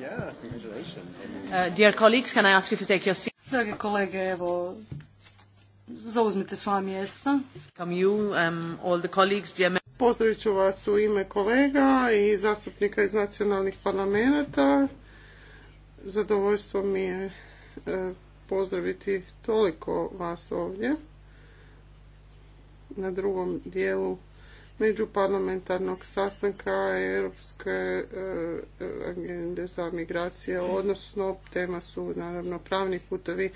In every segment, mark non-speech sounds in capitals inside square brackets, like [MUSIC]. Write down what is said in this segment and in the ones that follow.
Yeah, congratulations. Uh, dear colleagues, can I ask you to take your seat? Dragi kolege, evo, zauzmite svoja mjesta. Come you, um, all the colleagues, dear Pozdravit ću vas u ime kolega i zastupnika iz nacionalnih parlamenta. Zadovoljstvo mi je e, pozdraviti toliko vas ovdje. Na drugom dijelu međuparlamentarnog sastanka Europske eh, agende za migracije, odnosno tema su naravno pravni putovi,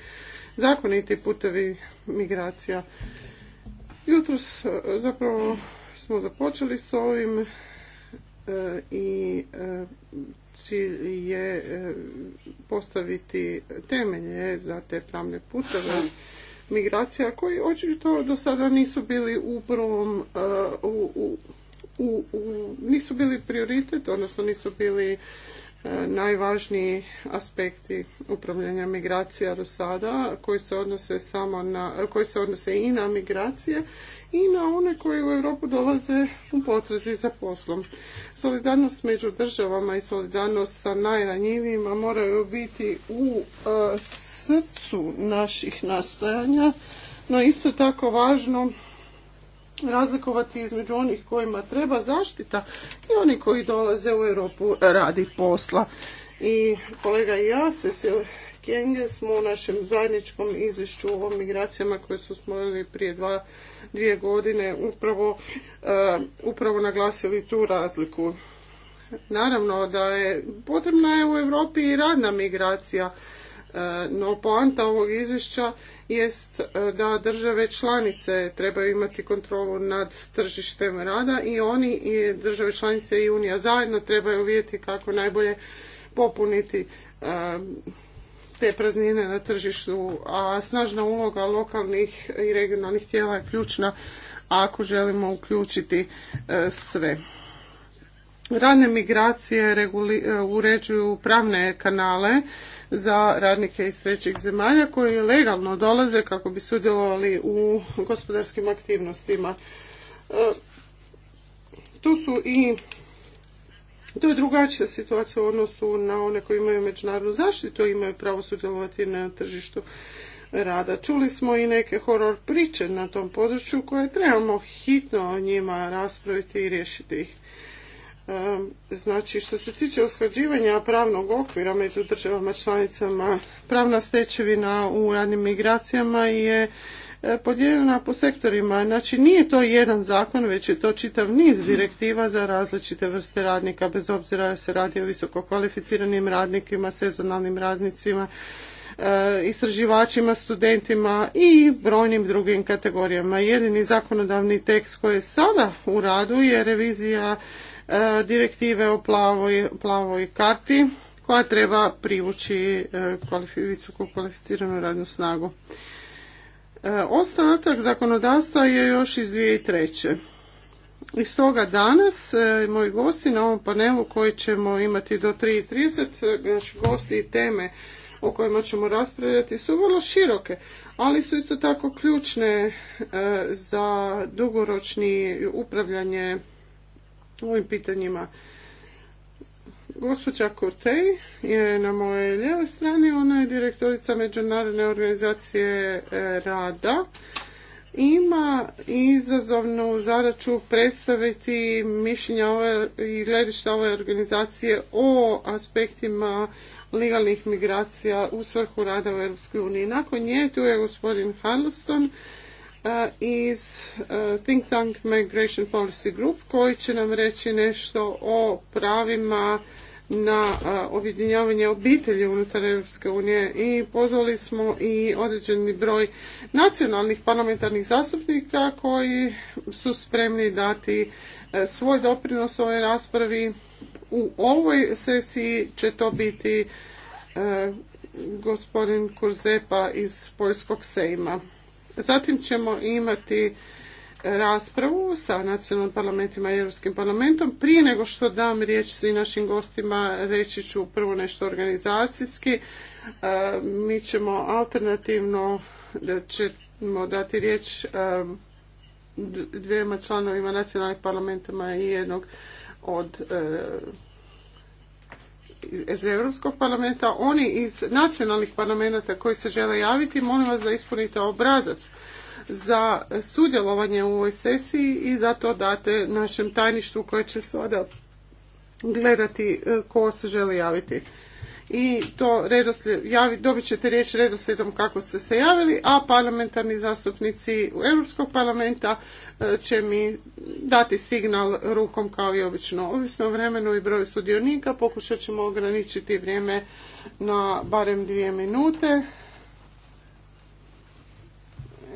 zakoniti putovi migracija. Jutros eh, zapravo smo započeli s ovim eh, i cilj je postaviti temelje za te pravne putove migracija koji očito do sada nisu bili u prvom, eh, u, u, u, nisu bili prioritet, odnosno nisu bili E, najvažniji aspekti upravljanja migracija do sada koji se odnose samo na, koji se odnose i na migracije i na one koji u Europu dolaze u potrazi za poslom. Solidarnost među državama i solidarnost sa najranjivijima moraju biti u e, srcu naših nastojanja, no isto tako važno razlikovati između onih kojima treba zaštita i oni koji dolaze u Europu radi posla. I kolega i ja Cecil Kenge, smo u našem zajedničkom izvješću o migracijama koje su smo prije dva, dvije godine upravo, eh, upravo naglasili tu razliku. Naravno da je potrebna je u Europi i radna migracija E, no poanta ovog izvješća jest e, da države članice trebaju imati kontrolu nad tržištem rada i oni i države članice i Unija zajedno trebaju vidjeti kako najbolje popuniti e, te praznine na tržištu, a snažna uloga lokalnih i regionalnih tijela je ključna ako želimo uključiti sve. Radne migracije e, uređuju pravne kanale za radnike iz trećih zemalja koji legalno dolaze kako bi sudjelovali u gospodarskim aktivnostima. E, tu su i to je drugačija situacija u odnosu na one koji imaju međunarodnu zaštitu i imaju pravo sudjelovati na tržištu rada. Čuli smo i neke horor priče na tom području koje trebamo hitno o njima raspraviti i riješiti ih. E, znači, što se tiče usklađivanja pravnog okvira među državama članicama, pravna stečevina u radnim migracijama je e, podijeljena po sektorima. Znači, nije to jedan zakon, već je to čitav niz direktiva za različite vrste radnika, bez obzira se radi o visoko kvalificiranim radnikima, sezonalnim radnicima, e, istraživačima, studentima i brojnim drugim kategorijama. Jedini zakonodavni tekst koji je sada u radu je revizija E, direktive o plavoj, plavoj karti koja treba privući e, visoko kvalificiranu radnu snagu. E, ostatak zakonodavstva je još iz tri I stoga danas moji gosti na ovom panelu koji ćemo imati do 3.30, naši gosti i teme o kojima ćemo raspravljati su vrlo široke, ali su isto tako ključne za dugoročni upravljanje ovim pitanjima. Gospođa Kortej je na moje lijevoj strani, ona je direktorica Međunarodne organizacije e, rada. Ima izazovnu zadaću predstaviti mišljenja ove, i gledišta ove organizacije o aspektima legalnih migracija u svrhu rada u EU. Nakon nje tu je gospodin Harleston iz Think Tank Migration Policy Group koji će nam reći nešto o pravima na objedinjavanje obitelji unutar Europske unije i pozvali smo i određeni broj nacionalnih parlamentarnih zastupnika koji su spremni dati svoj doprinos ovoj raspravi. U ovoj sesiji će to biti gospodin Kurzepa iz Poljskog sejma. Zatim ćemo imati e, raspravu sa nacionalnim parlamentima i Europskim parlamentom. Prije nego što dam riječ svim našim gostima, reći ću prvo nešto organizacijski. E, mi ćemo alternativno da ćemo dati riječ e, dvijema članovima nacionalnih parlamentima i jednog od iz Europskog parlamenta, oni iz nacionalnih parlamenta koji se žele javiti, molim vas da ispunite obrazac za sudjelovanje u ovoj sesiji i da to date našem tajništvu koje će sada gledati e, ko se želi javiti i to javi, dobit ćete riječ redoslijedom kako ste se javili, a parlamentarni zastupnici u Europskog parlamenta e, će mi dati signal rukom kao i obično. Ovisno o vremenu i broju sudionika pokušat ćemo ograničiti vrijeme na barem dvije minute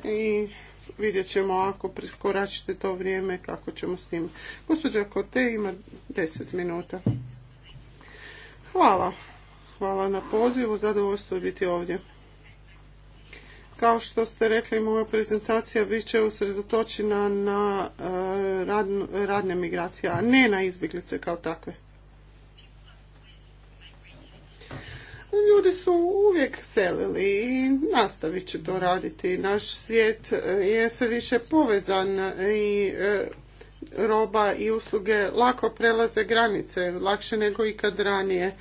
i vidjet ćemo ako prekoračite to vrijeme kako ćemo s tim. Gospođa Kote ima deset minuta. Hvala. Hvala na pozivu, zadovoljstvo je biti ovdje. Kao što ste rekli, moja prezentacija bit će usredotočena na e, radne migracije, a ne na izbjeglice kao takve. Ljudi su uvijek selili i nastavit će to raditi. Naš svijet e, je sve više povezan i e, roba i usluge lako prelaze granice, lakše nego ikad ranije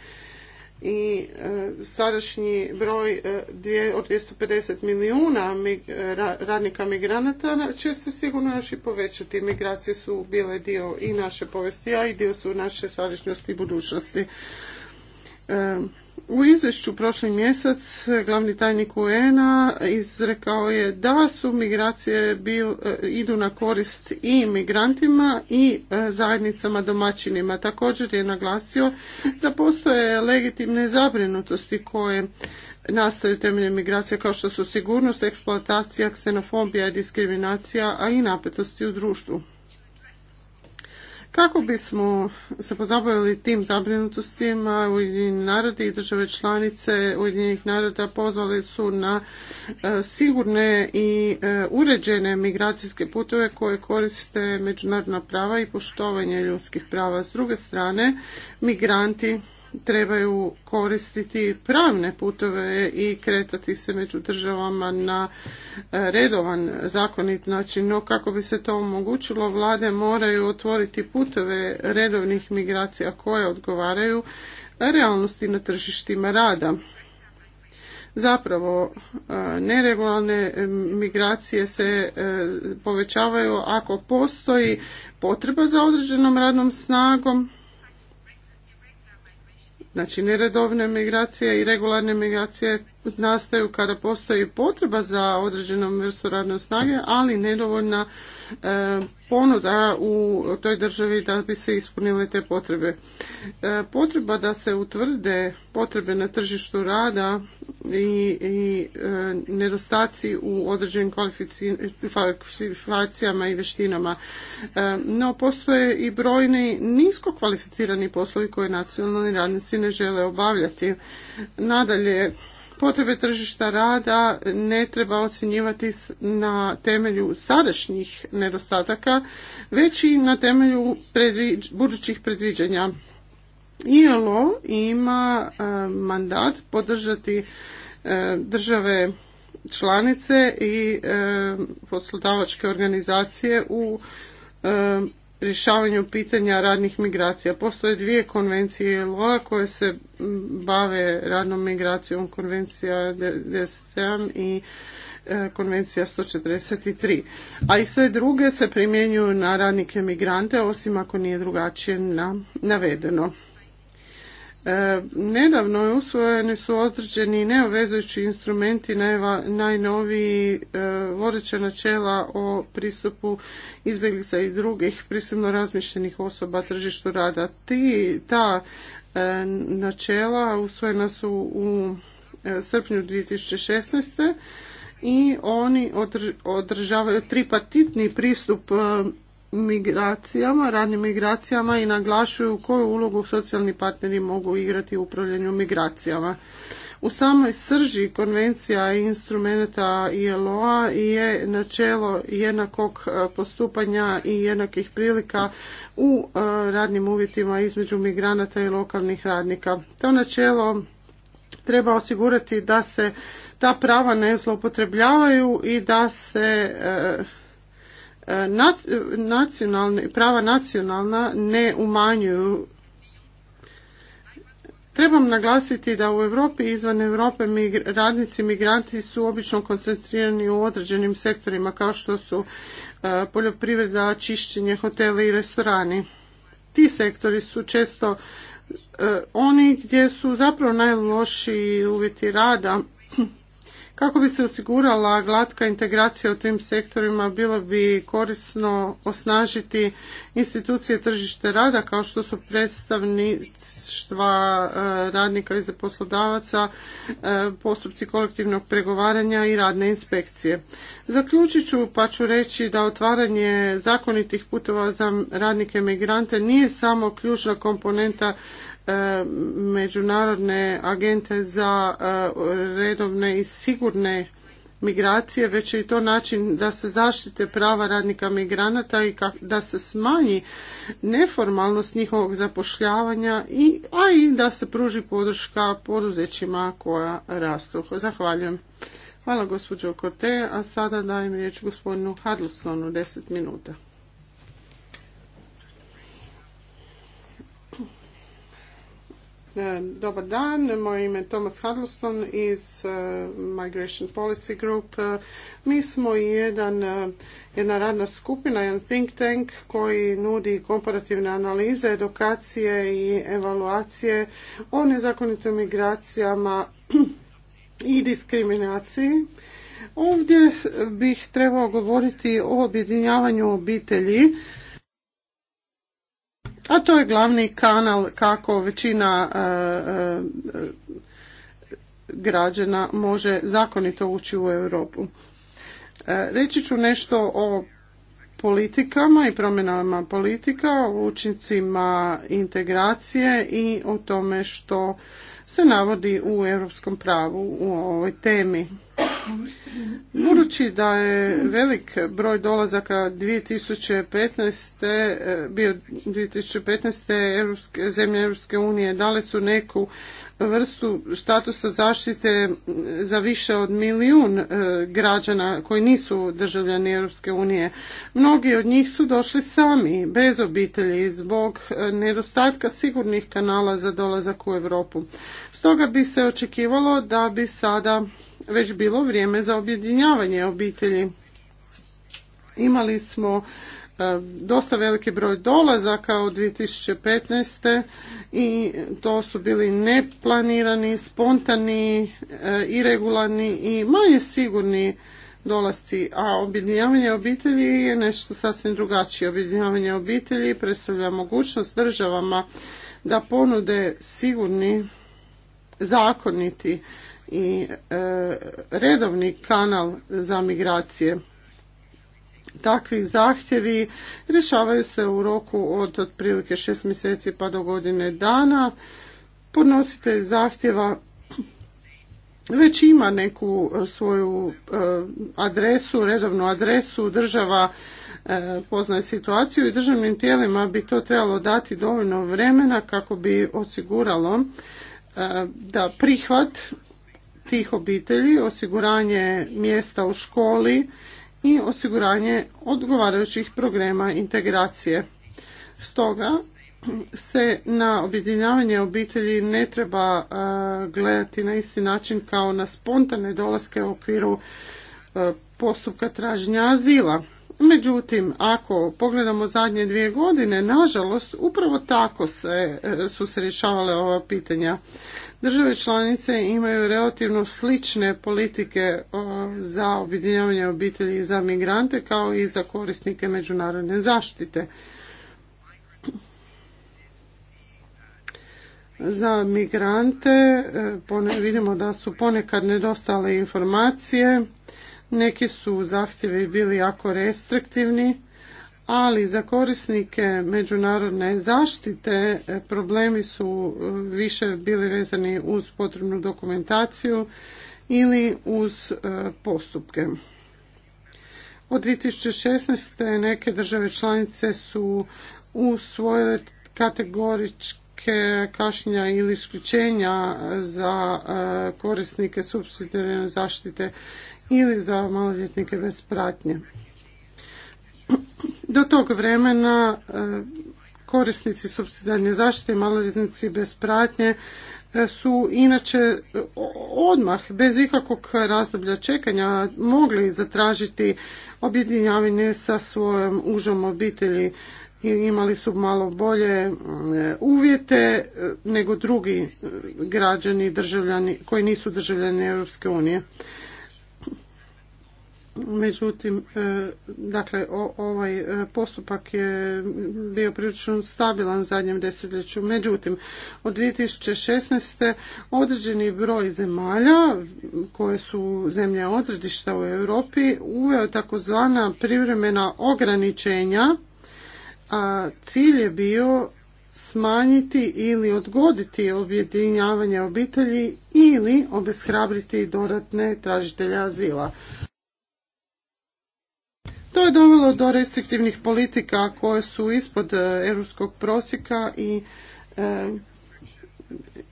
i e, sadašnji broj e, od 250 milijuna e, radnika migranata će se sigurno još i povećati. Migracije su bile dio i naše povesti, a i dio su naše sadašnjosti i budućnosti. U izvješću prošli mjesec glavni tajnik UN-a izrekao je da su migracije bil, e, idu na korist i migrantima i e, zajednicama domaćinima. Također je naglasio da postoje legitimne zabrinutosti koje nastaju temeljem migracija kao što su sigurnost, eksploatacija, ksenofobija diskriminacija, a i napetosti u društvu. Kako bismo se pozabavili tim zabrinutostima Ujedinjeni narodi i države članice Ujedinjenih naroda pozvali su na e, sigurne i e, uređene migracijske putove koje koriste međunarodna prava i poštovanje ljudskih prava. S druge strane, migranti trebaju koristiti pravne putove i kretati se među državama na e, redovan zakonit način. No kako bi se to omogućilo, vlade moraju otvoriti putove redovnih migracija koje odgovaraju realnosti na tržištima rada. Zapravo, e, neregularne e, migracije se povećavaju ako postoji potreba za određenom radnom snagom, Znači neredovne migracije i regularne migracije nastaju kada postoji potreba za određenom vrstu radne snage, ali nedovoljna e, ponuda u toj državi da bi se ispunile te potrebe. E, potreba da se utvrde potrebe na tržištu rada i, i e, nedostaci u određenim kvalifikacijama i vještinama. No, postoje i brojni nisko kvalificirani poslovi koje nacionalni radnici ne žele obavljati. Nadalje, Potrebe tržišta rada ne treba ocjenjivati na temelju sadašnjih nedostataka, već i na temelju budućih predviđanja. ILO ima e, mandat podržati e, države članice i e, poslodavačke organizacije u rješavanju pitanja radnih migracija. Postoje dvije konvencije ilo koje se bave radnom migracijom, konvencija 97 i e, konvencija 143. A i sve druge se primjenjuju na radnike migrante, osim ako nije drugačije navedeno. E, nedavno usvojeni su određeni neovezujući instrumenti najnoviji e, vodeća načela o pristupu izbjeglica i drugih prisilno razmišljenih osoba tržištu rada. Ti, ta e, načela usvojena su u srpnju 2016. i oni održavaju tripartitni pristup migracijama, radnim migracijama i naglašuju koju ulogu socijalni partneri mogu igrati u upravljanju migracijama. U samoj srži konvencija i instrumenta ILO-a je načelo jednakog e, postupanja i jednakih prilika u e, radnim uvjetima između migranata i lokalnih radnika. To načelo treba osigurati da se ta prava ne zloupotrebljavaju i da se e, prava nacionalna ne umanjuju Trebam naglasiti da u Europi i izvan Europe radnici migranti su obično koncentrirani u određenim sektorima kao što su e, poljoprivreda, čišćenje, hoteli i restorani. Ti sektori su često e, oni gdje su zapravo najlošiji uvjeti rada kako bi se osigurala glatka integracija u tim sektorima, bilo bi korisno osnažiti institucije tržište rada kao što su predstavništva e, radnika i zaposlodavaca, e, postupci kolektivnog pregovaranja i radne inspekcije. Zaključit ću pa ću reći da otvaranje zakonitih putova za radnike migrante nije samo ključna komponenta e, međunarodne agente za redovne i sigurne migracije, već je i to način da se zaštite prava radnika migranata i da se smanji neformalnost njihovog zapošljavanja, i, a i da se pruži podrška poduzećima koja rastu. Zahvaljujem. Hvala gospođo Korte, a sada dajem riječ gospodinu Hadlstonu, 10 minuta. E, dobar dan, moje ime je Thomas Huddleston iz e, Migration Policy Group. E, mi smo jedan, jedna radna skupina, jedan think tank koji nudi komparativne analize, edukacije i evaluacije o nezakonitim migracijama i diskriminaciji. Ovdje bih trebao govoriti o objedinjavanju obitelji a to je glavni kanal kako većina e, e, građana može zakonito ući u Europu. E, reći ću nešto o politikama i promjenama politika, o učincima integracije i o tome što se navodi u europskom pravu u ovoj temi. Budući da je velik broj dolazaka 2015. Eh, bio 2015. Evropske, zemlje Europske unije dale su neku vrstu statusa zaštite za više od milijun e, građana koji nisu državljani Europske unije. Mnogi od njih su došli sami, bez obitelji, zbog e, nedostatka sigurnih kanala za dolazak u Europu. Stoga bi se očekivalo da bi sada već bilo vrijeme za objedinjavanje obitelji. Imali smo E, dosta veliki broj dolazaka od 2015. i to su bili neplanirani, spontani, e, irregularni i manje sigurni dolasci, a objedinjavanje obitelji je nešto sasvim drugačije. Objedinjavanje obitelji predstavlja mogućnost državama da ponude sigurni, zakoniti i e, redovni kanal za migracije takvi zahtjevi rješavaju se u roku od otprilike šest mjeseci pa do godine dana. Podnositelj zahtjeva već ima neku e, svoju e, adresu, redovnu adresu, država e, poznaje situaciju i državnim tijelima bi to trebalo dati dovoljno vremena kako bi osiguralo da prihvat tih obitelji, osiguranje mjesta u školi i osiguranje odgovarajućih programa integracije. Stoga se na objedinjavanje obitelji ne treba e, gledati na isti način kao na spontane dolaske u okviru e, postupka traženja azila. Međutim, ako pogledamo zadnje dvije godine, nažalost, upravo tako se, e, su se rješavale ova pitanja. Države članice imaju relativno slične politike e, za objedinjavanje obitelji za migrante kao i za korisnike međunarodne zaštite. Za migrante e, vidimo da su ponekad nedostale informacije neki su zahtjevi bili jako restriktivni, ali za korisnike međunarodne zaštite e, problemi su e, više bili vezani uz potrebnu dokumentaciju ili uz e, postupke. Od 2016. neke države članice su usvojile kategoričke kašnja ili isključenja za korisnike subsidijarne zaštite ili za maloljetnike bez pratnje. Do tog vremena e, korisnici subsidijarne zaštite i maloljetnici bez pratnje e, su inače e, odmah bez ikakvog razdoblja čekanja mogli zatražiti objedinjavanje sa svojom užom obitelji i imali su malo bolje uvjete nego drugi građani državljani koji nisu državljani Europske unije. Međutim, e, dakle, ovaj e, postupak je bio prilično stabilan u zadnjem desetljeću. Međutim, od 2016. određeni broj zemalja, koje su zemlje odredišta u Europi, uveo takozvana privremena ograničenja, a cilj je bio smanjiti ili odgoditi objedinjavanje obitelji ili obeshrabriti dodatne tražitelje azila. To je dovelo do restriktivnih politika koje su ispod e, europskog prosjeka i e,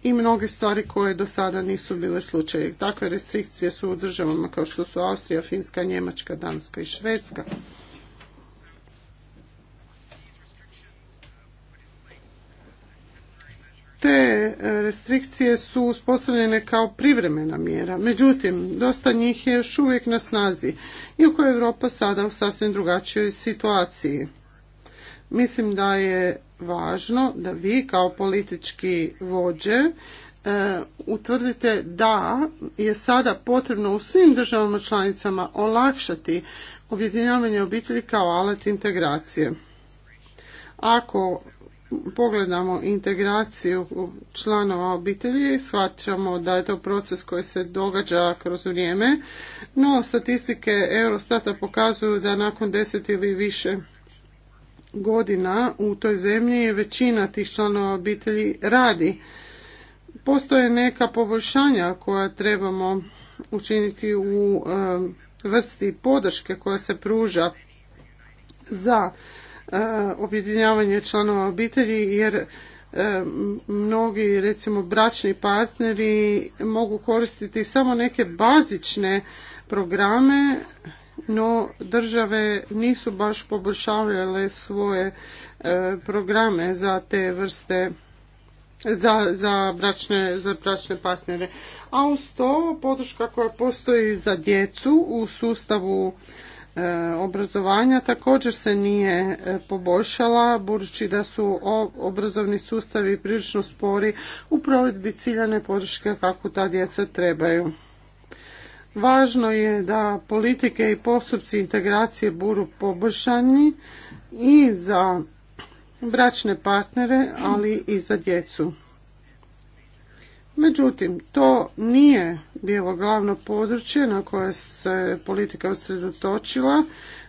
i mnoge stvari koje do sada nisu bile slučaje. Takve restrikcije su u državama kao što su Austrija, Finska, Njemačka, Danska i Švedska. restrikcije su uspostavljene kao privremena mjera. Međutim, dosta njih je još uvijek na snazi, iako je Europa sada u sasvim drugačijoj situaciji. Mislim da je važno da vi kao politički vođe e, utvrdite da je sada potrebno u svim državama članicama olakšati objedinjavanje obitelji kao alat integracije. Ako pogledamo integraciju članova obitelji, shvaćamo da je to proces koji se događa kroz vrijeme, no statistike Eurostata pokazuju da nakon deset ili više godina u toj zemlji većina tih članova obitelji radi. Postoje neka poboljšanja koja trebamo učiniti u e, vrsti podrške koja se pruža za objedinjavanje članova obitelji jer e, mnogi recimo bračni partneri mogu koristiti samo neke bazične programe no države nisu baš poboljšavale svoje e, programe za te vrste za, za, bračne, za bračne partnere. A uz to podrška koja postoji za djecu u sustavu E, obrazovanja također se nije e, poboljšala budući da su obrazovni sustavi prilično spori u provedbi ciljane podrške kako ta djeca trebaju. Važno je da politike i postupci integracije budu poboljšani i za bračne partnere, ali i za djecu. Međutim, to nije bilo glavno područje na koje se politika usredotočila.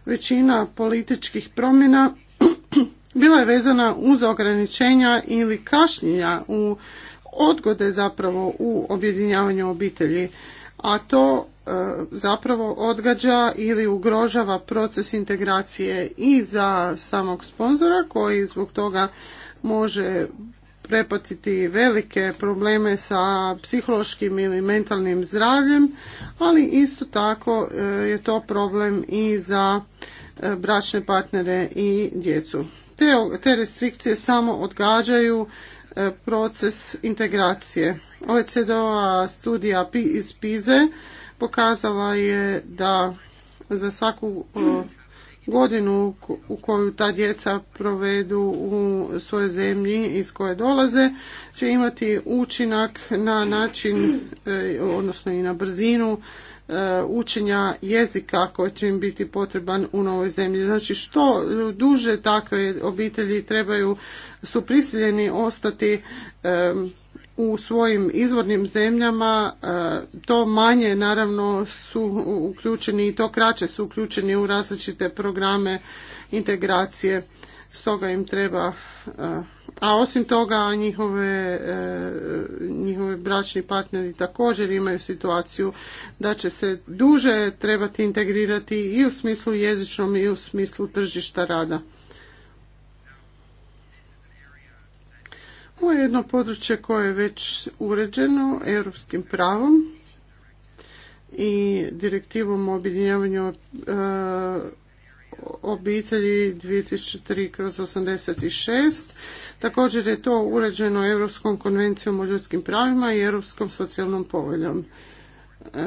Većina političkih promjena [CLEARS THROAT] bila je vezana uz ograničenja ili kašnjenja u odgode zapravo u objedinjavanju obitelji, a to e, zapravo odgađa ili ugrožava proces integracije i za samog sponzora koji zbog toga može prepatiti velike probleme sa psihološkim ili mentalnim zdravljem, ali isto tako e, je to problem i za e, bračne partnere i djecu. Te, te restrikcije samo odgađaju e, proces integracije. OECD-ova studija iz PIZE pokazala je da za svaku godinu u koju ta djeca provedu u svojoj zemlji iz koje dolaze će imati učinak na način, e, odnosno i na brzinu e, učenja jezika koji će im biti potreban u novoj zemlji. Znači što duže takve obitelji trebaju, su prisiljeni ostati e, u svojim izvornim zemljama e, to manje naravno su uključeni i to kraće su uključeni u različite programe integracije stoga im treba e, a osim toga njihove, e, njihove bračni partneri također imaju situaciju da će se duže trebati integrirati i u smislu jezičnom i u smislu tržišta rada je jedno područje koje je već uređeno europskim pravom i direktivom o objedinjavanju e, obitelji 2003 kroz 86. Također je to uređeno Europskom konvencijom o ljudskim pravima i Europskom socijalnom poveljom. E,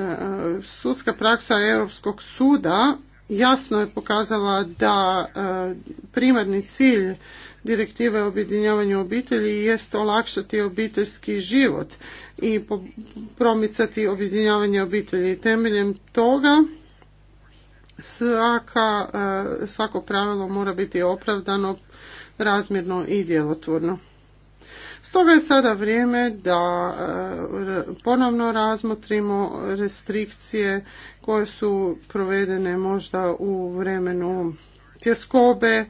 sudska praksa Europskog suda jasno je pokazala da e, primarni cilj direktive o objedinjavanju obitelji jest olakšati obiteljski život i promicati objedinjavanje obitelji. Temeljem toga svaka, e, svako pravilo mora biti opravdano, razmjerno i djelotvorno. Stoga je sada vrijeme da e, ponovno razmotrimo restrikcije koje su provedene možda u vremenu tjeskobe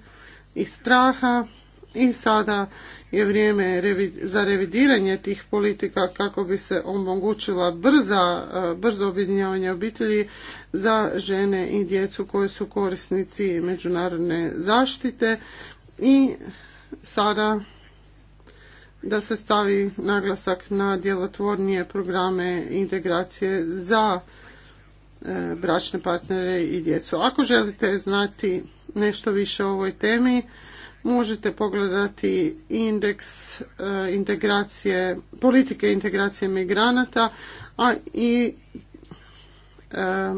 i straha i sada je vrijeme za revidiranje tih politika kako bi se omogućila brza, e, brzo objedinjavanje obitelji za žene i djecu koje su korisnici međunarodne zaštite i sada da se stavi naglasak na djelotvornije programe integracije za e, bračne partnere i djecu. Ako želite znati nešto više o ovoj temi možete pogledati indeks eh, integracije, politike integracije migranata, a i eh,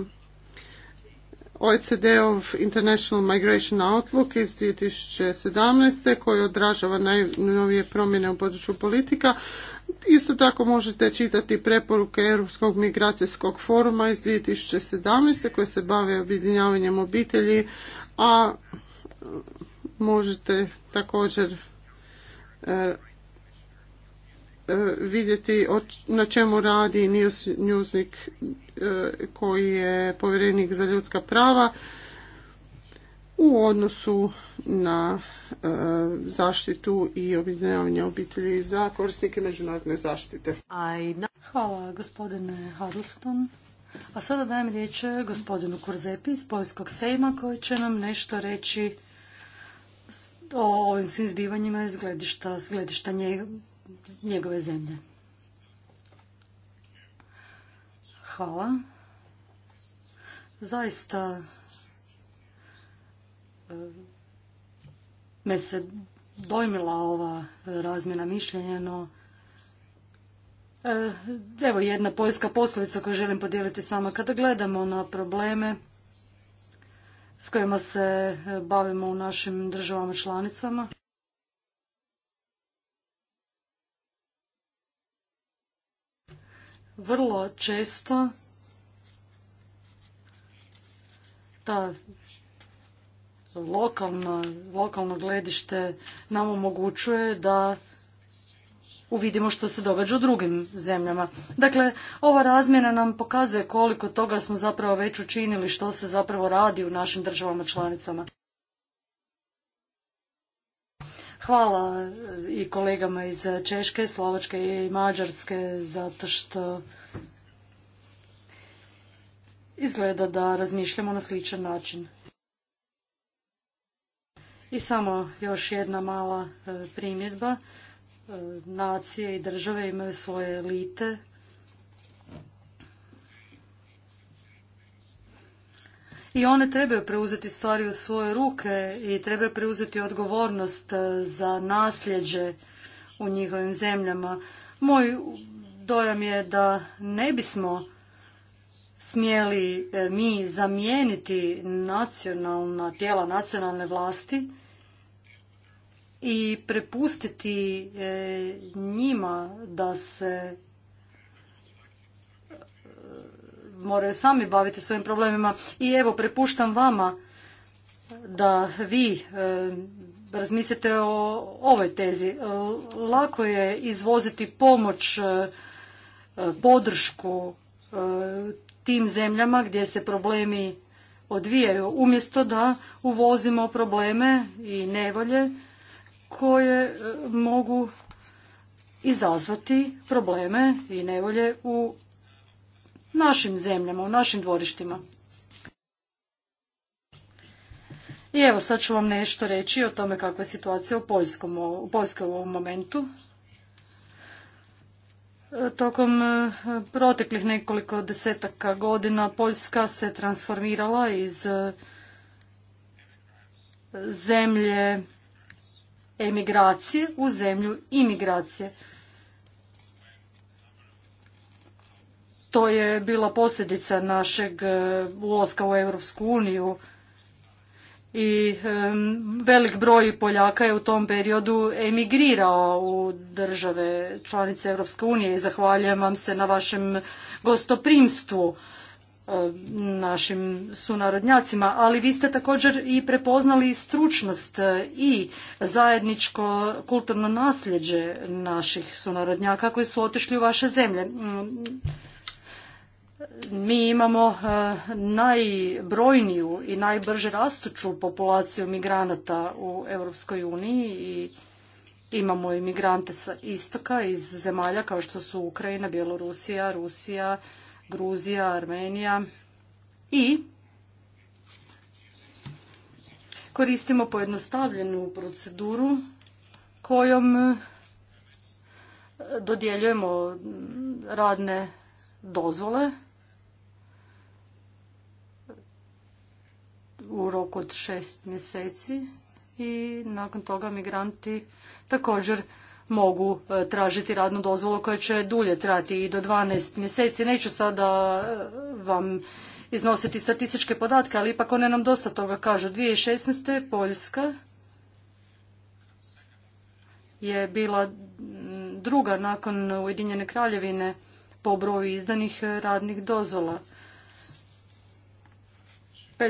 OECD-ov International Migration Outlook iz 2017. koji odražava najnovije promjene u području politika, Isto tako možete čitati preporuke Europskog migracijskog foruma iz 2017. koje se bave objedinjavanjem obitelji, a e, možete također e, e, vidjeti na čemu radi Newsnik koji je povjerenik za ljudska prava u odnosu na e, zaštitu i objedinjavanje obitelji za korisnike međunarodne zaštite. Hvala gospodine Huddleston. A sada dajem riječ gospodinu korzepi iz Poljskog sejma koji će nam nešto reći o ovim svim zbivanjima iz gledišta, iz gledišta njegove zemlje. Hvala. Zaista e, me se dojmila ova e, razmjena mišljenja, no e, evo jedna poljska poslovica koju želim podijeliti vama Kada gledamo na probleme s kojima se e, bavimo u našim državama članicama, vrlo često ta lokalno, gledište nam omogućuje da uvidimo što se događa u drugim zemljama. Dakle, ova razmjena nam pokazuje koliko toga smo zapravo već učinili, što se zapravo radi u našim državama članicama. Hvala e, i kolegama iz Češke, Slovačke i Mađarske, zato što izgleda da razmišljamo na sličan način. I samo još jedna mala e, primjedba. E, nacije i države imaju svoje elite. I one trebaju preuzeti stvari u svoje ruke i trebaju preuzeti odgovornost e, za nasljeđe u njihovim zemljama. Moj dojam je da ne bismo smjeli e, mi zamijeniti nacionalna tijela nacionalne vlasti i prepustiti e, njima da se e, moraju sami baviti svojim problemima. I evo, prepuštam vama da vi razmislite o ovoj tezi. Lako je izvoziti pomoć, podršku, tim zemljama gdje se problemi odvijaju, umjesto da uvozimo probleme i nevolje koje e, mogu izazvati probleme i nevolje u našim zemljama, u našim dvorištima. I evo sad ću vam nešto reći o tome kakva je situacija u, u Poljskoj u ovom momentu. Tokom e, proteklih nekoliko desetaka godina Poljska se transformirala iz e, zemlje emigracije u zemlju imigracije. To je bila posljedica našeg e, ulaska u Europsku uniju i velik broj Poljaka je u tom periodu emigrirao u države članice Europske unije i zahvaljujem vam se na vašem gostoprimstvu našim sunarodnjacima, ali vi ste također i prepoznali stručnost i zajedničko kulturno nasljeđe naših sunarodnjaka koji su otišli u vaše zemlje mi imamo e, najbrojniju i najbrže rastuću populaciju migranata u Europskoj uniji i imamo i migrante sa istoka iz zemalja kao što su Ukrajina, Bjelorusija, Rusija, Gruzija, Armenija i koristimo pojednostavljenu proceduru kojom e, dodjeljujemo radne dozvole u roku od šest mjeseci i nakon toga migranti također mogu e, tražiti radnu dozvolu koja će dulje trati i do 12 mjeseci. Neću sada e, vam iznositi statističke podatke, ali ipak one nam dosta toga kažu. 2016. Poljska je bila druga nakon Ujedinjene kraljevine po broju izdanih radnih dozvola.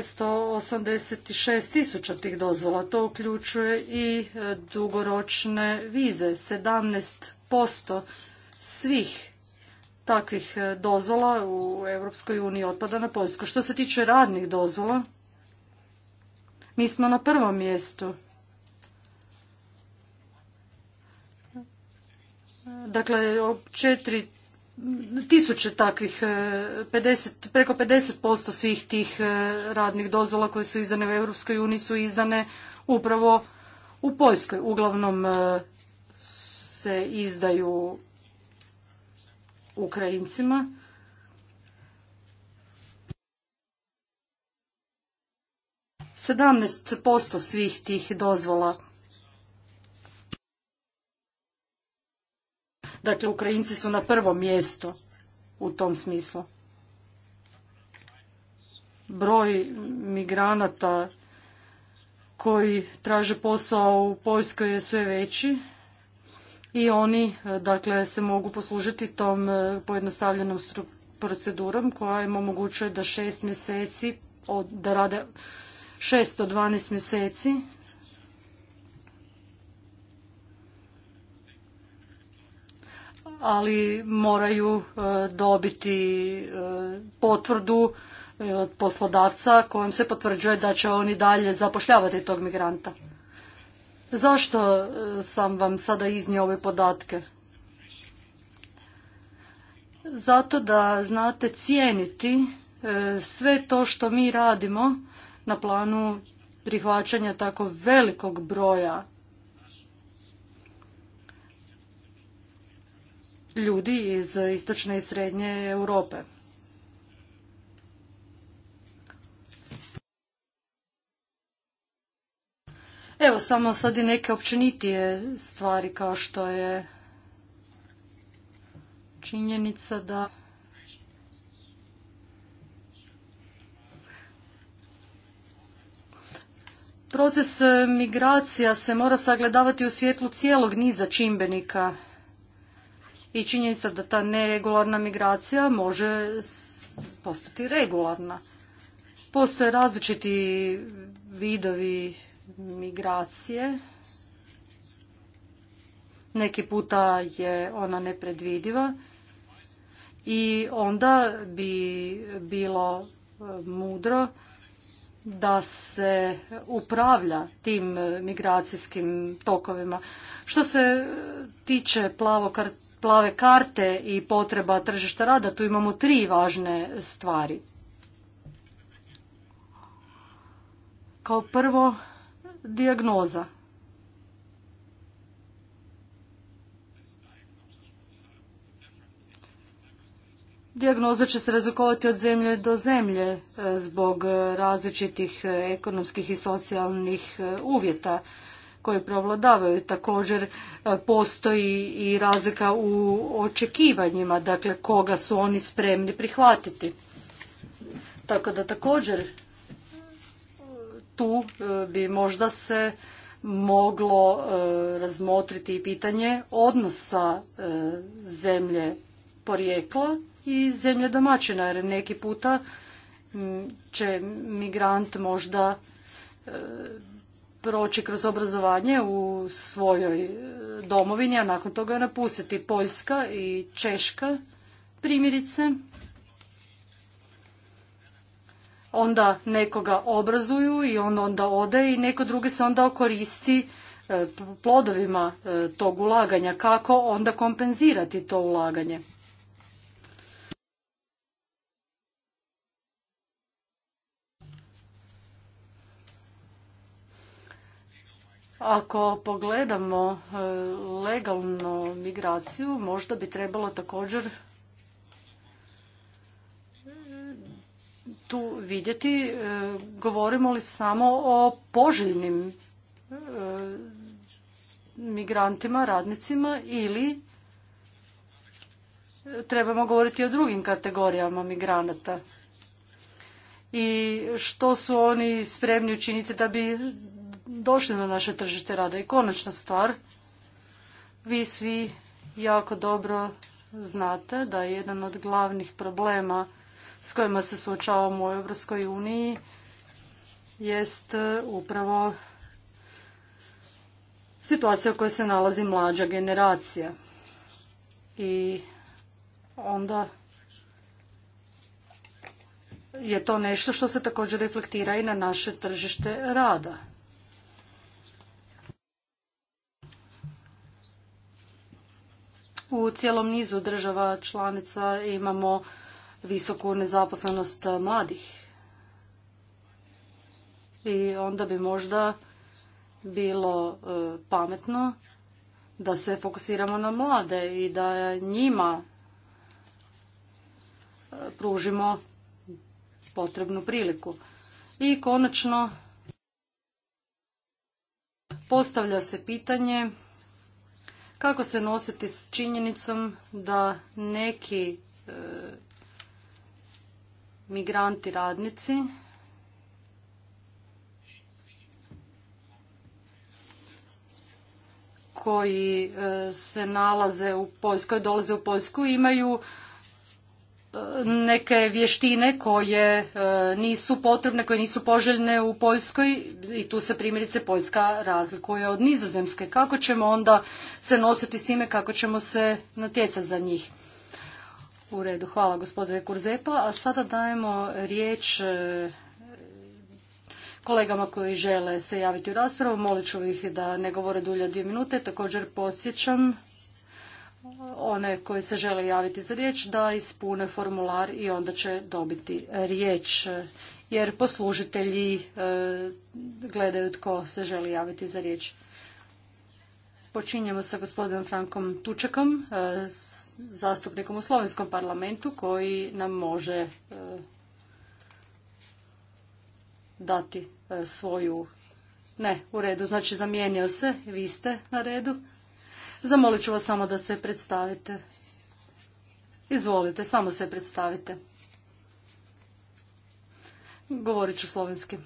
586 tisuća tih dozvola. To uključuje i e, dugoročne vize. 17% svih takvih e, dozvola u Europskoj uniji otpada na Poljsku. Što se tiče radnih dozvola, mi smo na prvom mjestu. Dakle, 4 tisuće takvih, 50, e, preko 50% svih tih e, radnih dozvola koje su izdane u Europskoj uniji su izdane upravo u Poljskoj. Uglavnom e, se izdaju Ukrajincima. Sedamnaest posto svih tih dozvola Dakle, Ukrajinci su na prvo mjesto u tom smislu. Broj migranata koji traže posao u Poljskoj je sve veći i oni dakle se mogu poslužiti tom e, pojednostavljenom procedurom koja im omogućuje da šest mjeseci, da rade dvanaest mjeseci ali moraju e, dobiti e, potvrdu e, od poslodavca kojom se potvrđuje da će oni dalje zapošljavati tog migranta. Zašto sam vam sada iznio ove podatke? Zato da znate cijeniti sve to što mi radimo na planu prihvaćanja tako velikog broja ljudi iz istočne i srednje Europe. Evo samo sad i neke općenitije stvari kao što je činjenica da Proces migracija se mora sagledavati u svjetlu cijelog niza čimbenika i činjenica da ta neregularna migracija može postati regularna. Postoje različiti vidovi migracije. Neki puta je ona nepredvidiva i onda bi bilo e, mudro da se upravlja tim e, migracijskim tokovima. Što se e, tiče plavo, plave karte i potreba tržišta rada, tu imamo tri važne stvari. Kao prvo, dijagnoza. Dijagnoza će se razlikovati od zemlje do zemlje e, zbog e, različitih e, ekonomskih i socijalnih uvjeta koje provladavaju. Također postoji i razlika u očekivanjima, dakle koga su oni spremni prihvatiti. Tako da također tu bi možda se moglo razmotriti i pitanje odnosa zemlje porijekla i zemlje domaćina, jer neki puta će migrant možda e, proći kroz obrazovanje u svojoj e, domovini, a nakon toga napustiti Poljska i Češka primjerice. Onda nekoga obrazuju i on onda ode i neko drugi se onda okoristi e, plodovima tog ulaganja. Kako onda kompenzirati to ulaganje? Ako pogledamo e, legalnu migraciju, možda bi trebalo također tu vidjeti e, govorimo li samo o poželjnim e, migrantima, radnicima ili trebamo govoriti o drugim kategorijama migranata i što su oni spremni učiniti da bi došli na naše tržište rada. I konačna stvar, vi svi jako dobro znate da je jedan od glavnih problema s kojima se suočavamo u Europskoj uniji jest e, upravo situacija u kojoj se nalazi mlađa generacija. I onda je to nešto što se također reflektira i na naše tržište rada. U cijelom nizu država članica imamo visoku nezaposlenost mladih. I onda bi možda bilo e, pametno da se fokusiramo na mlade i da njima e, pružimo potrebnu priliku. I konačno postavlja se pitanje kako se nositi s činjenicom da neki e, migranti radnici koji e, se nalaze u Poljskoj, dolaze u Poljsku, imaju neke vještine koje e, nisu potrebne, koje nisu poželjne u Poljskoj i tu se primjerice Poljska razlikuje od nizozemske. Kako ćemo onda se nositi s time, kako ćemo se natjecati za njih? U redu, hvala gospodine Kurzepa. A sada dajemo riječ e, kolegama koji žele se javiti u raspravu. Molit ću ih da ne govore dulje od dvije minute. Također podsjećam one koji se žele javiti za riječ da ispune formular i onda će dobiti riječ jer poslužitelji e, gledaju tko se želi javiti za riječ. Počinjemo sa gospodinom Frankom Tučekom, e, zastupnikom u Slovenskom parlamentu koji nam može e, dati svoju... Ne, u redu, znači zamijenio se, vi ste na redu. Zamolit ću vas samo da se predstavite. Izvolite, samo se predstavite. Govorit ću slovenski.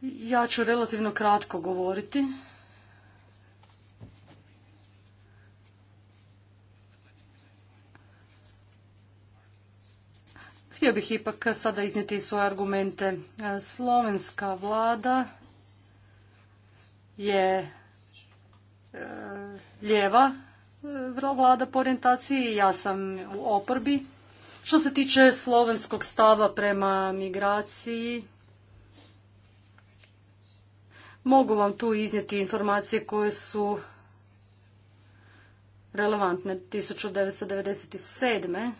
Ja ću relativno kratko govoriti. Htio bih ipak sada iznijeti svoje argumente. E, slovenska vlada je e, lijeva e, vlada po orijentaciji, ja sam u oporbi. Što se tiče slovenskog stava prema migraciji, mogu vam tu iznijeti informacije koje su relevantne. 1997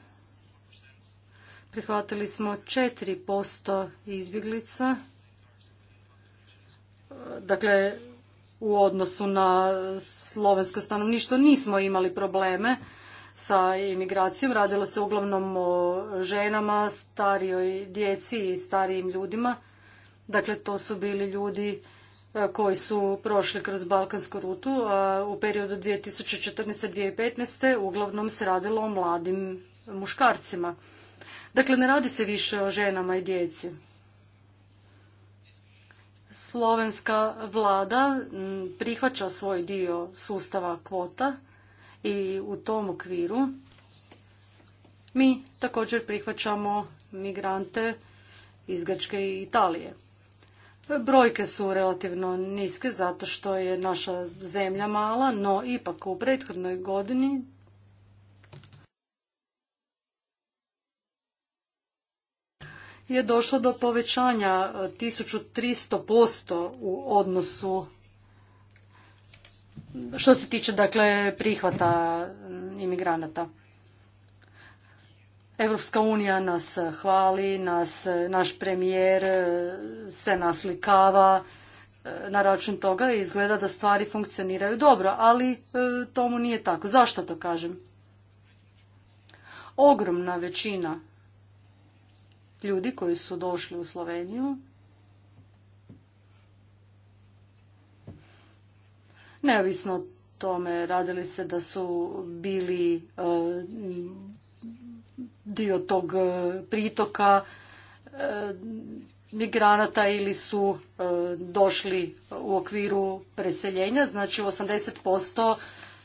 prihvatili smo 4% izbjeglica, dakle u odnosu na slovensko stanovništvo nismo imali probleme sa imigracijom. Radilo se uglavnom o ženama, starijoj djeci i starijim ljudima. Dakle, to su bili ljudi e, koji su prošli kroz Balkansku rutu. U periodu 2014-2015 uglavnom se radilo o mladim muškarcima. Dakle, ne radi se više o ženama i djeci. Slovenska vlada prihvaća svoj dio sustava kvota i u tom okviru mi također prihvaćamo migrante iz Grčke i Italije. Brojke su relativno niske zato što je naša zemlja mala, no ipak u prethodnoj godini je došlo do povećanja 1300% e, u odnosu što se tiče dakle prihvata mm, imigranata. Europska unija nas hvali, nas, naš premijer e, se naslikava e, na račun toga i izgleda da stvari funkcioniraju dobro, ali tomu nije tako. Zašto to kažem? Ogromna većina ljudi koji su došli u Sloveniju. Neovisno o tome radili se da su bili e, dio tog e, pritoka e, migranata ili su došli u okviru preseljenja. Znači u 80%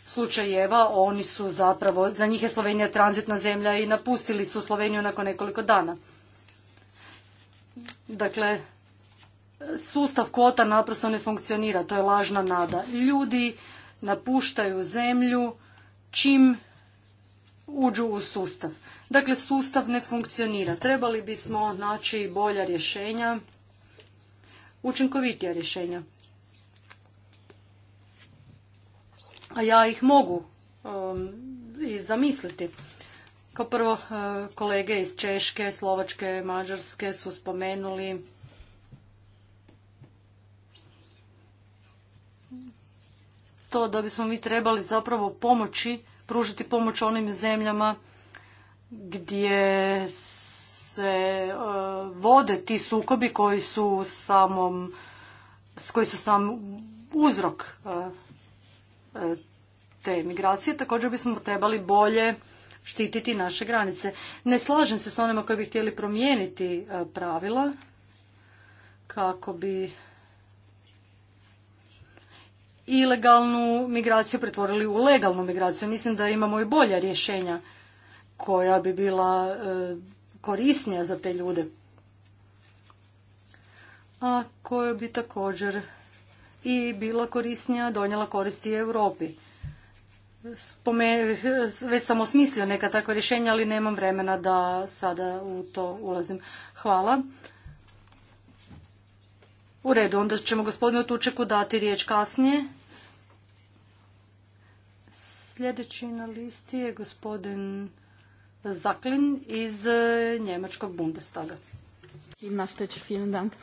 slučajeva oni su zapravo, za njih je Slovenija tranzitna zemlja i napustili su Sloveniju nakon nekoliko dana. Dakle, sustav kvota naprosto ne funkcionira, to je lažna nada. Ljudi napuštaju zemlju čim uđu u sustav. Dakle, sustav ne funkcionira. Trebali bismo naći bolja rješenja, učinkovitija rješenja. A ja ih mogu um, i zamisliti. Kao prvo, eh, kolege iz Češke, Slovačke, Mađarske su spomenuli to da bismo mi trebali zapravo pomoći, pružiti pomoć onim zemljama gdje se eh, vode ti sukobi koji su samom, koji su sam uzrok eh, te migracije. Također bismo trebali bolje štititi naše granice. Ne slažem se s onima koji bi htjeli promijeniti e, pravila kako bi ilegalnu migraciju pretvorili u legalnu migraciju. Mislim da imamo i bolja rješenja koja bi bila e, korisnija za te ljude. A koja bi također i bila korisnija, donijela koristi Europi već sam osmislio neka takva rješenja, ali nemam vremena da sada u to ulazim. Hvala. U redu, onda ćemo gospodinu Tučeku dati riječ kasnije. Sljedeći na listi je gospodin Zaklin iz e, njemačkog Bundestaga. Vielen Dank.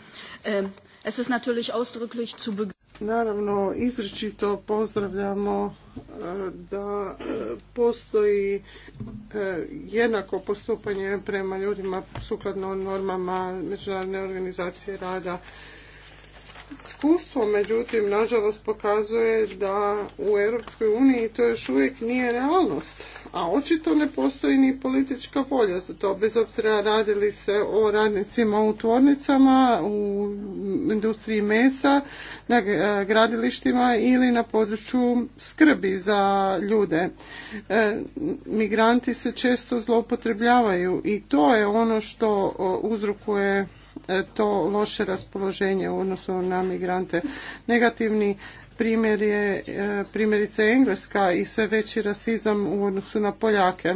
Ähm, es ist natürlich Naravno, izričito pozdravljamo e, da e, postoji e, jednako postupanje prema ljudima sukladno normama Međunarodne organizacije rada Iskustvo, međutim, nažalost pokazuje da u Europskoj uniji to još uvijek nije realnost, a očito ne postoji ni politička volja za to, bez obzira radili se o radnicima u tvornicama, u industriji mesa, na e, gradilištima ili na području skrbi za ljude. E, migranti se često zloupotrebljavaju i to je ono što e, uzrokuje E, to loše raspoloženje u odnosu na migrante. Negativni primjer je e, primjerice Engleska i sve veći rasizam u odnosu na Poljake.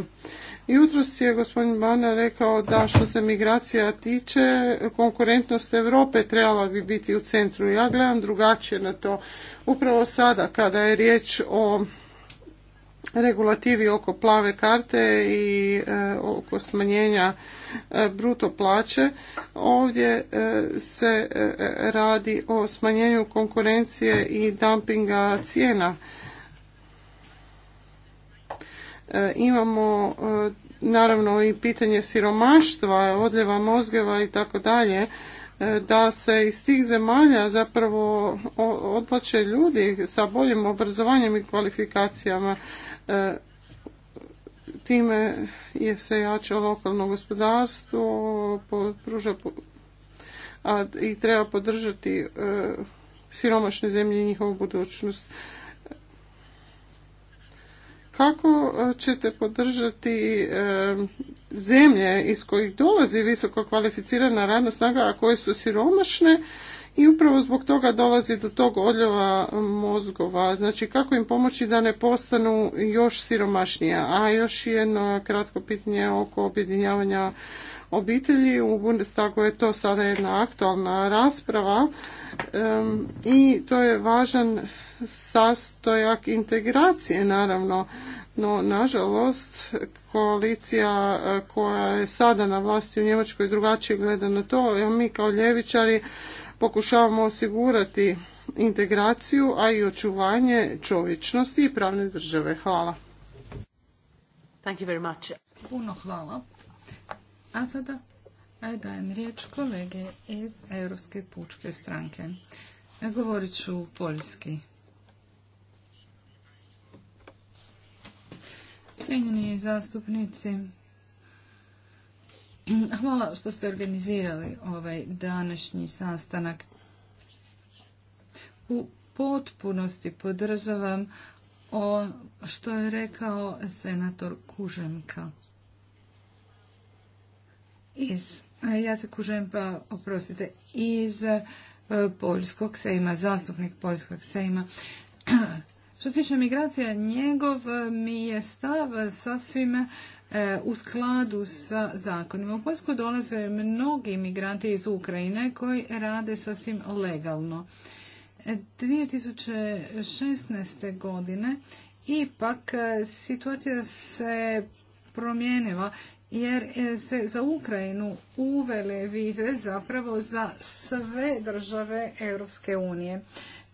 Jutros je gospodin Bana rekao da što se migracija tiče, konkurentnost Europe trebala bi biti u centru. Ja gledam drugačije na to. Upravo sada kada je riječ o regulativi oko plave karte i e, oko smanjenja e, bruto plaće. Ovdje e, se radi o smanjenju konkurencije i dumpinga cijena. Imamo naravno i pitanje siromaštva, odljeva mozgeva i tako dalje da se iz tih zemalja zapravo odlače ljudi sa boljim obrazovanjem i kvalifikacijama. E, time je se jače lokalno gospodarstvo, pruža i treba podržati e, siromašne zemlje i njihovu budućnost. Kako e, ćete podržati zemlje iz kojih dolazi visoko kvalificirana radna snaga, a koje su siromašne i upravo zbog toga dolazi do tog odljeva mozgova. Znači kako im pomoći da ne postanu još siromašnija. A još jedno kratko pitanje oko objedinjavanja obitelji. U Bundestagu je to sada jedna aktualna rasprava i to je važan sastojak integracije naravno. No, nažalost, koalicija e, koja je sada na vlasti u Njemačkoj drugačije gleda na to. Mi kao ljevičari Pokušavamo osigurati integraciju, a i očuvanje čovječnosti i pravne države. Hvala. Thank you very much. Puno hvala. A sada e, dajem riječ kolege iz Europske pučke stranke. E, govorit ću poljski. Cijenjeni zastupnici, [CLEARS THROAT] Hvala što ste organizirali ovaj današnji sastanak. U potpunosti podržavam o što je rekao senator Kuženka. Iz, ja se Kužempa, oprostite, iz e, Poljskog sejma, zastupnik Poljskog sejma. [CLEARS THROAT] Što se tiče migracija, njegov e, mi je stav sasvim E, u skladu sa zakonima. U Poljsku dolaze mnogi imigranti iz Ukrajine koji rade sasvim legalno. 2016. E, godine ipak e, situacija se promijenila jer se za Ukrajinu uvele vize zapravo za sve države Europske unije.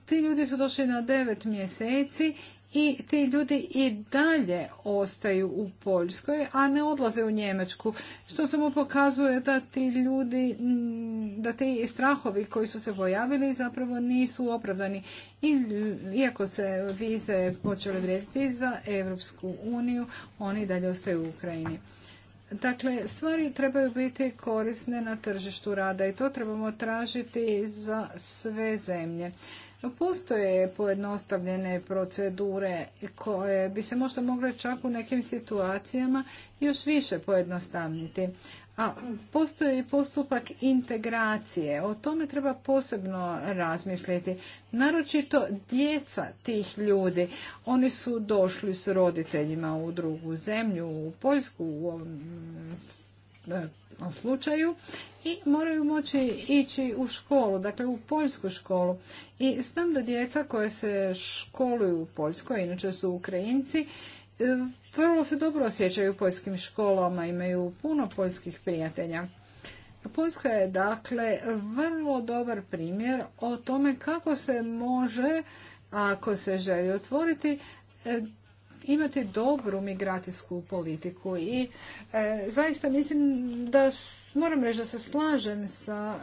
Ti ljudi su došli na devet mjeseci i ti ljudi i dalje ostaju u Poljskoj, a ne odlaze u Njemačku, što samo pokazuje da ti ljudi, mm, da ti strahovi koji su se pojavili zapravo nisu opravdani. I, iako se vize počele vrijediti za Europsku uniju, oni dalje ostaju u Ukrajini. Dakle, stvari trebaju biti korisne na tržištu rada i to trebamo tražiti za sve zemlje. Postoje pojednostavljene procedure koje bi se možda mogle čak u nekim situacijama još više pojednostavniti. A postoji i postupak integracije. O tome treba posebno razmisliti. Naročito djeca tih ljudi. Oni su došli s roditeljima u drugu zemlju, u Poljsku, u E, slučaju i moraju moći ići u školu, dakle u poljsku školu. I znam da djeca koje se školuju u Poljskoj, inače su Ukrajinci, e, vrlo se dobro osjećaju u poljskim školama, imaju puno poljskih prijatelja. Poljska je dakle vrlo dobar primjer o tome kako se može, ako se želi otvoriti, e, imati dobru migracijsku politiku i e, zaista mislim da moram reći da se slažem sa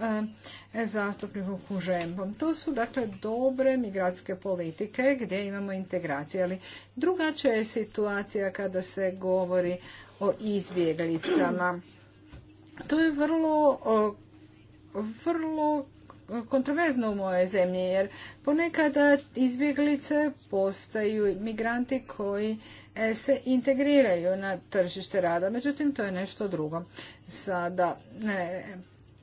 e, zastupnikom Kužembom. To su dakle dobre migracijske politike gdje imamo integracije, ali drugačija je situacija kada se govori o izbjeglicama. To je vrlo, vrlo kontroverzno u mojoj zemlji jer ponekada izbjeglice postaju migranti koji e, se integriraju na tržište rada. Međutim, to je nešto drugo. Sada, ne,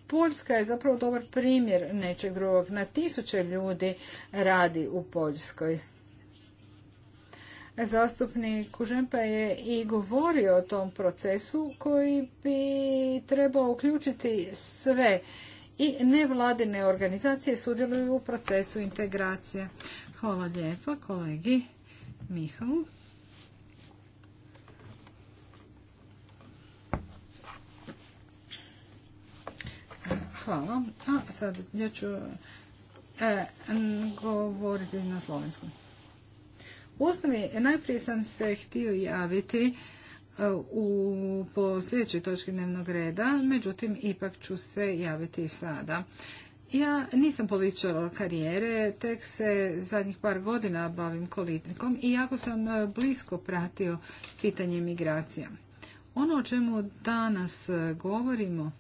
Poljska je zapravo dobar primjer nečeg drugog. Na tisuće ljudi radi u Poljskoj. Zastupnik Kužempa je i govorio o tom procesu koji bi trebao uključiti sve i nevladine organizacije sudjeluju u procesu integracije. Hvala lijepa kolegi Mihovu. Hvala. A sad ja ću e, govoriti na slovenskom. U osnovi najprije sam se htio javiti u, po sljedećoj točki dnevnog reda, međutim ipak ću se javiti i sada. Ja nisam političar karijere, tek se zadnjih par godina bavim kolitnikom i jako sam e, blisko pratio pitanje migracija. Ono o čemu danas e, govorimo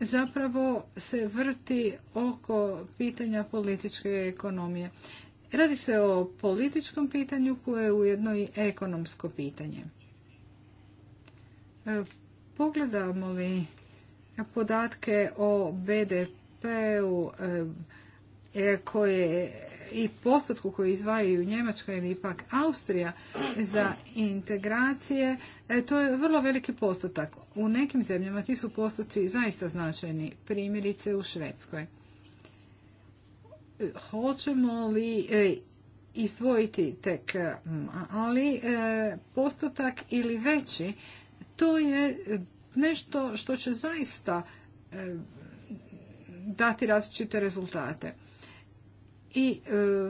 zapravo se vrti oko pitanja političke ekonomije. Radi se o političkom pitanju koje je ujedno i ekonomsko pitanje. E, pogledamo li podatke o BDP-u e, e, koje i postotku koji izvajaju Njemačka ili ipak Austrija za integracije, to je vrlo veliki postotak. U nekim zemljama ti su postoci zaista značajni, primjerice u Švedskoj hoćemo li e, izdvojiti tek, e, ali e, postotak ili veći, to je nešto što će zaista dati različite rezultate. I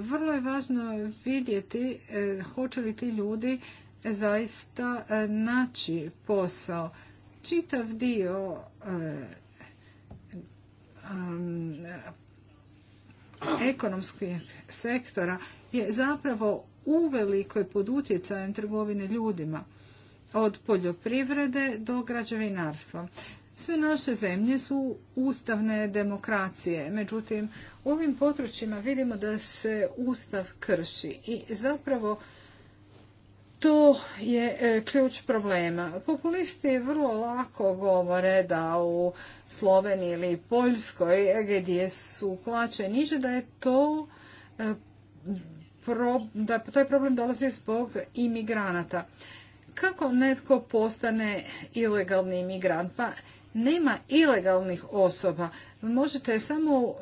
vrlo je važno vidjeti hoće li ti ljudi zaista naći posao. Čitav dio ekonomskih sektora je zapravo u velikoj pod utjecajem trgovine ljudima od poljoprivrede do građevinarstva. Sve naše zemlje su ustavne demokracije, međutim u ovim područjima vidimo da se ustav krši i zapravo to je e, ključ problema. Populisti vrlo lako govore da u Sloveniji ili Poljskoj e, gdje su plaće niže da je to e, da taj problem dolazi zbog imigranata. Kako netko postane ilegalni imigrant? Pa nema ilegalnih osoba. Možete samo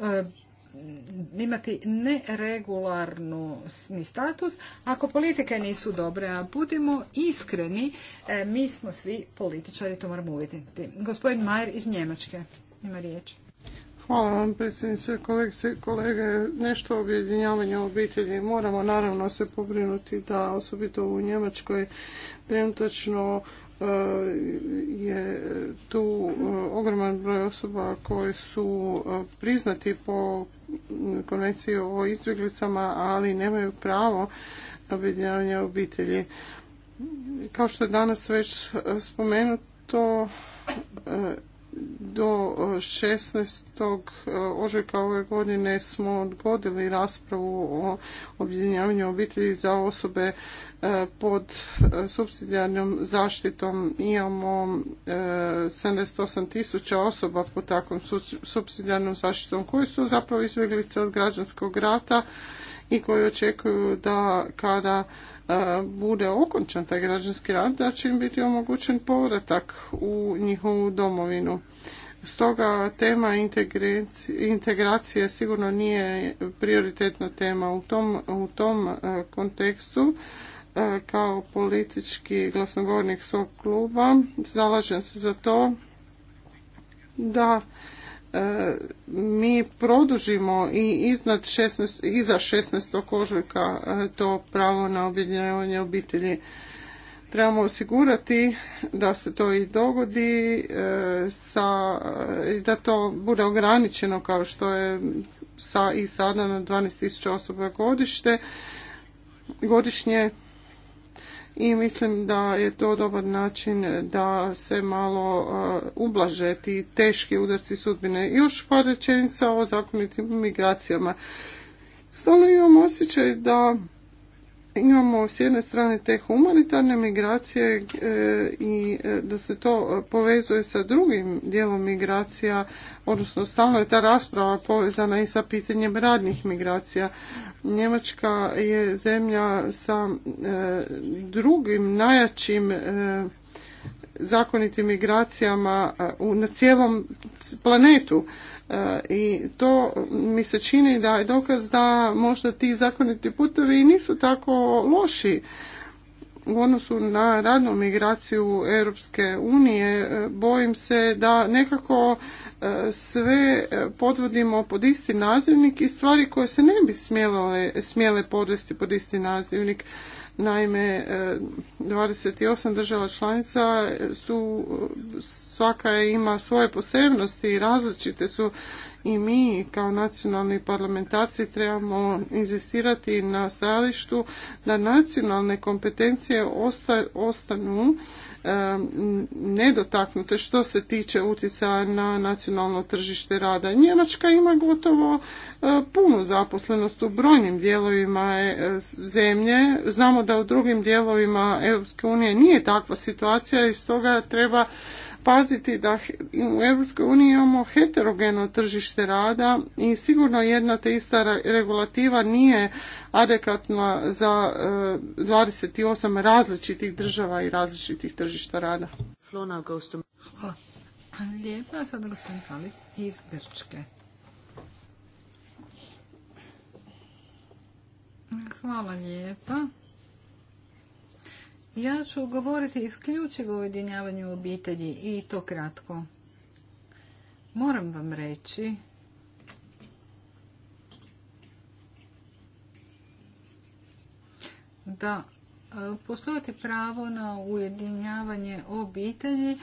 imati neregularnu status ako politike nisu dobre, a budimo iskreni, e, mi smo svi političari, to moramo uvjetiti. Gospodin Majer iz Njemačke ima riječ. Hvala vam predsjednice, kolegice i kolege. Nešto objedinjavanje obitelji. Moramo naravno se pobrinuti da osobito u Njemačkoj trenutačno E, je tu e, ogroman broj osoba koje su e, priznati po konvenciji o izbjeglicama, ali nemaju pravo objedinjavanja obitelji. Kao što je danas već spomenuto, do 16. E, e, ožujka ove godine smo odgodili raspravu o objedinjavanju obitelji za osobe e, pod subsidijarnom zaštitom. Imamo 78 tisuća osoba pod takvom subsidijarnom zaštitom koji su zapravo izbjeglice od građanskog rata i koji očekuju da kada e, bude okončan taj građanski rat, da će im biti omogućen povratak u njihovu domovinu. Stoga tema integracije sigurno nije prioritetna tema u tom, u tom e, kontekstu e, kao politički glasnogovornik svog kluba zalažem se za to da mi produžimo i iznad 16, iza 16. ožujka e, to pravo na objedinjavanje obitelji. Trebamo osigurati da se to i dogodi e, sa, da to bude ograničeno kao što je sa, i sada na 12.000 osoba godište, godišnje i mislim da je to dobar način da se malo ublaže ti teški udarci sudbine. Još par rečenica o zakonitim migracijama. Stalno imam osjećaj da imamo s jedne strane te humanitarne migracije e, i e, da se to povezuje sa drugim dijelom migracija, odnosno stalno je ta rasprava povezana i sa pitanjem radnih migracija. Njemačka je zemlja sa e, drugim najjačim zakonitim migracijama e, na cijelom planetu e, i to mi se čini da je dokaz da možda ti zakoniti putovi i nisu tako loši u odnosu na radnu migraciju Europske unije e, bojim se da nekako sve podvodimo pod isti nazivnik i stvari koje se ne bi smjele podvesti pod isti nazivnik. Naime, 28 e, država članica su, svaka ima svoje posebnosti i različite su i mi kao nacionalni parlamentarci trebamo inzistirati na stajalištu da nacionalne kompetencije ostanu nedotaknute što se tiče utjecaja na nacionalno tržište rada. Njemačka ima gotovo e, punu zaposlenost u brojnim dijelovima e, zemlje. Znamo da u drugim dijelovima EU nije takva situacija i stoga treba paziti da u EU imamo heterogeno tržište rada i sigurno jedna te ista regulativa nije adekvatna za 28 eh, različitih država i različitih tržišta rada. Hvala. Lijepa, sad gospodin Palis iz Grčke. Hvala lijepa. Ja ću govoriti isključivo o ujedinjavanju obitelji i to kratko. Moram vam reći da e, postojati pravo na ujedinjavanje obitelji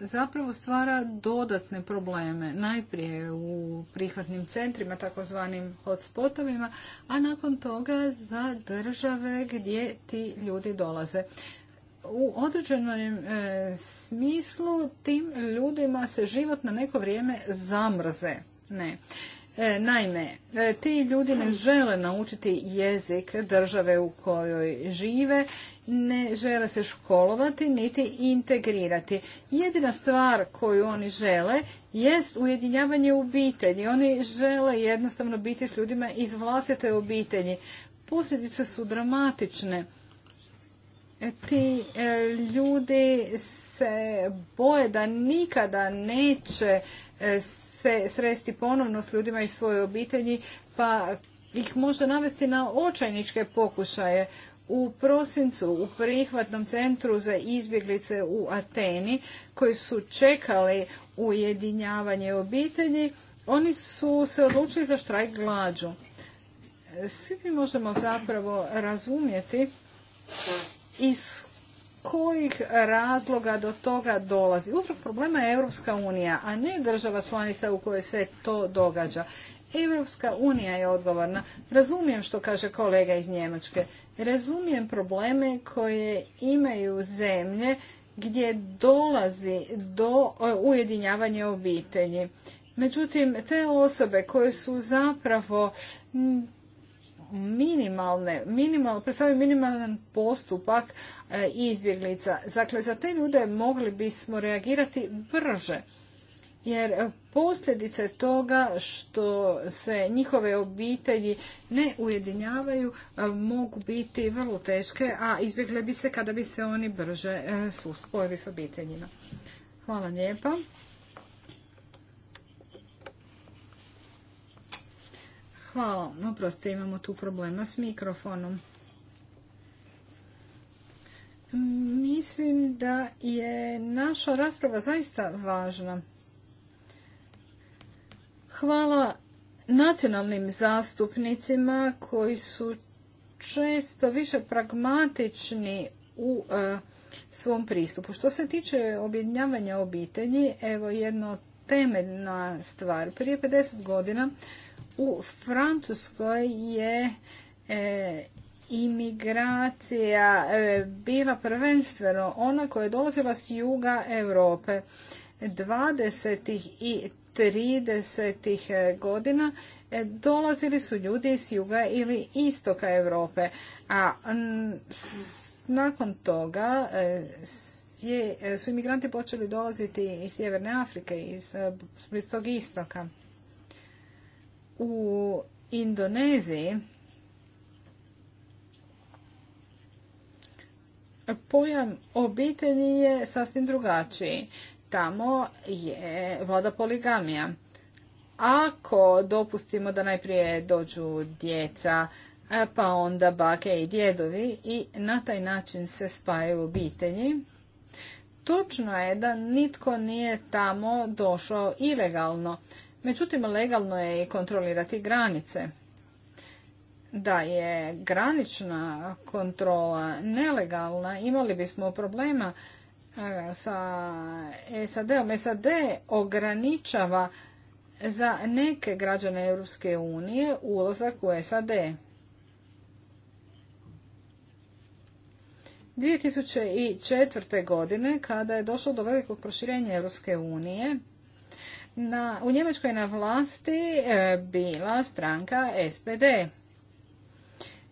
zapravo stvara dodatne probleme. Najprije u prihvatnim centrima, takozvanim hotspotovima, a nakon toga za države gdje ti ljudi dolaze. U određenom e, smislu tim ljudima se život na neko vrijeme zamrze. Ne. E, naime, e, ti ljudi ne žele naučiti jezik države u kojoj žive, ne žele se školovati niti integrirati. Jedina stvar koju oni žele jest ujedinjavanje obitelji. Oni žele jednostavno biti s ljudima iz vlastite obitelji. Posljedice su dramatične. E, ti ljudi se boje da nikada neće se sresti ponovno s ljudima iz svoje obitelji pa ih možda navesti na očajničke pokušaje. U prosincu u prihvatnom centru za izbjeglice u Ateni koji su čekali ujedinjavanje obitelji, oni su se odlučili za štrajk glađu. Svi mi možemo zapravo razumjeti iz kojih razloga do toga dolazi. Uzrok problema je Europska unija, a ne država članica u kojoj se to događa. Europska unija je odgovorna. Razumijem što kaže kolega iz Njemačke. Razumijem probleme koje imaju zemlje gdje dolazi do e, ujedinjavanja obitelji. Međutim, te osobe koje su zapravo minimalne, minimal, predstavljaju minimalan postupak e, izbjeglica. Dakle, za te ljude mogli bismo reagirati brže. Jer posljedice toga što se njihove obitelji ne ujedinjavaju e, mogu biti vrlo teške, a izbjegle bi se kada bi se oni brže e, spojili s obiteljima. Hvala lijepa. Hvala. Oprosti, imamo tu problema s mikrofonom. Mislim da je naša rasprava zaista važna. Hvala nacionalnim zastupnicima koji su često više pragmatični u e, svom pristupu. Što se tiče objedinjavanja obitelji, evo jedna temeljna stvar. Prije 50 godina u Francuskoj je e, imigracija e, bila prvenstveno ona koja je dolazila s juga Europe. 20. i 30. E, godina dolazili su ljudi s juga ili istoka Europe, a nakon toga su imigranti počeli dolaziti iz Sjeverne Afrike, iz blistog istoka. U Indoneziji pojam obitelji je sasvim drugačiji. Tamo je vlada poligamija. Ako dopustimo da najprije dođu djeca, e, pa onda bake i djedovi i na taj način se spajaju obitelji, točno je da nitko nije tamo došao ilegalno. Međutim, legalno je i kontrolirati granice. Da je granična kontrola nelegalna, imali bismo problema e, sa SAD-om. SAD ograničava za neke građane Europske unije ulazak u SAD. 2004. godine, kada je došlo do velikog proširenja Europske unije, na, u Njemačkoj na vlasti e, bila stranka SPD.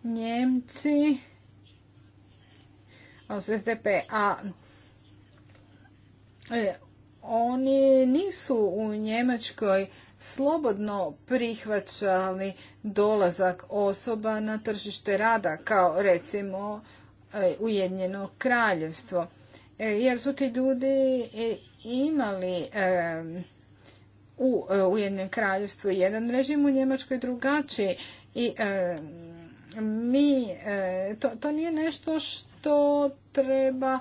Njemci SDP, a e, oni nisu u Njemačkoj slobodno prihvaćali dolazak osoba na tržište rada, kao recimo e, Ujedinjeno kraljevstvo. E, jer su ti ljudi imali u e, Ujedinjenom kraljevstvu jedan režim, u Njemačkoj drugačiji. I e, mi, e, to, nije nešto što treba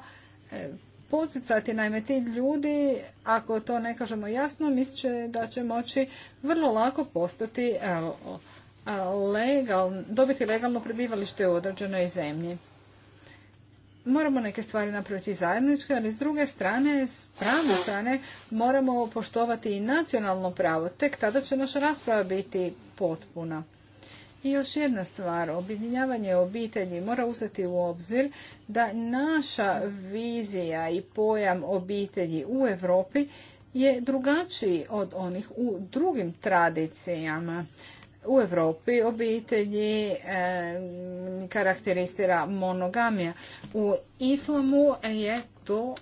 pozicati Naime, ti ljudi, ako to ne kažemo jasno, misle da će moći vrlo lako postati legal, dobiti legalno prebivalište u određenoj zemlji moramo neke stvari napraviti zajedničke, ali s druge strane, s pravne strane, moramo poštovati i nacionalno pravo. Tek tada će naša rasprava biti potpuna. I još jedna stvar, objedinjavanje obitelji mora uzeti u obzir da naša vizija i pojam obitelji u Europi je drugačiji od onih u drugim tradicijama u Europi obitelji eh, karakteristira monogamija. U islamu je to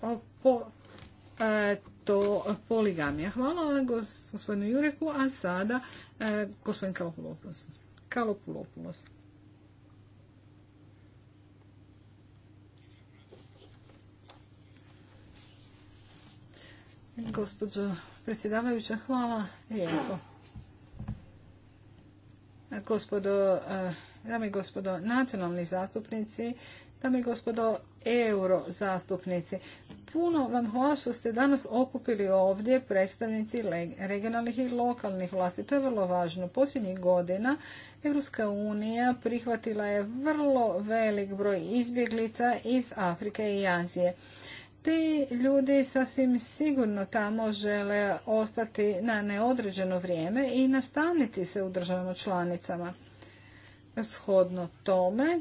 eh, to poligamija. Hvala gospodinu Jureku, a sada eh, gospodin Kalopulopulos. Kalopulopulos. Gospođo predsjedavajuća, hvala lijepo gospodo, eh, dame i gospodo nacionalni zastupnici, dame i gospodo euro zastupnici. Puno vam hvala što ste danas okupili ovdje predstavnici regionalnih i lokalnih vlasti. To je vrlo važno. Posljednjih godina Europska unija prihvatila je vrlo velik broj izbjeglica iz Afrike i Azije ti ljudi sasvim sigurno tamo žele ostati na neodređeno vrijeme i nastaniti se u državama članicama. Shodno tome,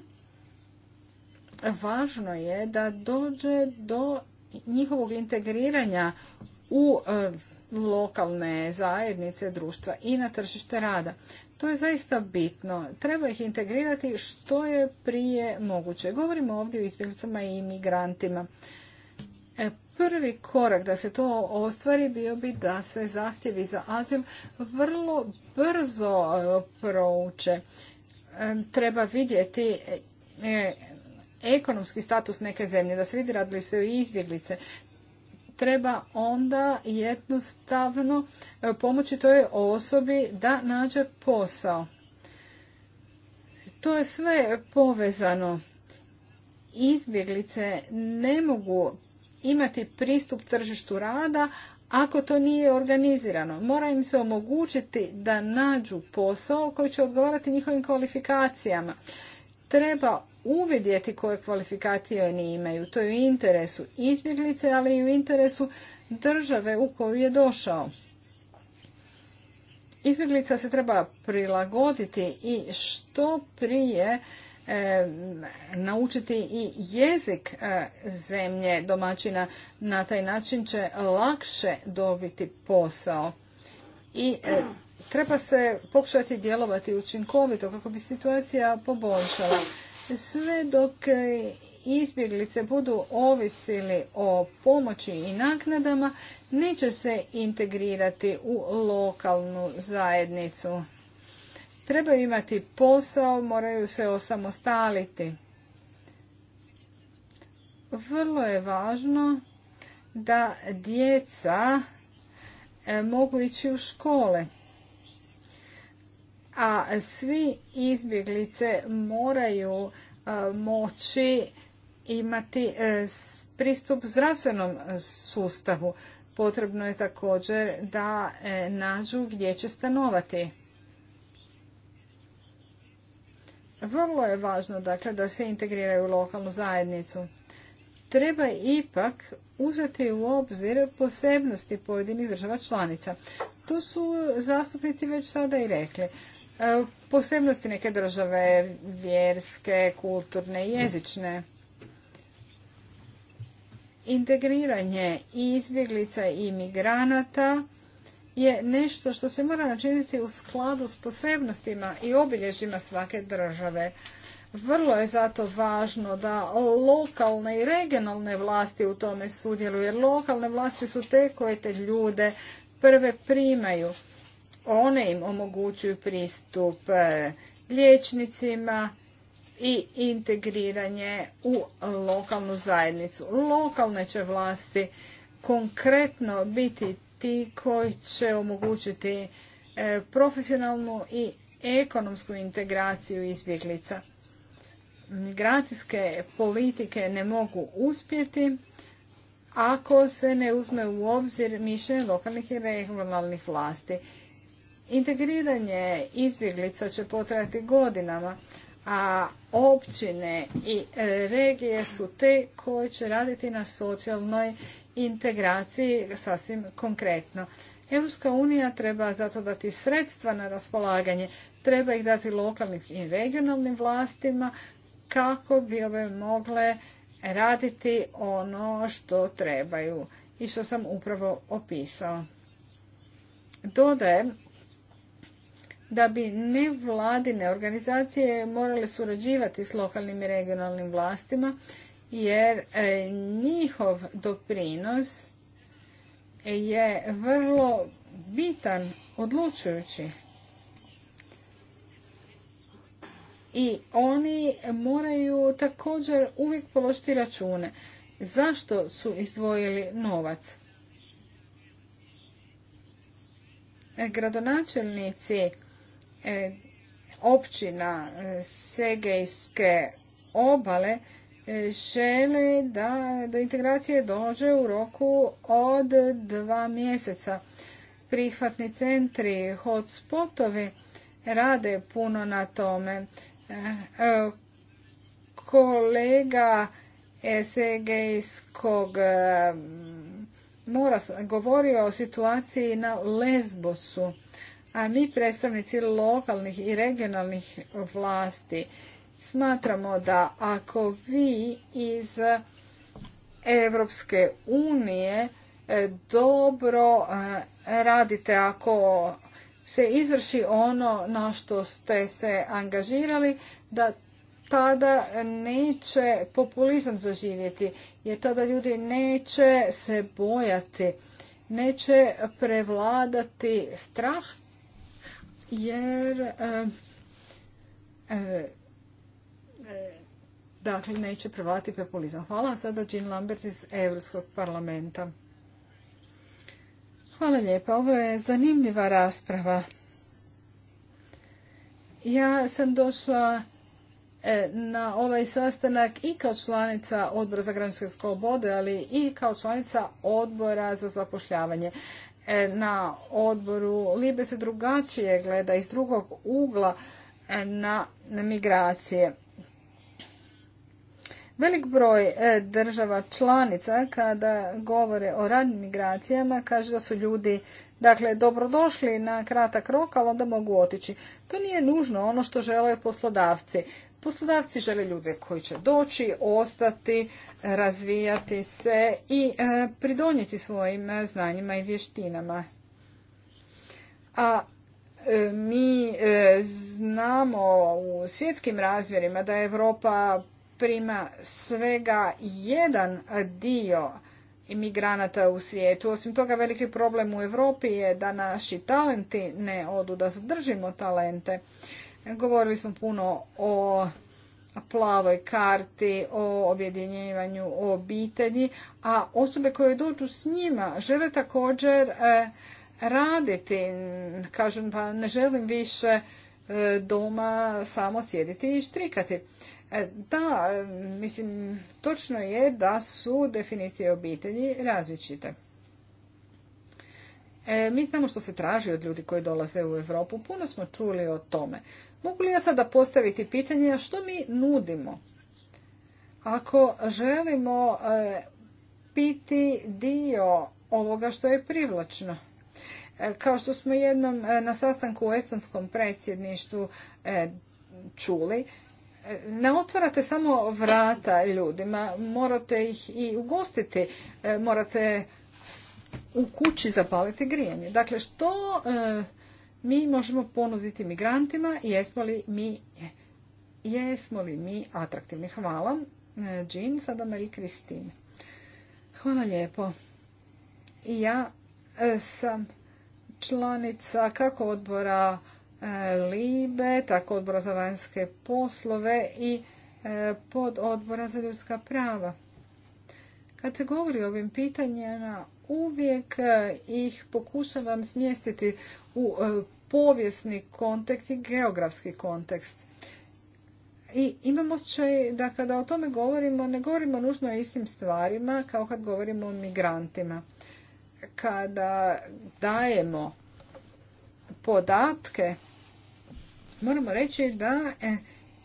važno je da dođe do njihovog integriranja u e, lokalne zajednice društva i na tržište rada. To je zaista bitno. Treba ih integrirati što je prije moguće. Govorimo ovdje o izbjeglicama i imigrantima. E, prvi korak da se to ostvari bio bi da se zahtjevi za azil vrlo brzo e, prouče. E, treba vidjeti ekonomski status neke zemlje, da se vidi radili se o izbjeglice. Treba onda jednostavno pomoći toj osobi da nađe posao. To je sve povezano. Izbjeglice ne mogu imati pristup tržištu rada ako to nije organizirano. Mora im se omogućiti da nađu posao koji će odgovarati njihovim kvalifikacijama. Treba uvidjeti koje kvalifikacije oni imaju. To je u interesu izbjeglice, ali i u interesu države u koju je došao. Izbjeglica se treba prilagoditi i što prije e, naučiti i jezik e, zemlje domaćina. Na taj način će lakše dobiti posao. I e, treba se pokušati djelovati učinkovito kako bi situacija poboljšala. Sve dok e, izbjeglice budu ovisili o pomoći i naknadama, neće se integrirati u lokalnu zajednicu trebaju imati posao, moraju se osamostaliti. Vrlo je važno da djeca e, mogu ići u škole. A svi izbjeglice moraju e, moći imati e, pristup zdravstvenom sustavu. Potrebno je također da nađu gdje će stanovati. Vrlo je važno dakle, da se integriraju u lokalnu zajednicu. Treba ipak uzeti u obzir posebnosti pojedinih država članica. To su zastupnici već sada i rekli. E, posebnosti neke države, vjerske, kulturne, jezične. Integriranje izbjeglica i migranata je nešto što se mora načiniti u skladu s posebnostima i obilježjima svake države. Vrlo je zato važno da lokalne i regionalne vlasti u tome sudjeluju, jer lokalne vlasti su te koje te ljude prve primaju. One im omogućuju pristup e, liječnicima i integriranje u lokalnu zajednicu. Lokalne će vlasti konkretno biti koji će omogućiti e, profesionalnu i ekonomsku integraciju izbjeglica. Migracijske politike ne mogu uspjeti ako se ne uzme u obzir mišljenje lokalnih i regionalnih vlasti. Integriranje izbjeglica će potrajati godinama, a općine i regije su te koje će raditi na socijalnoj integraciji sasvim konkretno. Europska unija treba zato dati sredstva na raspolaganje, treba ih dati lokalnim i regionalnim vlastima kako bi ove mogle raditi ono što trebaju i što sam upravo opisao. Dodajem da bi nevladine organizacije morale surađivati s lokalnim i regionalnim vlastima jer e, njihov doprinos je vrlo bitan, odlučujući. I oni moraju također uvijek položiti račune. Zašto su izdvojili novac? E, gradonačelnici e, općina Segejske obale E, žele da do integracije dođe u roku od dva mjeseca. Prihvatni centri, hotspotovi rade puno na tome. E, e, kolega Esegejskog mora govorio o situaciji na Lesbosu, a mi predstavnici lokalnih i regionalnih vlasti Smatramo da ako vi iz Evropske unije e, dobro e, radite, ako se izvrši ono na što ste se angažirali, da tada neće populizam zaživjeti, jer tada ljudi neće se bojati, neće prevladati strah, jer e, E, dakle neće prevati populizam. Hvala sada Jean Lambert iz Europskog parlamenta. Hvala lijepa. Ovo je zanimljiva rasprava. Ja sam došla e, na ovaj sastanak i kao članica odbora za građanske slobode, ali i kao članica odbora za zapošljavanje. E, na odboru Libe se drugačije gleda iz drugog ugla na migracije. Velik broj e, država članica kada govore o radnim migracijama kaže da su ljudi dakle dobrodošli na kratak rok, ali onda mogu otići. To nije nužno ono što žele poslodavci. Poslodavci žele ljude koji će doći, ostati, razvijati se i e, pridonijeti svojim e, znanjima i vještinama. A mi znamo u svjetskim razmjerima da je Europa prima svega jedan dio imigranata u svijetu. Osim toga, veliki problem u Europi je da naši talenti ne odu, da zadržimo talente. Govorili smo puno o plavoj karti, o objedinjivanju obitelji, a osobe koje dođu s njima žele također e, raditi. Kažem, pa ne želim više e, doma samo sjediti i štrikati. E, da, mislim, točno je da su definicije obitelji različite. E, mi znamo što se traži od ljudi koji dolaze u Europu. Puno smo čuli o tome. Mogu li ja sada postaviti pitanje a što mi nudimo? Ako želimo e, biti dio ovoga što je privlačno. E, kao što smo jednom e, na sastanku u Estonskom predsjedništvu čuli, ne otvarate samo vrata ljudima, morate ih i ugostiti, e, morate u kući zapaliti grijanje. Dakle, što e, mi možemo ponuditi migrantima, jesmo li mi, jesmo li mi atraktivni? Hvala. E, Jean, sada Marie Christine. Hvala lijepo. Ja sam članica kako odbora Libe, tako odbora za vanjske poslove i e, pod odbora za ljudska prava. Kad se govori o ovim pitanjima, uvijek e, ih pokušavam smjestiti u e, povijesni kontekst i geografski kontekst. I imamo osjećaj da kada o tome govorimo, ne govorimo nužno o istim stvarima kao kad govorimo o migrantima. Kada dajemo podatke moramo reći da e,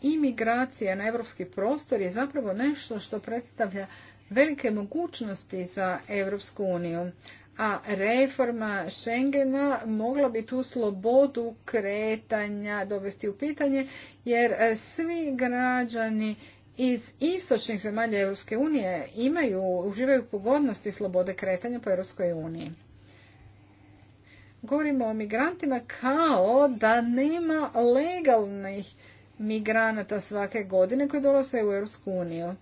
imigracija na europski prostor je zapravo nešto što predstavlja velike mogućnosti za Europsku uniju, a reforma Schengena mogla bi tu slobodu kretanja dovesti u pitanje, jer e, svi građani iz istočnih zemalja Europske unije imaju, uživaju pogodnosti slobode kretanja po Europskoj uniji. Govorimo o migrantima kao da nema legalnih migranata svake godine koji dolaze u Europsku uniju.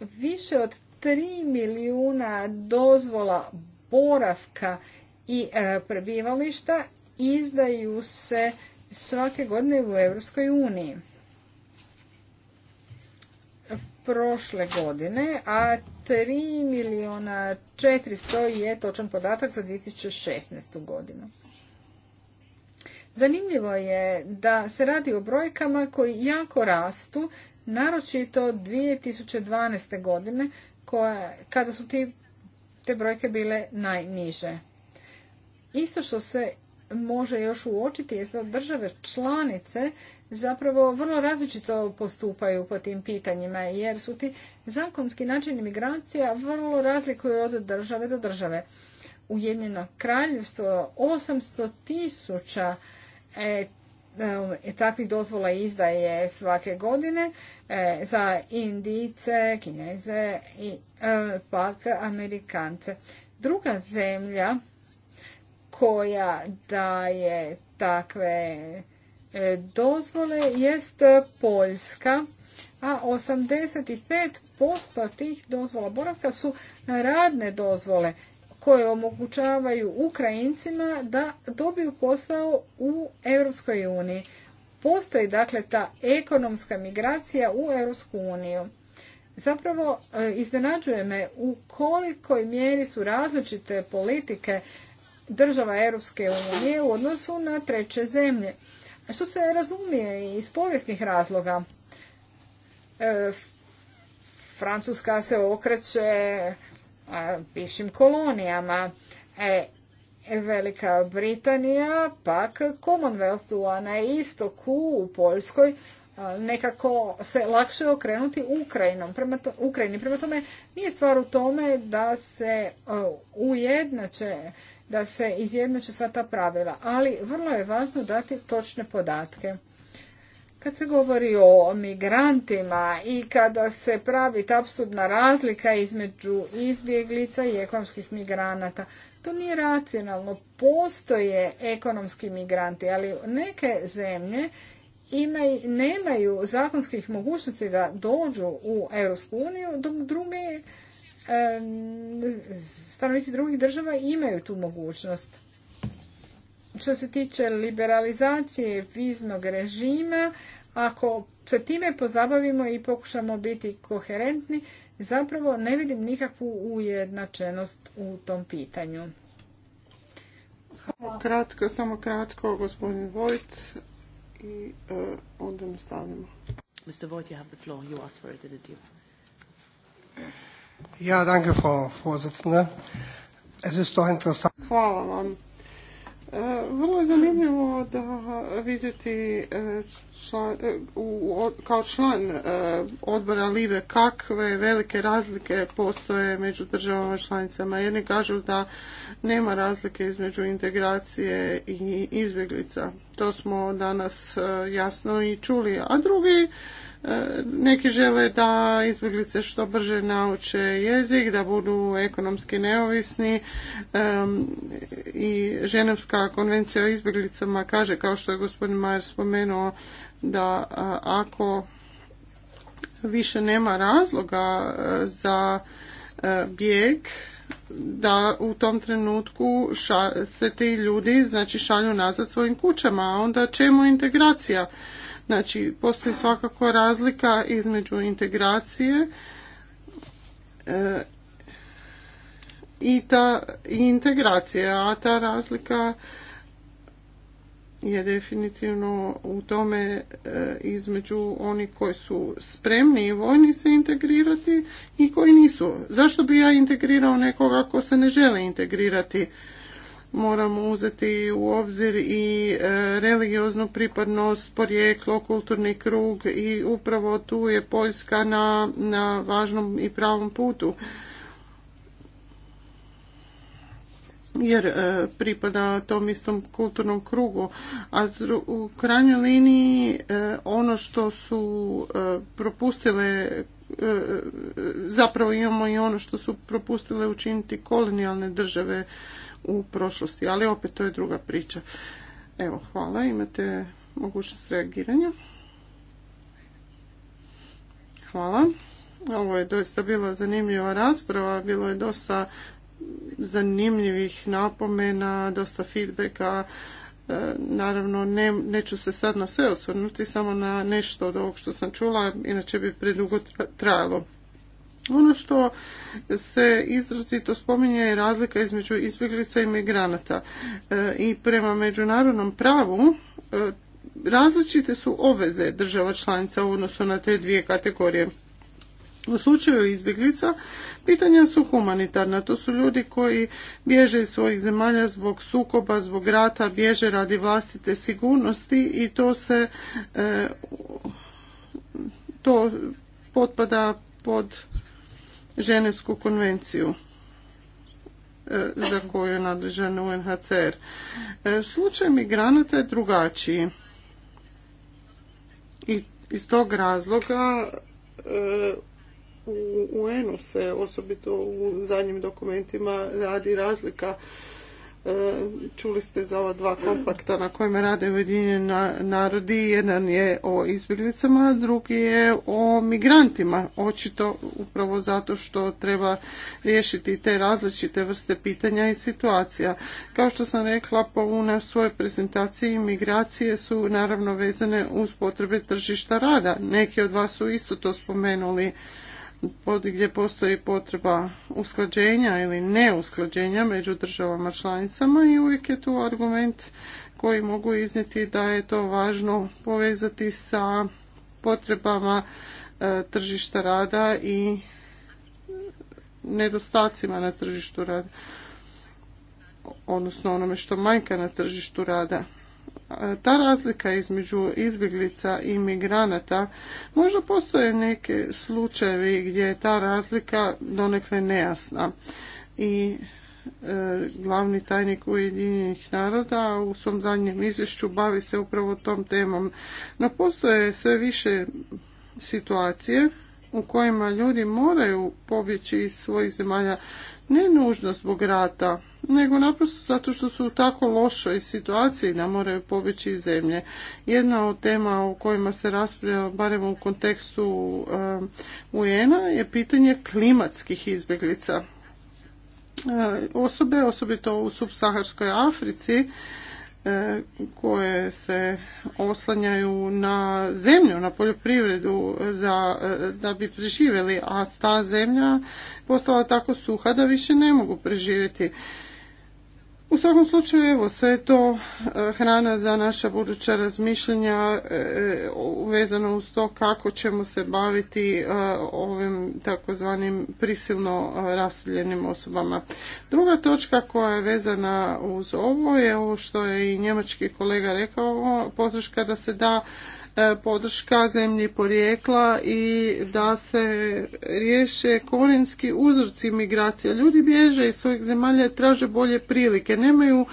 Više od 3 milijuna dozvola boravka i e, prebivališta izdaju se svake godine u Europskoj uniji. Prošle godine, a 3 milijuna 400 je točan podatak za 2016. godinu. Zanimljivo je da se radi o brojkama koji jako rastu, naročito 2012. godine, kada su te brojke bile najniže. Isto što se može još uočiti je da države članice zapravo vrlo različito postupaju po tim pitanjima, jer su ti zakonski načini migracija vrlo razlikuju od države do države. Ujedinjeno kraljevstvo 800 tisuća e, e, takvih dozvola izdaje svake godine e, za Indice, Kineze i e, pak Amerikance. Druga zemlja koja daje takve E, dozvole jest Poljska, a 85% tih dozvola boravka su radne dozvole koje omogućavaju Ukrajincima da dobiju posao u Europskoj uniji. Postoji dakle ta ekonomska migracija u Europsku uniju. Zapravo e, iznenađuje me u kolikoj mjeri su različite politike država Europske unije u odnosu na treće zemlje što se razumije iz povijesnih razloga. E, Francuska se okreće a, bivšim kolonijama. E, Velika Britanija, pak Commonwealthu, a na istoku u Poljskoj e, nekako se lakše okrenuti Ukrajinom. Prema Ukrajini. Prema tome nije stvar u tome da se e, ujednače da se izjednače sva ta pravila, ali vrlo je važno dati točne podatke. Kad se govori o migrantima i kada se pravi ta absurdna razlika između izbjeglica i ekonomskih migranata, to nije racionalno. Postoje ekonomski migranti, ali neke zemlje ima, nemaju zakonskih mogućnosti da dođu u EU, dok druge stanovnici drugih država imaju tu mogućnost. Što se tiče liberalizacije viznog režima, ako se time pozabavimo i pokušamo biti koherentni, zapravo ne vidim nikakvu ujednačenost u tom pitanju. Samo kratko, samo kratko, gospodin Vojt i e, onda nastavljamo. Mr. Vojt, you have the floor. You asked for it, ja, Hvala vam. E, vrlo je zanimljivo da vidjeti e, e, kao član odbora Libe kakve velike razlike postoje među državama članicama. Jedni kažu da nema razlike između integracije i izbjeglica. To smo danas jasno i čuli. A drugi E, neki žele da izbjeglice što brže nauče jezik, da budu ekonomski neovisni i Ženevska konvencija o izbjeglicama kaže, kao što je gospodin Majer spomenuo, da ako više nema razloga e, za e, bijeg, da u tom trenutku se ti ljudi znači šalju nazad svojim kućama, a onda čemu integracija? Znači, postoji svakako razlika između integracije e, i ta integracija, a ta razlika je definitivno u tome e, između onih koji su spremni i vojni se integrirati i koji nisu. Zašto bi ja integrirao nekoga ko se ne želi integrirati? moramo uzeti u obzir i e, religioznu pripadnost, porijeklo, kulturni krug i upravo tu je Poljska na, na važnom i pravom putu. jer e, pripada tom istom kulturnom krugu. A u krajnjoj liniji e, ono što su propustile zapravo imamo i ono što su propustile učiniti kolonijalne države u prošlosti, ali opet to je druga priča. Evo, hvala, imate mogućnost reagiranja. Hvala. Ovo je doista bila zanimljiva rasprava, bilo je dosta zanimljivih napomena, dosta feedbacka. E, naravno, ne, neću se sad na sve osvrnuti, samo na nešto od ovog što sam čula, inače bi predugo trajalo. Ono što se izrazito spominje je razlika između izbjeglica i migranata. E, I prema međunarodnom pravu e, različite su obveze država članica u odnosu na te dvije kategorije. U slučaju izbjeglica pitanja su humanitarna. To su ljudi koji bježe iz svojih zemalja zbog sukoba, zbog rata, bježe radi vlastite sigurnosti i to se e, to potpada pod Ženevsku konvenciju e, za koju je nadležan UNHCR. E, slučaj migranata je drugačiji. I iz tog razloga e, u UN-u se osobito u zadnjim dokumentima radi razlika E, čuli ste za ova dva kompakta na kojima rade Ujedinjeni narodi. Jedan je o izbjeglicama, drugi je o migrantima. Očito upravo zato što treba riješiti te različite vrste pitanja i situacija. Kao što sam rekla po u svojoj prezentaciji, migracije su naravno vezane uz potrebe tržišta rada. Neki od vas su isto to spomenuli gdje postoji potreba usklađenja ili neusklađenja među državama članicama i uvijek je tu argument koji mogu iznijeti da je to važno povezati sa potrebama e, tržišta rada i nedostacima na tržištu rada, odnosno onome što manjka na tržištu rada ta razlika između izbjeglica i migranata, možda postoje neke slučajevi gdje je ta razlika donekle nejasna. I e, glavni tajnik Ujedinjenih naroda u svom zadnjem izvješću bavi se upravo tom temom. No postoje sve više situacije u kojima ljudi moraju pobjeći iz svojih zemalja ne nužno zbog rata, nego naprosto zato što su u tako lošoj situaciji da moraju pobjeći iz zemlje. Jedna od tema o kojima se raspravlja, barem u kontekstu um, UN-a, je pitanje klimatskih izbjeglica. Uh, osobe, osobito u subsaharskoj Africi, uh, koje se oslanjaju na zemlju, na poljoprivredu za, uh, da bi preživjeli, a ta zemlja postala tako suha da više ne mogu preživjeti. U svakom slučaju, evo, sve je to e, hrana za naša buduća razmišljanja e, e, vezano uz to kako ćemo se baviti ovim takozvanim prisilno raseljenim osobama. Druga točka koja je vezana uz ovo je ovo što je i njemački kolega rekao, podrška da se da E, podrška zemlji porijekla i da se riješe korinski uzorci migracija. Ljudi bježe iz svojih zemalja traže bolje prilike. Nemaju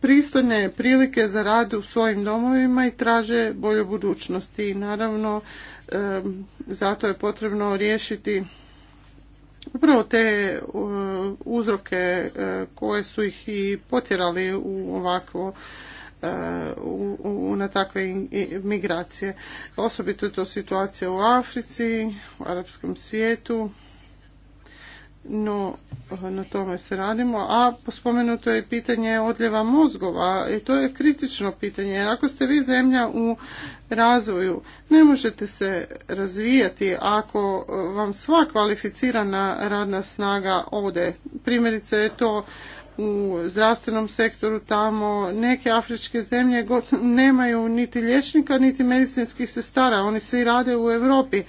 pristojne prilike za rad u svojim domovima i traže bolju budućnost. I naravno e, zato je potrebno riješiti upravo te e, uzroke koje su ih i potjerali u ovakvo E, na takve migracije. Osobito je to situacija u Africi, u arapskom svijetu, no na tome se radimo. A spomenuto je pitanje odljeva mozgova i to je kritično pitanje. Jer ako ste vi zemlja u razvoju, ne možete se razvijati ako vam sva kvalificirana radna snaga ode. Primjerice je to u zdravstvenom sektoru tamo. Neke afričke zemlje nemaju niti liječnika, niti medicinskih sestara. Oni svi rade u Europi.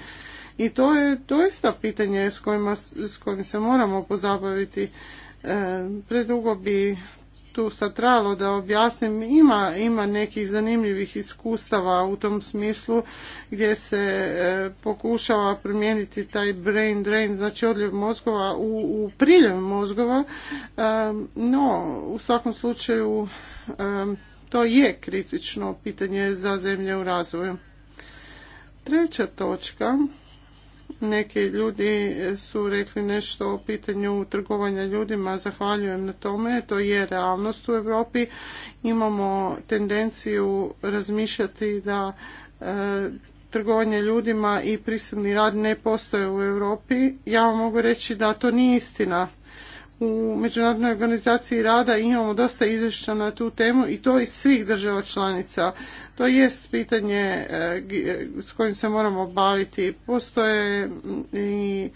I to je doista pitanje s, kojim se moramo pozabaviti. E, predugo bi tu sad trebalo da objasnim, ima, ima nekih zanimljivih iskustava u tom smislu gdje se e, pokušava promijeniti taj brain drain, znači odljev mozgova u, u priljev mozgova, e, no u svakom slučaju e, to je kritično pitanje za zemlje u razvoju. Treća točka neki ljudi su rekli nešto o pitanju trgovanja ljudima, zahvaljujem na tome, to je realnost u Europi. Imamo tendenciju razmišljati da e, trgovanje ljudima i prisilni rad ne postoje u Europi. Ja vam mogu reći da to nije istina u Međunarodnoj organizaciji rada imamo dosta izvješća na tu temu i to iz svih država članica. To jest pitanje e, e, s kojim se moramo baviti. Postoje mm, i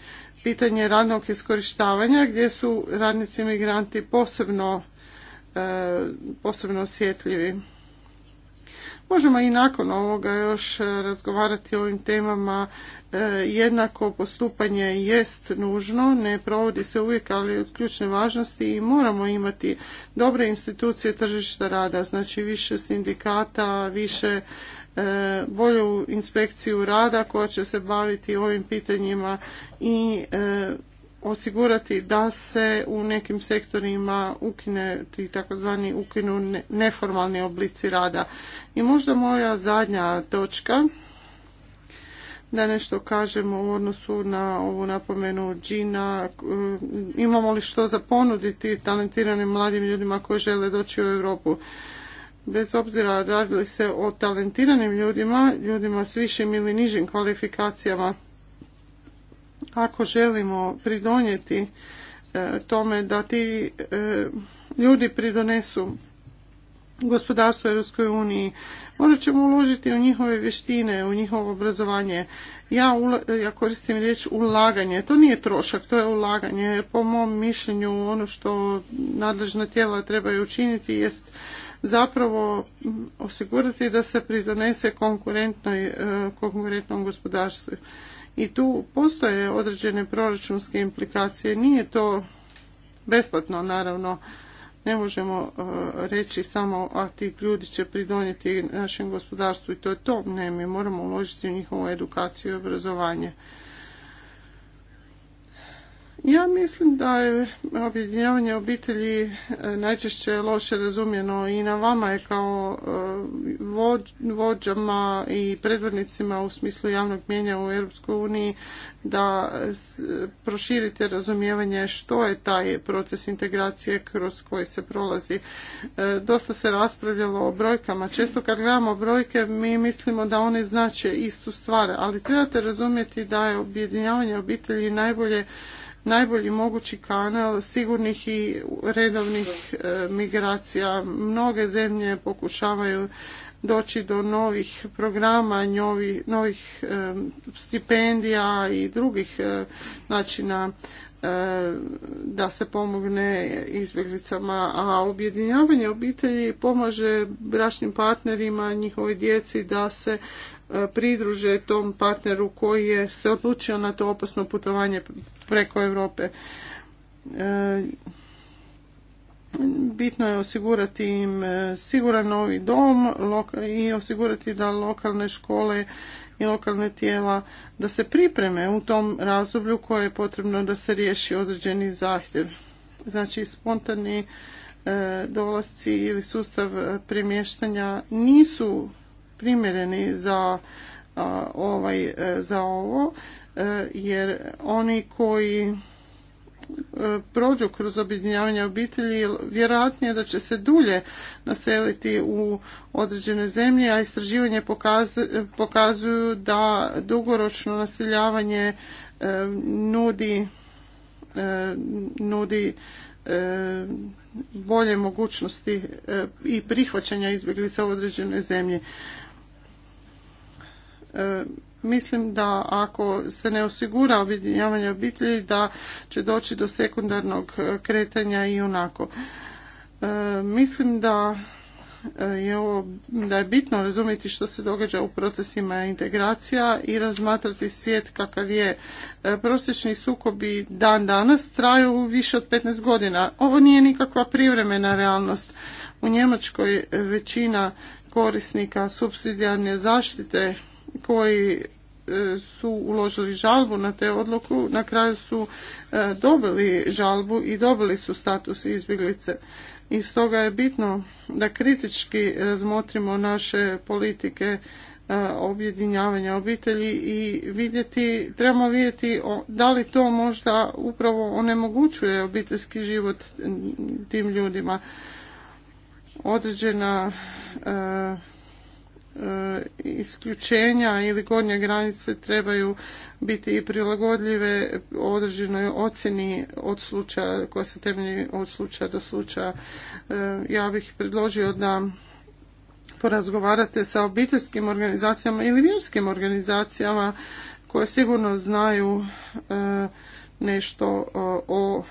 pitanje radnog iskorištavanja gdje su radnici migranti posebno, e, posebno osjetljivi. Možemo i nakon ovoga još e, razgovarati o ovim temama. E, jednako postupanje jest nužno, ne provodi se uvijek, ali od ključne važnosti i moramo imati dobre institucije tržišta rada, znači više sindikata, više e, bolju inspekciju rada koja će se baviti ovim pitanjima i osigurati da se u nekim sektorima ukine ti takozvani ukinu neformalni oblici rada. I možda moja zadnja točka da nešto kažemo u odnosu na ovu napomenu Gina, eh, Imamo li što za ponuditi talentiranim mladim ljudima koji žele doći u Europu? Bez obzira radili se o talentiranim ljudima, ljudima s višim ili nižim kvalifikacijama, ako želimo pridonijeti e, tome da ti e, ljudi pridonesu gospodarstvo Europskoj uniji. Morat ćemo uložiti u njihove vještine, u njihovo obrazovanje. Ja, ja koristim riječ ulaganje. To nije trošak, to je ulaganje. Po mom mišljenju ono što nadležna tijela trebaju učiniti jest zapravo osigurati da se pridonese konkurentnoj, e, konkurentnom gospodarstvu i tu postoje određene proračunske implikacije. Nije to besplatno, naravno. Ne možemo e, reći samo a ti ljudi će pridonijeti našem gospodarstvu i to je to. Ne, mi moramo uložiti u njihovu edukaciju i obrazovanje. Ja mislim da je objedinjavanje obitelji e, najčešće loše razumjeno i na vama je kao e, vođama i predvodnicima u smislu javnog mijenja u EU da proširite razumijevanje što je taj proces integracije kroz koji se prolazi. E, dosta se raspravljalo o brojkama. Često kad gledamo brojke mi mislimo da one znače istu stvar, ali trebate razumjeti da je objedinjavanje obitelji najbolje najbolji mogući kanal sigurnih i redovnih e, migracija. Mnoge zemlje pokušavaju doći do novih programa, novih, novih e, stipendija i drugih e, načina da se pomogne izbjeglicama, a objedinjavanje obitelji pomaže bračnim partnerima, njihovoj djeci da se pridruže tom partneru koji je se odlučio na to opasno putovanje preko Europe. E, bitno je osigurati im e, siguran novi dom i osigurati da lokalne škole i lokalne tijela da se pripreme u tom razdoblju koje je potrebno da se riješi određeni zahtjev. Znači spontani e, dolasci ili sustav premještanja nisu primjereni za ovaj e, za ovo e, jer oni koji e, prođu kroz objedinjavanje obitelji vjerojatnije da će se dulje naseliti u određene zemlje, a istraživanje pokazuju da dugoročno naseljavanje nudi nudi bolje mogućnosti i prihvaćanja izbjeglica u određenoj zemlji. E, mislim da ako se ne osigura objedinjavanje obitelji da će doći do sekundarnog e, kretanja i onako. E, mislim da je ovo, da je bitno razumjeti što se događa u procesima integracija i razmatrati svijet kakav je. Prosječni sukobi dan danas traju više od 15 godina. Ovo nije nikakva privremena realnost. U Njemačkoj većina korisnika subsidijarne zaštite koji e, su uložili žalbu na te odluku, na kraju su e, dobili žalbu i dobili su status izbjeglice. I stoga je bitno da kritički razmotrimo naše politike e, objedinjavanja obitelji i vidjeti, trebamo vidjeti da li to možda upravo onemogućuje obiteljski život tim ljudima. Određena E, isključenja ili gornje granice trebaju biti i prilagodljive određenoj ocjeni od slučaja koja se temelji od slučaja do slučaja. E, ja bih predložio da porazgovarate sa obiteljskim organizacijama ili vjerskim organizacijama koje sigurno znaju e, nešto o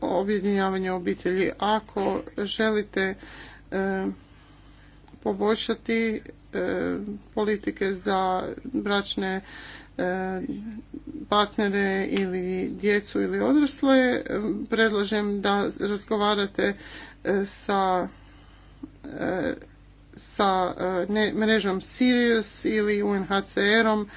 objedinjavanju obitelji. Ako želite poboljšati e, politike za bračne e, partnere ili djecu ili odrasle. E, predlažem da razgovarate sa sa mrežom Sirius ili UNHCR-om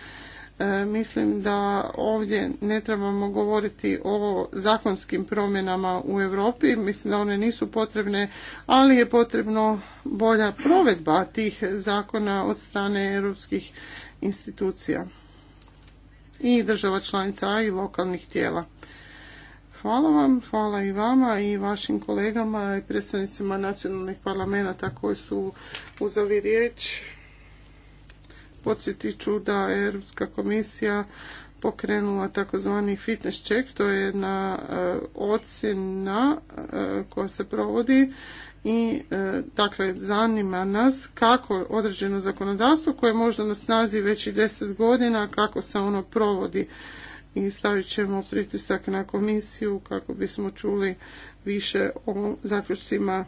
E, mislim da ovdje ne trebamo govoriti o zakonskim promjenama u Europi, mislim da one nisu potrebne, ali je potrebno bolja provedba tih zakona od strane europskih institucija i država članica i lokalnih tijela. Hvala vam, hvala i vama i vašim kolegama i predstavnicima nacionalnih parlamenta koji su uzeli riječ podsjetit ću da je Europska komisija pokrenula takozvani fitness check, to je jedna e, ocjena e, koja se provodi i e, dakle zanima nas kako određeno zakonodavstvo koje je možda na snazi već i deset godina kako se ono provodi i stavit ćemo pritisak na komisiju kako bismo čuli više o zaključcima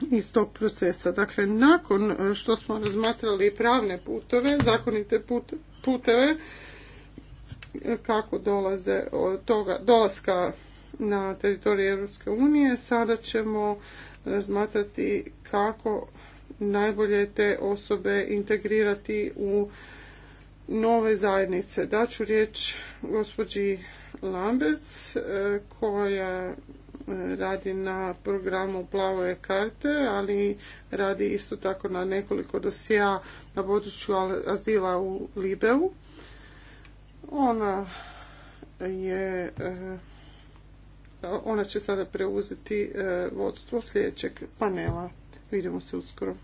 iz tog procesa. Dakle, nakon e, što smo razmatrali pravne putove, zakonite puteve, e, kako dolaze od toga, dolaska na teritoriju Europske unije, sada ćemo razmatrati kako najbolje te osobe integrirati u nove zajednice. Daću riječ gospođi Lambec e, koja radi na programu plave karte, ali radi isto tako na nekoliko dosija na području azila u Libeu. Ona je e, ona će sada preuzeti e, vodstvo sljedećeg panela. Vidimo se uskoro.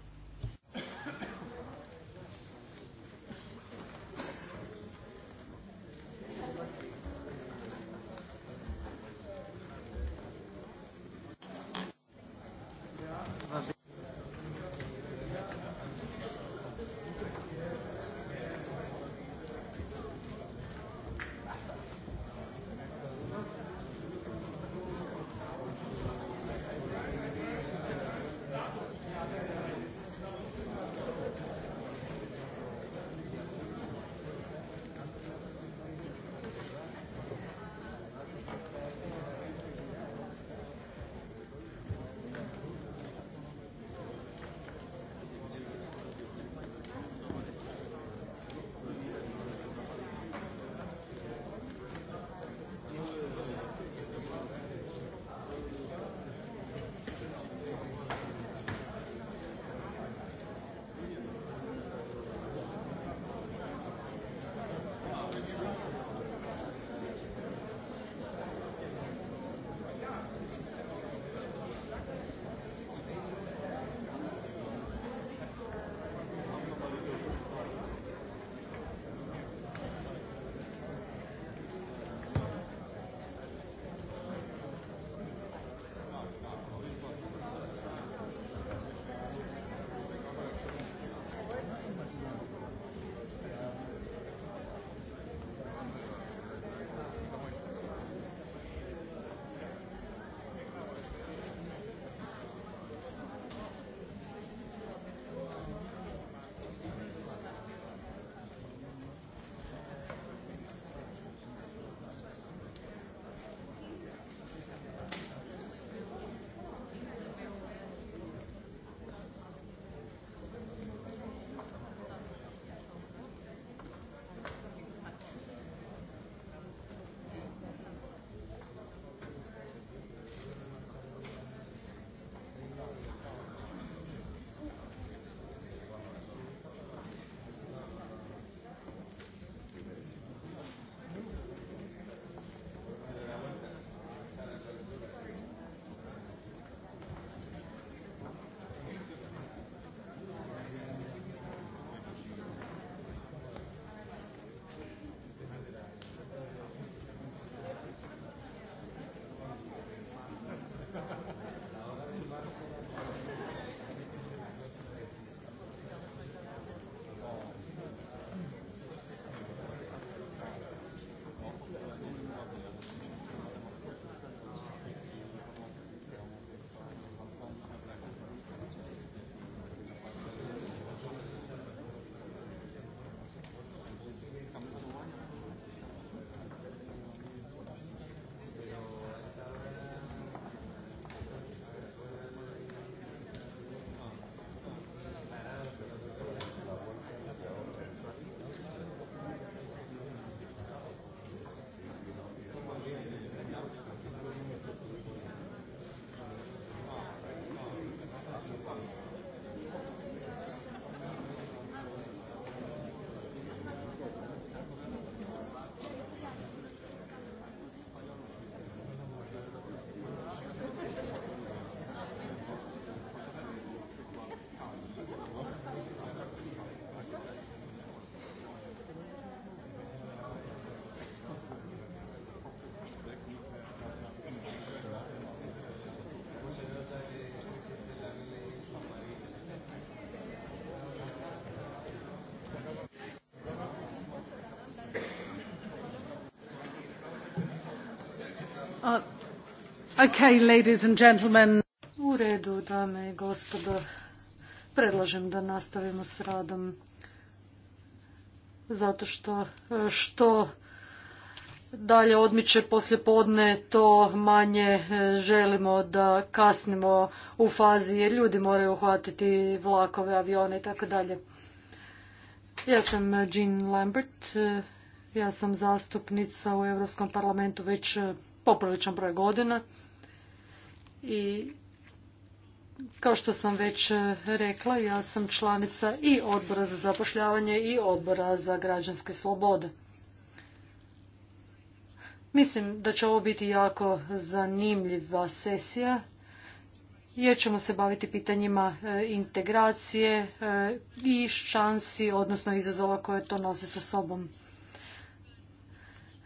Okay, U redu, dame i gospodo, predlažem da nastavimo s radom zato što e, što dalje odmiče poslje podne, to manje e, želimo da kasnimo u fazi jer ljudi moraju uhvatiti vlakove, avione i tako dalje. Ja sam Jean Lambert, e, ja sam zastupnica u Europskom parlamentu već popriličan broj godina i kao što sam već e, rekla, ja sam članica i odbora za zapošljavanje i odbora za građanske slobode. Mislim da će ovo biti jako zanimljiva sesija jer ćemo se baviti pitanjima e, integracije e, i šansi, odnosno izazova koje to nosi sa sobom.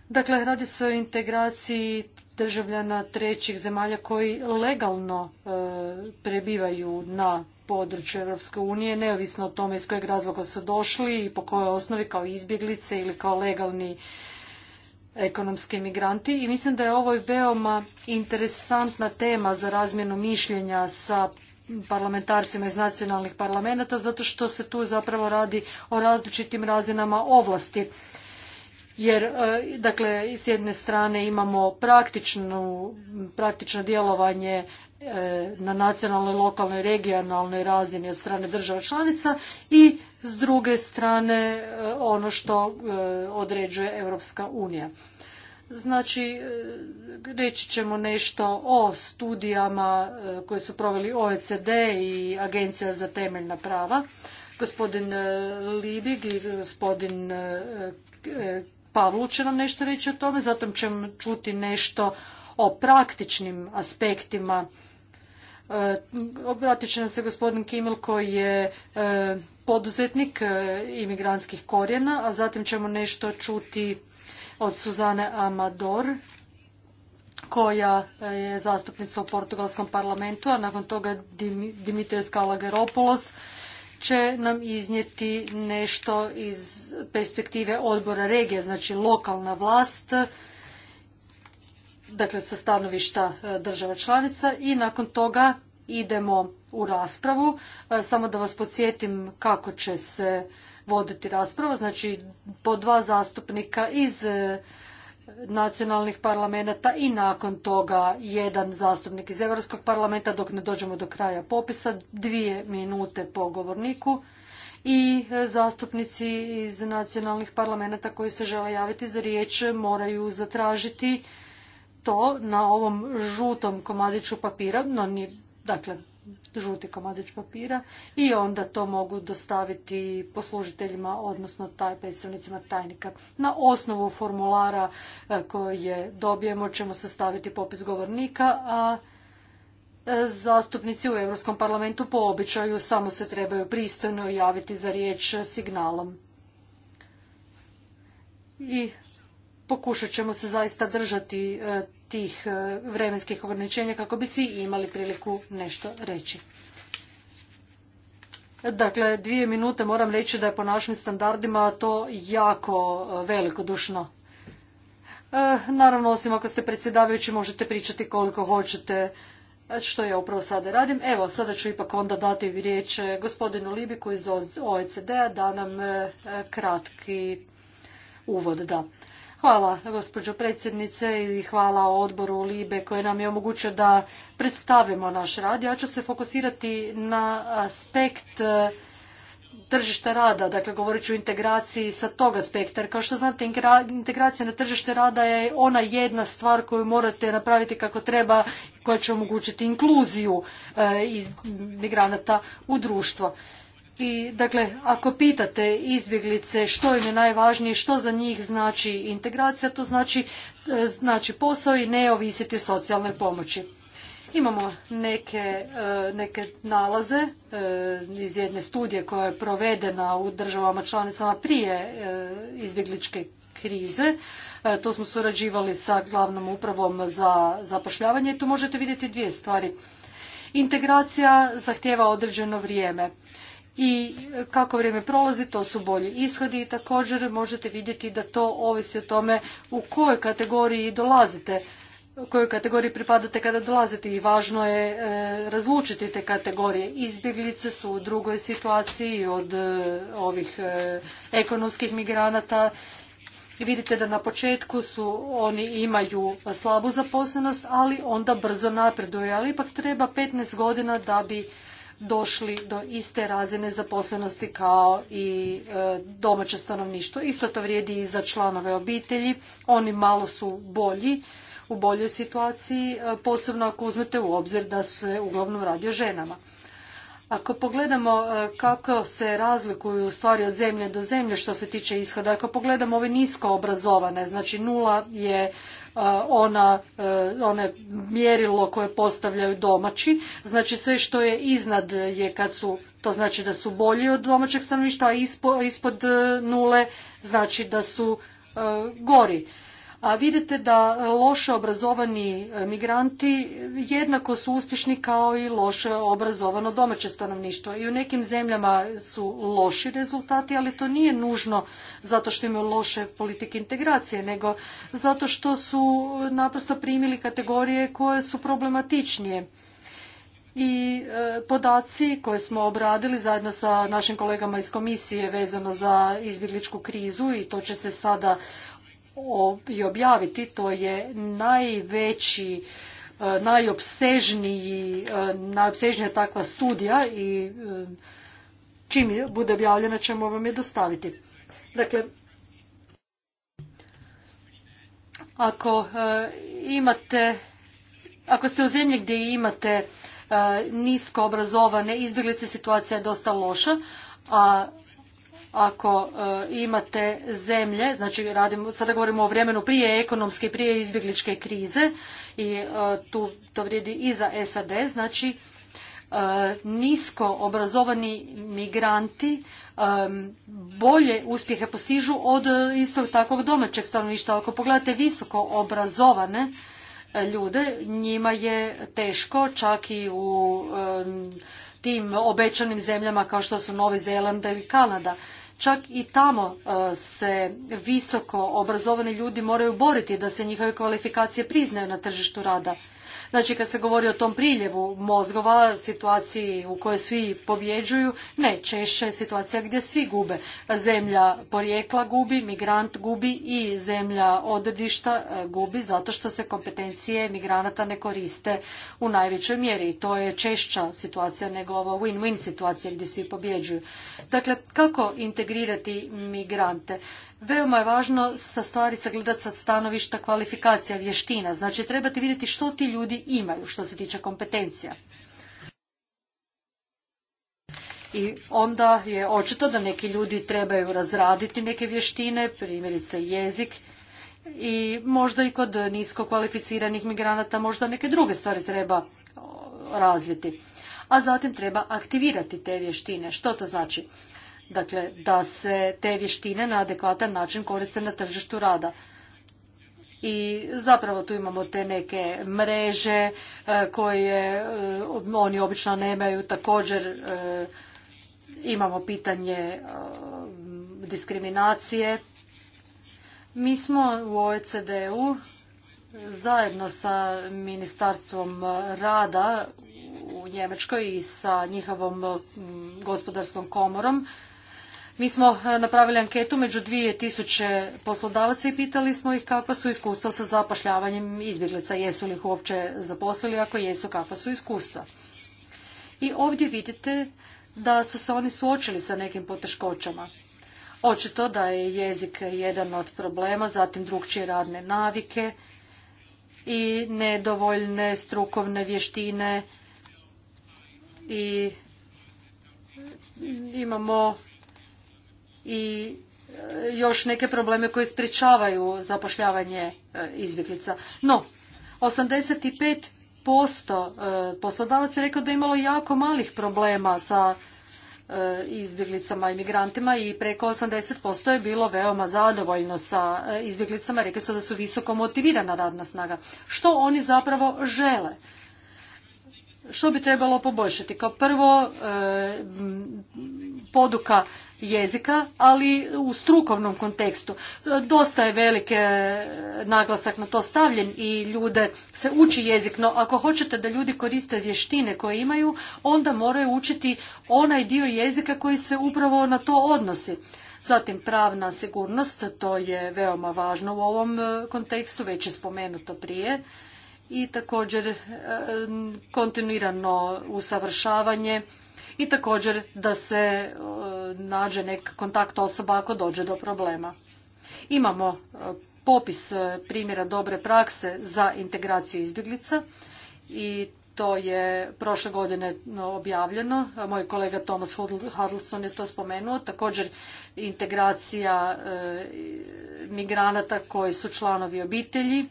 Dakle, radi se o integraciji državljana trećih zemalja koji legalno e, prebivaju na području Europske unije, neovisno o tome iz kojeg razloga su došli i po kojoj osnovi kao izbjeglice ili kao legalni ekonomski migranti. I mislim da je ovo veoma interesantna tema za razmjenu mišljenja sa parlamentarcima iz nacionalnih parlamenta zato što se tu zapravo radi o različitim razinama ovlasti jer e, dakle s jedne strane imamo praktičnu, praktično djelovanje e, na nacionalnoj, lokalnoj, regionalnoj razini od strane država članica i s druge strane e, ono što određuje Europska unija. Znači, reći ćemo nešto o studijama koje su proveli OECD i Agencija za temeljna prava. Gospodin Libig i gospodin Pavlu će nam nešto reći o tome, zatim ćemo čuti nešto o praktičnim aspektima. E, obratit će nam se gospodin Kimel koji je e, poduzetnik e, imigranskih korijena, a zatim ćemo nešto čuti od Suzane Amador koja je zastupnica u portugalskom parlamentu, a nakon toga Dimitres Kalageropoulos će nam iznijeti nešto iz perspektive odbora regije, znači lokalna vlast, dakle sa stanovišta e, država članica i nakon toga idemo u raspravu. E, samo da vas podsjetim kako će se voditi rasprava, znači po dva zastupnika iz nacionalnih parlamenta i nakon toga jedan zastupnik iz Europskog parlamenta dok ne dođemo do kraja popisa, dvije minute po govorniku i e, zastupnici iz nacionalnih parlamenta koji se žele javiti za riječ moraju zatražiti to na ovom žutom komadiću papira, no dakle, žuti komadić papira i onda to mogu dostaviti poslužiteljima, odnosno taj predstavnicima tajnika. Na osnovu formulara e, koje dobijemo ćemo sastaviti popis govornika, a e, zastupnici u Europskom parlamentu po običaju samo se trebaju pristojno javiti za riječ signalom. I pokušat ćemo se zaista držati e, tih e, vremenskih ograničenja kako bi svi imali priliku nešto reći. Dakle, dvije minute moram reći da je po našim standardima to jako e, velikodušno. E, naravno, osim ako ste predsjedavajući, možete pričati koliko hoćete, što ja upravo sada radim. Evo, sada ću ipak onda dati riječ gospodinu Libiku iz OECD-a da nam kratki uvod da. Hvala gospođo predsjednice i hvala odboru Libe koji nam je omogućio da predstavimo naš rad. Ja ću se fokusirati na aspekt e, tržišta rada, dakle govorit ću o integraciji sa tog aspekta. kao što znate, integracija na tržište rada je ona jedna stvar koju morate napraviti kako treba, koja će omogućiti inkluziju e, migranata u društvo. I, dakle, ako pitate izbjeglice što im je najvažnije, što za njih znači integracija, to znači, e, znači posao i ne ovisiti o socijalnoj pomoći. Imamo neke, e, neke nalaze e, iz jedne studije koja je provedena u državama članicama prije izbjegličke krize. To smo surađivali sa glavnom upravom za zapošljavanje i tu možete vidjeti dvije stvari. Integracija zahtjeva određeno vrijeme i kako vrijeme prolazi to su bolji ishodi i također možete vidjeti da to ovisi o tome u kojoj kategoriji dolazite kojoj kategoriji pripadate kada dolazite i važno je e, razlučiti te kategorije. Izbjeglice su u drugoj situaciji od e, ovih e, ekonomskih migranata. Vidite da na početku su oni imaju slabu zaposlenost, ali onda brzo napreduju. Ali ipak treba 15 godina da bi došli do iste razine zaposlenosti kao i e, domaće stanovništvo. Isto to vrijedi i za članove obitelji. Oni malo su bolji u boljoj situaciji, e, posebno ako uzmete u obzir da se uglavnom radi o ženama. Ako pogledamo e, kako se razlikuju stvari od zemlje do zemlje što se tiče ishoda, ako pogledamo ove nisko obrazovane, znači nula je e, ona, e, one mjerilo koje postavljaju domaći, znači sve što je iznad je kad su, to znači da su bolji od domaćeg stanovništva, a ispod, ispod nule znači da su gori a vidite da loše obrazovani e, migranti jednako su uspješni kao i loše obrazovano domaće stanovništvo. I u nekim zemljama su loši rezultati, ali to nije nužno zato što imaju loše politike integracije, nego zato što su naprosto primili kategorije koje su problematičnije i e, podaci koje smo obradili zajedno sa našim kolegama iz komisije vezano za izbjegličku krizu i to će se sada i objaviti. To je najveći e, najopsežniji, e, najopsežnija takva studija i e, čim bude objavljena ćemo vam je dostaviti. Dakle, ako imate, ako ste u zemlji gdje imate nisko obrazovane izbjeglice, situacija je dosta loša, a ako e, imate zemlje, znači radimo, sada govorimo o vremenu prije ekonomske, i prije izbjegličke krize i e, tu to vrijedi i za SAD, znači e, nisko obrazovani migranti bolje uspjehe postižu od istog takvog domaćeg stanovništva. Ako pogledate visoko obrazovane ljude, njima je teško čak i u tim obećanim zemljama kao što su Novi Zeland i Kanada. Čak i tamo e, se visoko obrazovani ljudi moraju boriti da se njihove kvalifikacije priznaju na tržištu rada. Znači kad se govori o tom priljevu mozgova, situaciji u kojoj svi pobjeđuju, ne, češće je situacija gdje svi gube. Zemlja porijekla gubi, migrant gubi i zemlja odredišta e, gubi zato što se kompetencije migranata ne koriste u najvećoj mjeri. To je češća situacija nego ova win-win situacija gdje svi pobjeđuju. Dakle, kako integrirati migrante? Veoma je važno sa stvari sagledati sa stanovišta kvalifikacija, vještina. Znači trebate vidjeti što ti ljudi imaju što se tiče kompetencija. I onda je očito da neki ljudi trebaju razraditi neke vještine, primjerice jezik, i možda i kod nisko kvalificiranih migranata možda neke druge stvari treba razviti. A zatim treba aktivirati te vještine. Što to znači? Dakle, da se te vještine na adekvatan način koriste na tržištu rada. I zapravo tu imamo te neke mreže e, koje e, oni obično nemaju. Također e, imamo pitanje diskriminacije. Mi smo u OECD-u zajedno sa Ministarstvom rada u Njemačkoj i sa njihovom gospodarskom komorom mi smo e, napravili anketu među tisuće poslodavaca i pitali smo ih kakva su iskustva sa zapošljavanjem izbjeglica, jesu li ih uopće zaposlili, ako jesu kakva su iskustva. I ovdje vidite da su se oni suočili sa nekim poteškoćama. Očito da je jezik jedan od problema, zatim drugčije radne navike i nedovoljne strukovne vještine i imamo i e, još neke probleme koji sprječavaju zapošljavanje e, izbjeglica. No, 85% e, poslodavaca je rekao da je imalo jako malih problema sa izbjeglicama i migrantima i preko 80% je bilo veoma zadovoljno sa izbjeglicama. Rekli su da su visoko motivirana radna snaga. Što oni zapravo žele? Što bi trebalo poboljšati? Kao prvo, poduka jezika, ali u strukovnom kontekstu. Dosta je velik e, naglasak na to stavljen i ljude se uči jezik, no ako hoćete da ljudi koriste vještine koje imaju, onda moraju učiti onaj dio jezika koji se upravo na to odnosi. Zatim pravna sigurnost, to je veoma važno u ovom e, kontekstu, već je spomenuto prije. I također e, kontinuirano usavršavanje i također da se e, nađe nek kontakt osoba ako dođe do problema. Imamo e, popis e, primjera dobre prakse za integraciju izbjeglica i to je prošle godine objavljeno. Moj kolega Thomas Huddleston je to spomenuo. Također integracija migranata koji su članovi obitelji.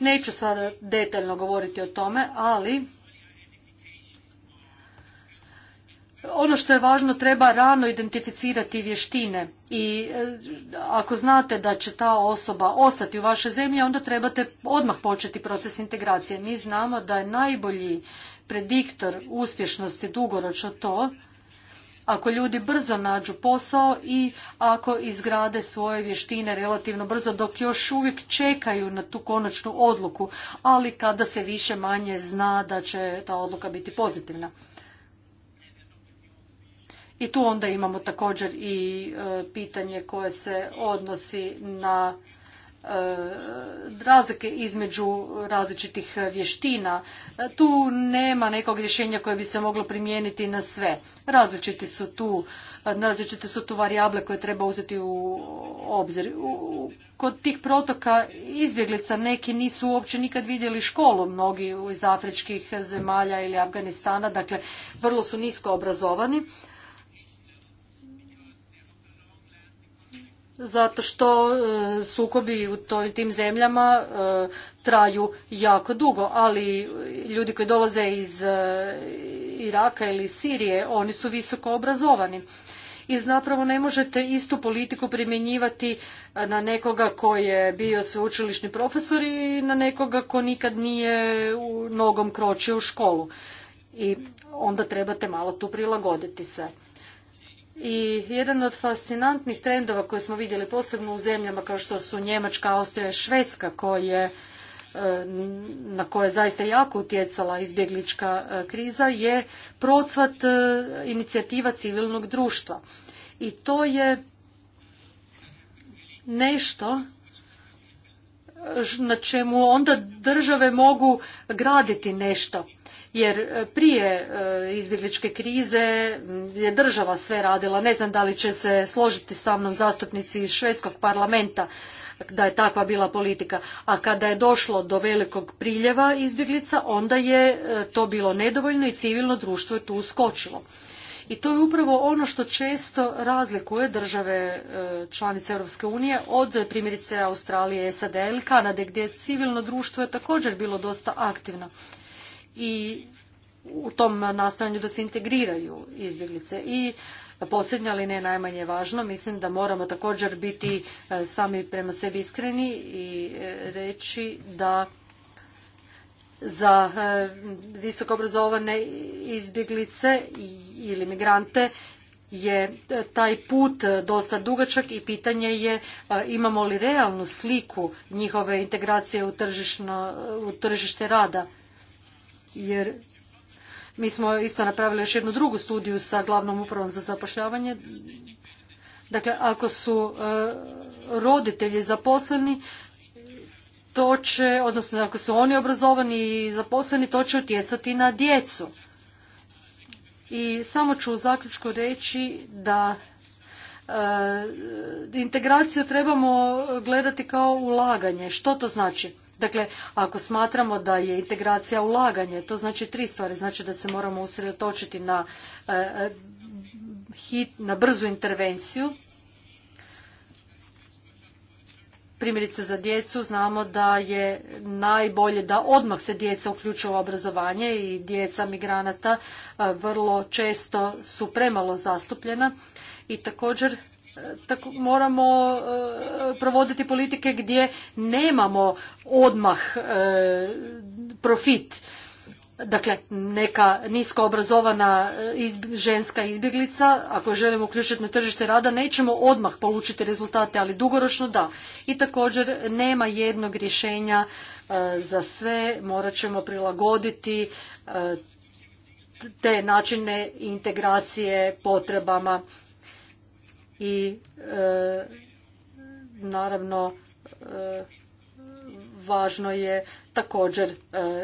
Neću sada detaljno govoriti o tome, ali ono što je važno treba rano identificirati vještine i e, ako znate da će ta osoba ostati u vašoj zemlji onda trebate odmah početi proces integracije. Mi znamo da je najbolji prediktor uspješnosti dugoročno to ako ljudi brzo nađu posao i ako izgrade svoje vještine relativno brzo dok još uvijek čekaju na tu konačnu odluku, ali kada se više manje zna da će ta odluka biti pozitivna. I tu onda imamo također i e, pitanje koje se odnosi na e, razlike između različitih vještina. E, tu nema nekog rješenja koje bi se moglo primijeniti na sve. su tu, različite su tu varijable koje treba uzeti u obzir. Kod tih protoka izbjeglica neki nisu uopće nikad vidjeli školu, mnogi iz afričkih zemalja ili Afganistana, dakle vrlo su nisko obrazovani zato što e, sukobi u tim zemljama e, traju jako dugo, ali ljudi koji dolaze iz e, Iraka ili Sirije, oni su visoko obrazovani. I zapravo ne možete istu politiku primjenjivati na nekoga koji je bio sveučilišni profesor i na nekoga ko nikad nije nogom kročio u školu. I onda trebate malo tu prilagoditi se. I jedan od fascinantnih trendova koje smo vidjeli posebno u zemljama kao što su Njemačka, Austrija i Švedska koje e, na koje je zaista jako utjecala izbjeglička e, kriza je procvat e, inicijativa civilnog društva. I to je nešto na čemu onda države mogu graditi nešto jer e, prije e, izbjegličke krize je država sve radila. Ne znam da li će se složiti sa mnom zastupnici iz švedskog parlamenta da je takva bila politika. A kada je došlo do velikog priljeva izbjeglica, onda je e, to bilo nedovoljno i civilno društvo je tu uskočilo. I to je upravo ono što često razlikuje države članice Europske unije od primjerice Australije, SAD ili Kanade, gdje je civilno društvo je također bilo dosta aktivno i u tom nastojanju da se integriraju izbjeglice. I posljednja, ali ne najmanje važno, mislim da moramo također biti e, sami prema sebi iskreni i e, reći da za e, visoko obrazovane izbjeglice ili migrante je taj put dosta dugačak i pitanje je imamo li realnu sliku njihove integracije u, u tržište rada jer mi smo isto napravili još jednu drugu studiju sa glavnom upravom za zapošljavanje. Dakle, ako su e, roditelji zaposleni, to će, odnosno ako su oni obrazovani i zaposleni, to će utjecati na djecu. I samo ću u zaključku reći da e, integraciju trebamo gledati kao ulaganje. Što to znači? Dakle, ako smatramo da je integracija ulaganje, to znači tri stvari. Znači da se moramo usredotočiti na, eh, na brzu intervenciju. Primjerice za djecu znamo da je najbolje da odmah se djeca uključe u obrazovanje i djeca migranata eh, vrlo često su premalo zastupljena i također tako moramo e, provoditi politike gdje nemamo odmah e, profit. Dakle, neka nisko obrazovana e, ženska izbjeglica, ako želimo uključiti na tržište rada, nećemo odmah polučiti rezultate, ali dugoročno da. I također nema jednog rješenja za sve, morat ćemo prilagoditi te načine integracije potrebama i e, naravno e, važno je također e,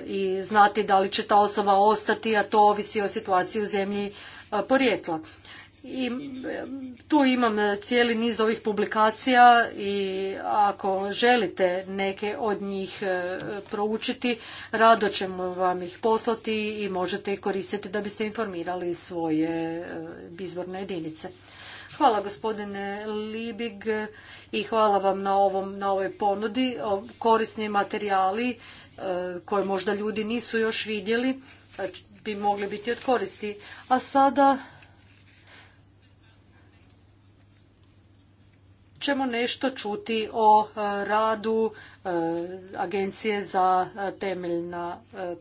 i znati da li će ta osoba ostati, a to ovisi o situaciji u zemlji porijekla. I tu imam cijeli niz ovih publikacija i ako želite neke od njih proučiti, rado ćemo vam ih poslati i možete ih koristiti da biste informirali svoje izborne jedinice. Hvala gospodine Libig i hvala vam na, ovom, na ovoj ponudi. Korisni materijali e, koje možda ljudi nisu još vidjeli e, bi mogli biti od koristi. A sada ćemo nešto čuti o e, radu Agencije za temeljna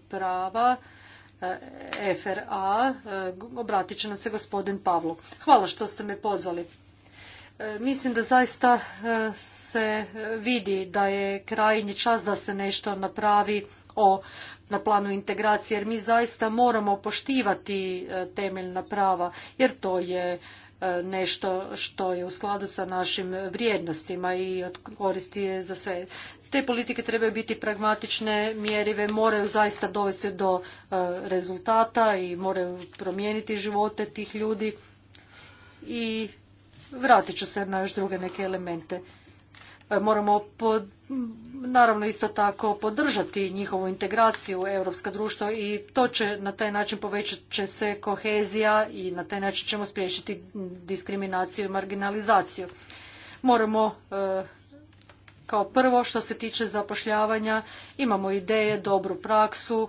prava. FRA, e, obratit će nam se gospodin Pavlu. Hvala što ste me pozvali. E, mislim da zaista e, se vidi da je krajnji čas da se nešto napravi o na planu integracije, jer mi zaista moramo poštivati temeljna prava, jer to je nešto što je u skladu sa našim vrijednostima i koristi je za sve. Te politike trebaju biti pragmatične, mjerive, moraju zaista dovesti do e, rezultata i moraju promijeniti živote tih ljudi. I vratit ću se na još druge neke elemente. E, moramo naravno isto tako podržati njihovu integraciju u europska društva i to će na taj način povećat će se kohezija i na taj način ćemo spriječiti diskriminaciju i marginalizaciju. Moramo e, kao prvo što se tiče zapošljavanja imamo ideje, dobru praksu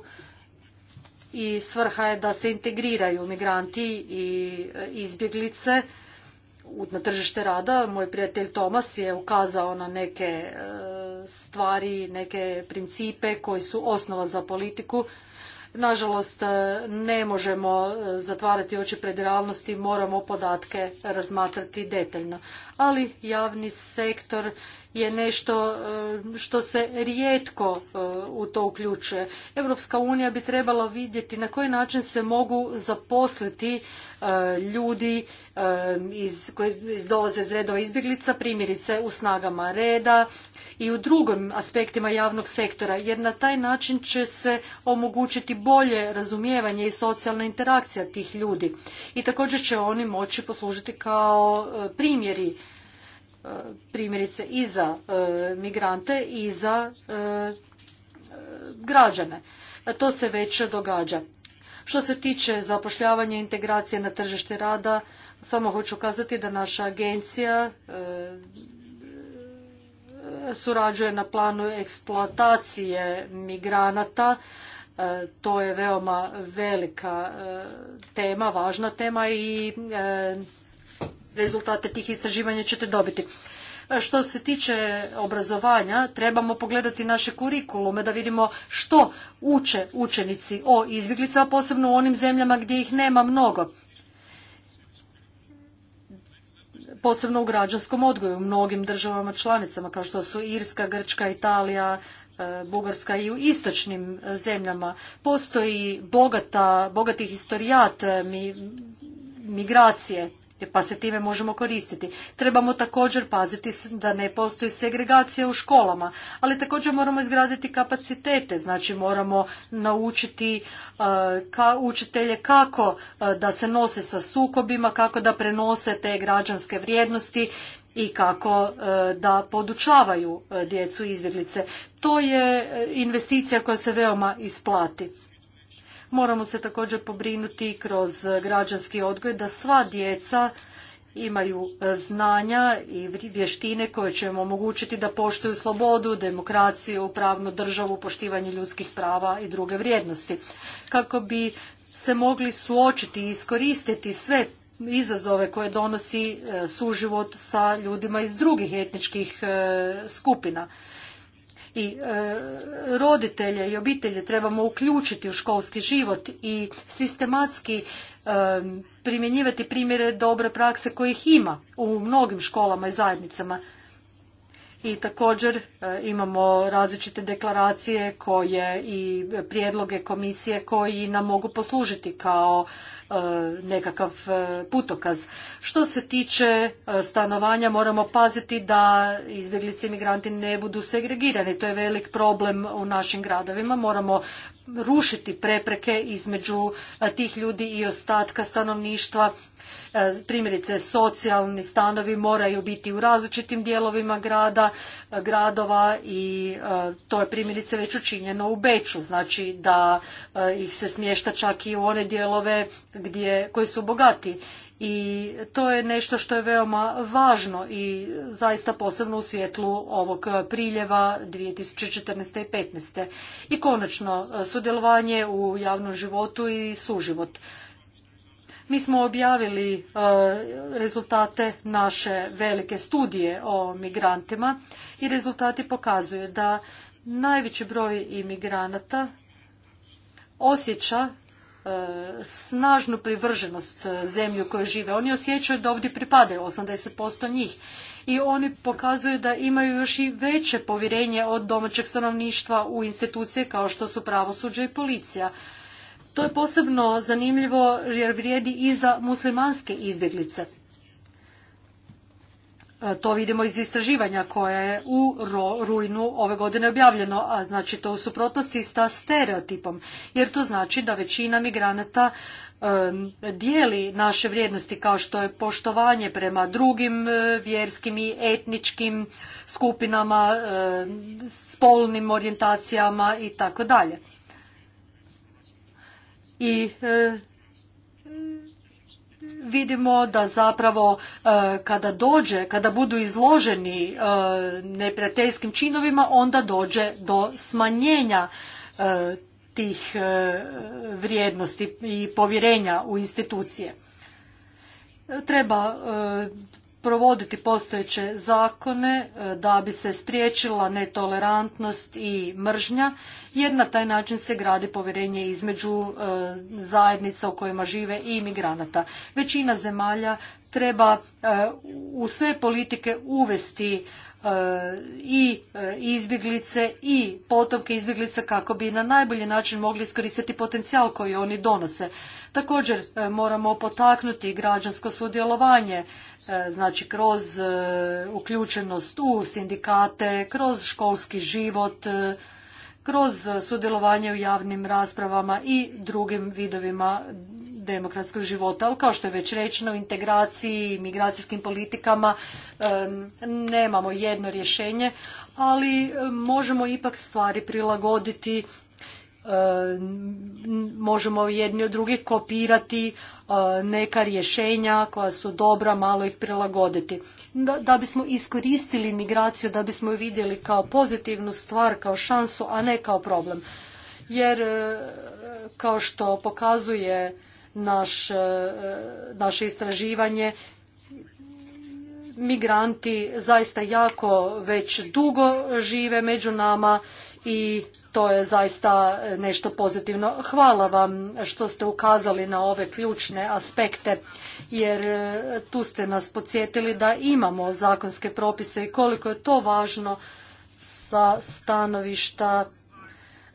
i svrha je da se integriraju migranti i e, izbjeglice na tržište rada. Moj prijatelj Tomas je ukazao na neke e, stvari, neke principe koji su osnova za politiku Nažalost, e, ne možemo e, zatvarati oči pred realnosti, moramo podatke razmatrati detaljno. Ali javni sektor je nešto e, što se rijetko u to uključuje. Europska unija bi trebala vidjeti na koji način se mogu zaposliti ljudi iz, koji dolaze iz redova izbjeglica, primjerice u snagama reda, i u drugim aspektima javnog sektora, jer na taj način će se omogućiti bolje razumijevanje i socijalna interakcija tih ljudi. I također će oni moći poslužiti kao e, primjeri e, primjerice i za e, migrante i za građane. To se već događa. Što se tiče zapošljavanja integracije na tržište rada, samo hoću kazati da naša agencija surađuje na planu eksploatacije migranata. E, to je veoma velika e, tema, važna tema i e, rezultate tih istraživanja ćete dobiti. Što se tiče obrazovanja, trebamo pogledati naše kurikulume da vidimo što uče učenici o izbjeglicama, posebno u onim zemljama gdje ih nema mnogo. posebno u građanskom odgoju u mnogim državama članicama kao što su Irska, Grčka, Italija, e, Bugarska i u istočnim e, zemljama. Postoji bogata, bogati historijat e, migracije pa se time možemo koristiti. Trebamo također paziti da ne postoji segregacija u školama, ali također moramo izgraditi kapacitete, znači moramo naučiti e, učitelje kako e, da se nose sa sukobima, kako da prenose te građanske vrijednosti i kako e, da podučavaju djecu izbjeglice. To je investicija koja se veoma isplati. Moramo se također pobrinuti kroz građanski odgoj da sva djeca imaju e, znanja i vještine koje će im omogućiti da poštuju slobodu, demokraciju, pravnu državu, poštivanje ljudskih prava i druge vrijednosti. Kako bi se mogli suočiti i iskoristiti sve izazove koje donosi e, suživot sa ljudima iz drugih etničkih e, skupina i e, roditelje i obitelje trebamo uključiti u školski život i sistematski e, primjenjivati primjere dobre prakse kojih ima u mnogim školama i zajednicama. I također e, imamo različite deklaracije koje i prijedloge komisije koji nam mogu poslužiti kao E, nekakav e, putokaz. Što se tiče e, stanovanja, moramo paziti da izbjeglice i migranti ne budu segregirani. To je velik problem u našim gradovima. Moramo rušiti prepreke između e, tih ljudi i ostatka stanovništva. E, primjerice, socijalni stanovi moraju biti u različitim dijelovima grada, e, gradova i to je primjerice već učinjeno u Beču, znači da ih se smješta čak i u one dijelove gdje, koji su bogati i to je nešto što je veoma važno i zaista posebno u svjetlu ovog priljeva 2014. i 2015. I konačno, sudjelovanje u javnom životu i suživot. Mi smo objavili e, rezultate naše velike studije o migrantima i rezultati pokazuju da najveći broj imigranata osjeća E, snažnu privrženost e, zemlju kojoj žive. Oni osjećaju da ovdje pripadaju 80% njih i oni pokazuju da imaju još i veće povjerenje od domaćeg stanovništva u institucije kao što su pravosuđe i policija. To je posebno zanimljivo jer vrijedi i za muslimanske izbjeglice. E, to vidimo iz istraživanja koje je u rujnu ove godine objavljeno, a znači to u suprotnosti sa stereotipom, jer to znači da većina migranata e, dijeli naše vrijednosti kao što je poštovanje prema drugim e, vjerskim i etničkim skupinama, spolnim orijentacijama i tako dalje. I vidimo da zapravo e, kada dođe, kada budu izloženi e, neprijateljskim činovima, onda dođe do smanjenja e, tih vrijednosti i povjerenja u institucije. Treba provoditi postojeće zakone e, da bi se spriječila netolerantnost i mržnja jer na taj način se gradi povjerenje između e, zajednica u kojima žive i imigranata. Većina zemalja treba e, u sve politike uvesti i e, izbjeglice i potomke izbjeglica kako bi na najbolji način mogli iskoristiti potencijal koji oni donose. Također e, moramo potaknuti građansko sudjelovanje e, znači kroz uključenost u sindikate, kroz školski život, kroz sudjelovanje u javnim raspravama i drugim vidovima demokratskog života, ali kao što je već rečeno, integraciji i migracijskim politikama nemamo jedno rješenje, ali možemo ipak stvari prilagoditi, možemo jedni od drugih kopirati neka rješenja koja su dobra, malo ih prilagoditi. Da, bismo iskoristili migraciju, da bismo ju vidjeli kao pozitivnu stvar, kao šansu, a ne kao problem. Jer kao što pokazuje E, naše istraživanje migranti zaista jako već dugo žive među nama i to je zaista nešto pozitivno. Hvala vam što ste ukazali na ove ključne aspekte jer e, tu ste nas podsjetili da imamo zakonske propise i koliko je to važno sa stanovišta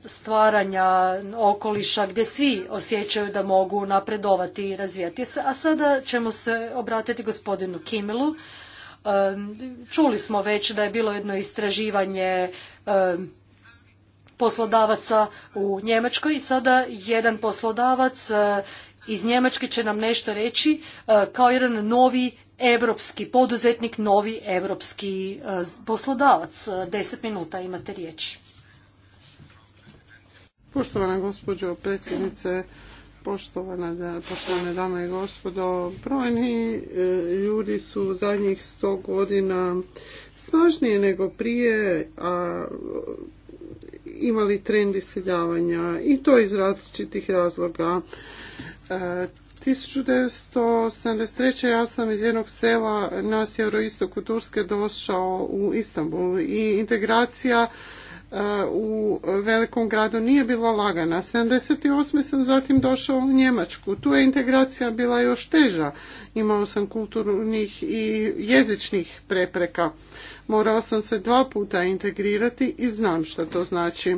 stvaranja okoliša gdje svi osjećaju da mogu napredovati i razvijati se. A sada ćemo se obratiti gospodinu Kimilu. Čuli smo već da je bilo jedno istraživanje poslodavaca u Njemačkoj i sada jedan poslodavac e, iz Njemačke će nam nešto reći e, kao jedan novi europski poduzetnik, novi europski e, poslodavac. Deset minuta imate riječ. Poštovana gospođo predsjednice, poštovana, poštovane dame i gospodo, brojni e, ljudi su zadnjih sto godina snažnije nego prije, imali trend iseljavanja i to iz različitih razloga. 1973. E, ja sam iz jednog sela na sjeveroistoku Turske došao u Istanbul i integracija E, u velikom gradu nije bilo lagana. 78. sam zatim došao u Njemačku. Tu je integracija bila još teža. Imao sam kulturnih i jezičnih prepreka. Morao sam se dva puta integrirati i znam što to znači.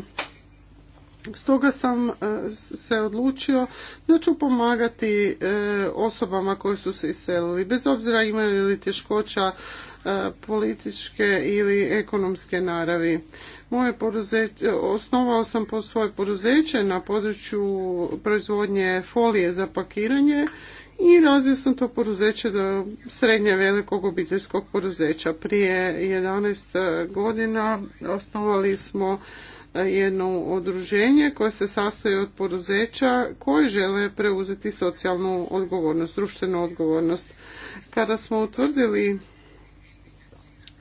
Stoga sam e, se odlučio da ću pomagati e, osobama koje su se iselili, bez obzira imaju li teškoća E, političke ili ekonomske naravi. Moje poduzeće, osnovao sam po svoje poduzeće na području proizvodnje folije za pakiranje i razvio sam to poduzeće do srednje velikog obiteljskog poduzeća. Prije 11 godina osnovali smo e, jedno odruženje koje se sastoji od poduzeća koje žele preuzeti socijalnu odgovornost, društvenu odgovornost. Kada smo utvrdili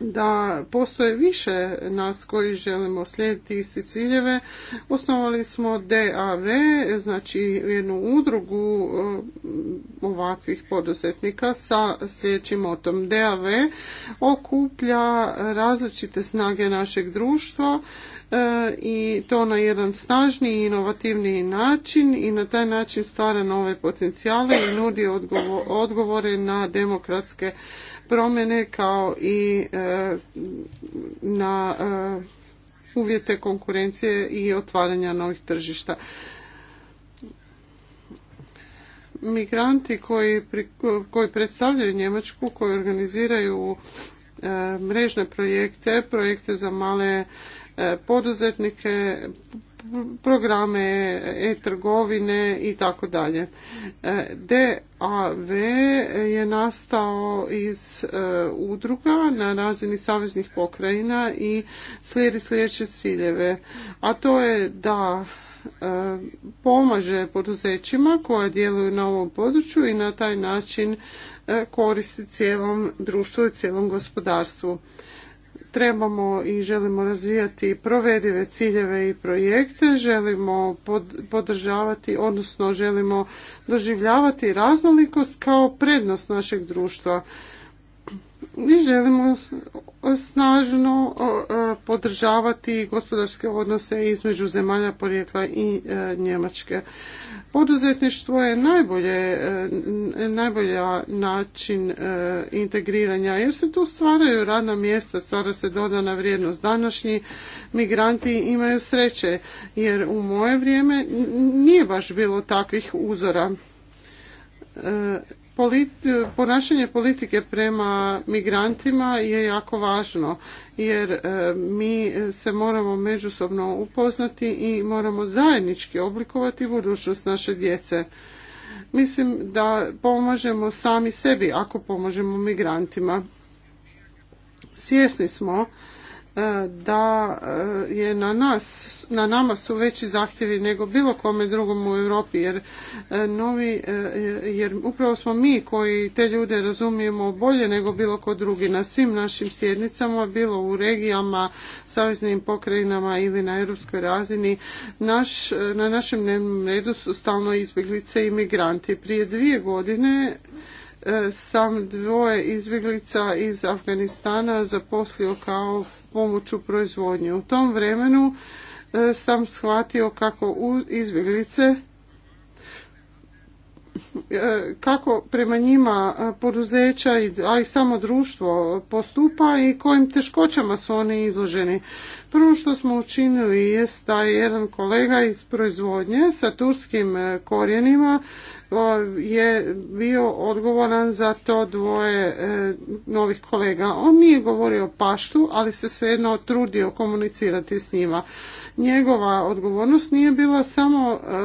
da postoje više nas koji želimo slijediti isti ciljeve. Osnovali smo DAV, znači jednu udrugu e, ovakvih poduzetnika sa sljedećim motom. DAV okuplja različite snage našeg društva e, i to na jedan snažniji i inovativniji način i na taj način stvara nove potencijale i nudi odgovore na demokratske promjene kao i e, na e, uvjete konkurencije i otvaranja novih tržišta. Migranti koji, koji predstavljaju Njemačku, koji organiziraju e, mrežne projekte, projekte za male poduzetnike programe e-trgovine i tako dalje. E, DAV je nastao iz e, udruga na razini saveznih pokrajina i slijedi sljedeće ciljeve, a to je da e, pomaže poduzećima koja djeluju na ovom području i na taj način koristi cijelom društvu i cijelom gospodarstvu trebamo i želimo razvijati provedive ciljeve i projekte, želimo podržavati, odnosno želimo doživljavati raznolikost kao prednost našeg društva. Mi želimo snažno e, podržavati gospodarske odnose između zemalja porijekla i e, Njemačke. Poduzetništvo je najbolje, e, najbolja način integriranja jer se tu stvaraju radna mjesta, stvara se dodana vrijednost. Današnji migranti imaju sreće jer u moje vrijeme nije baš bilo takvih uzora ponašanje politike prema migrantima je jako važno jer e, mi se moramo međusobno upoznati i moramo zajednički oblikovati budućnost naše djece. Mislim da pomažemo sami sebi ako pomažemo migrantima. Svjesni smo E, da e, je na nas, na nama su veći zahtjevi nego bilo kome drugom u Europi jer e, novi jer upravo smo mi koji te ljude razumijemo bolje nego bilo ko drugi na svim našim sjednicama, bilo u regijama, saveznim pokrajinama ili na europskoj razini. Naš, na našem dnevnom redu su stalno izbjeglice i migranti. Prije dvije godine E, sam dvoje izbjeglica iz Afganistana zaposlio kao pomoć u proizvodnji. U tom vremenu e, sam shvatio kako izbjeglice E, kako prema njima e, poduzeća, a i samo društvo postupa i kojim teškoćama su oni izloženi. Prvo što smo učinili jest da je jedan kolega iz proizvodnje sa turskim e, korijenima je bio odgovoran za to dvoje novih kolega. On nije govorio paštu, ali se svejedno trudio komunicirati s njima njegova odgovornost nije bila samo e,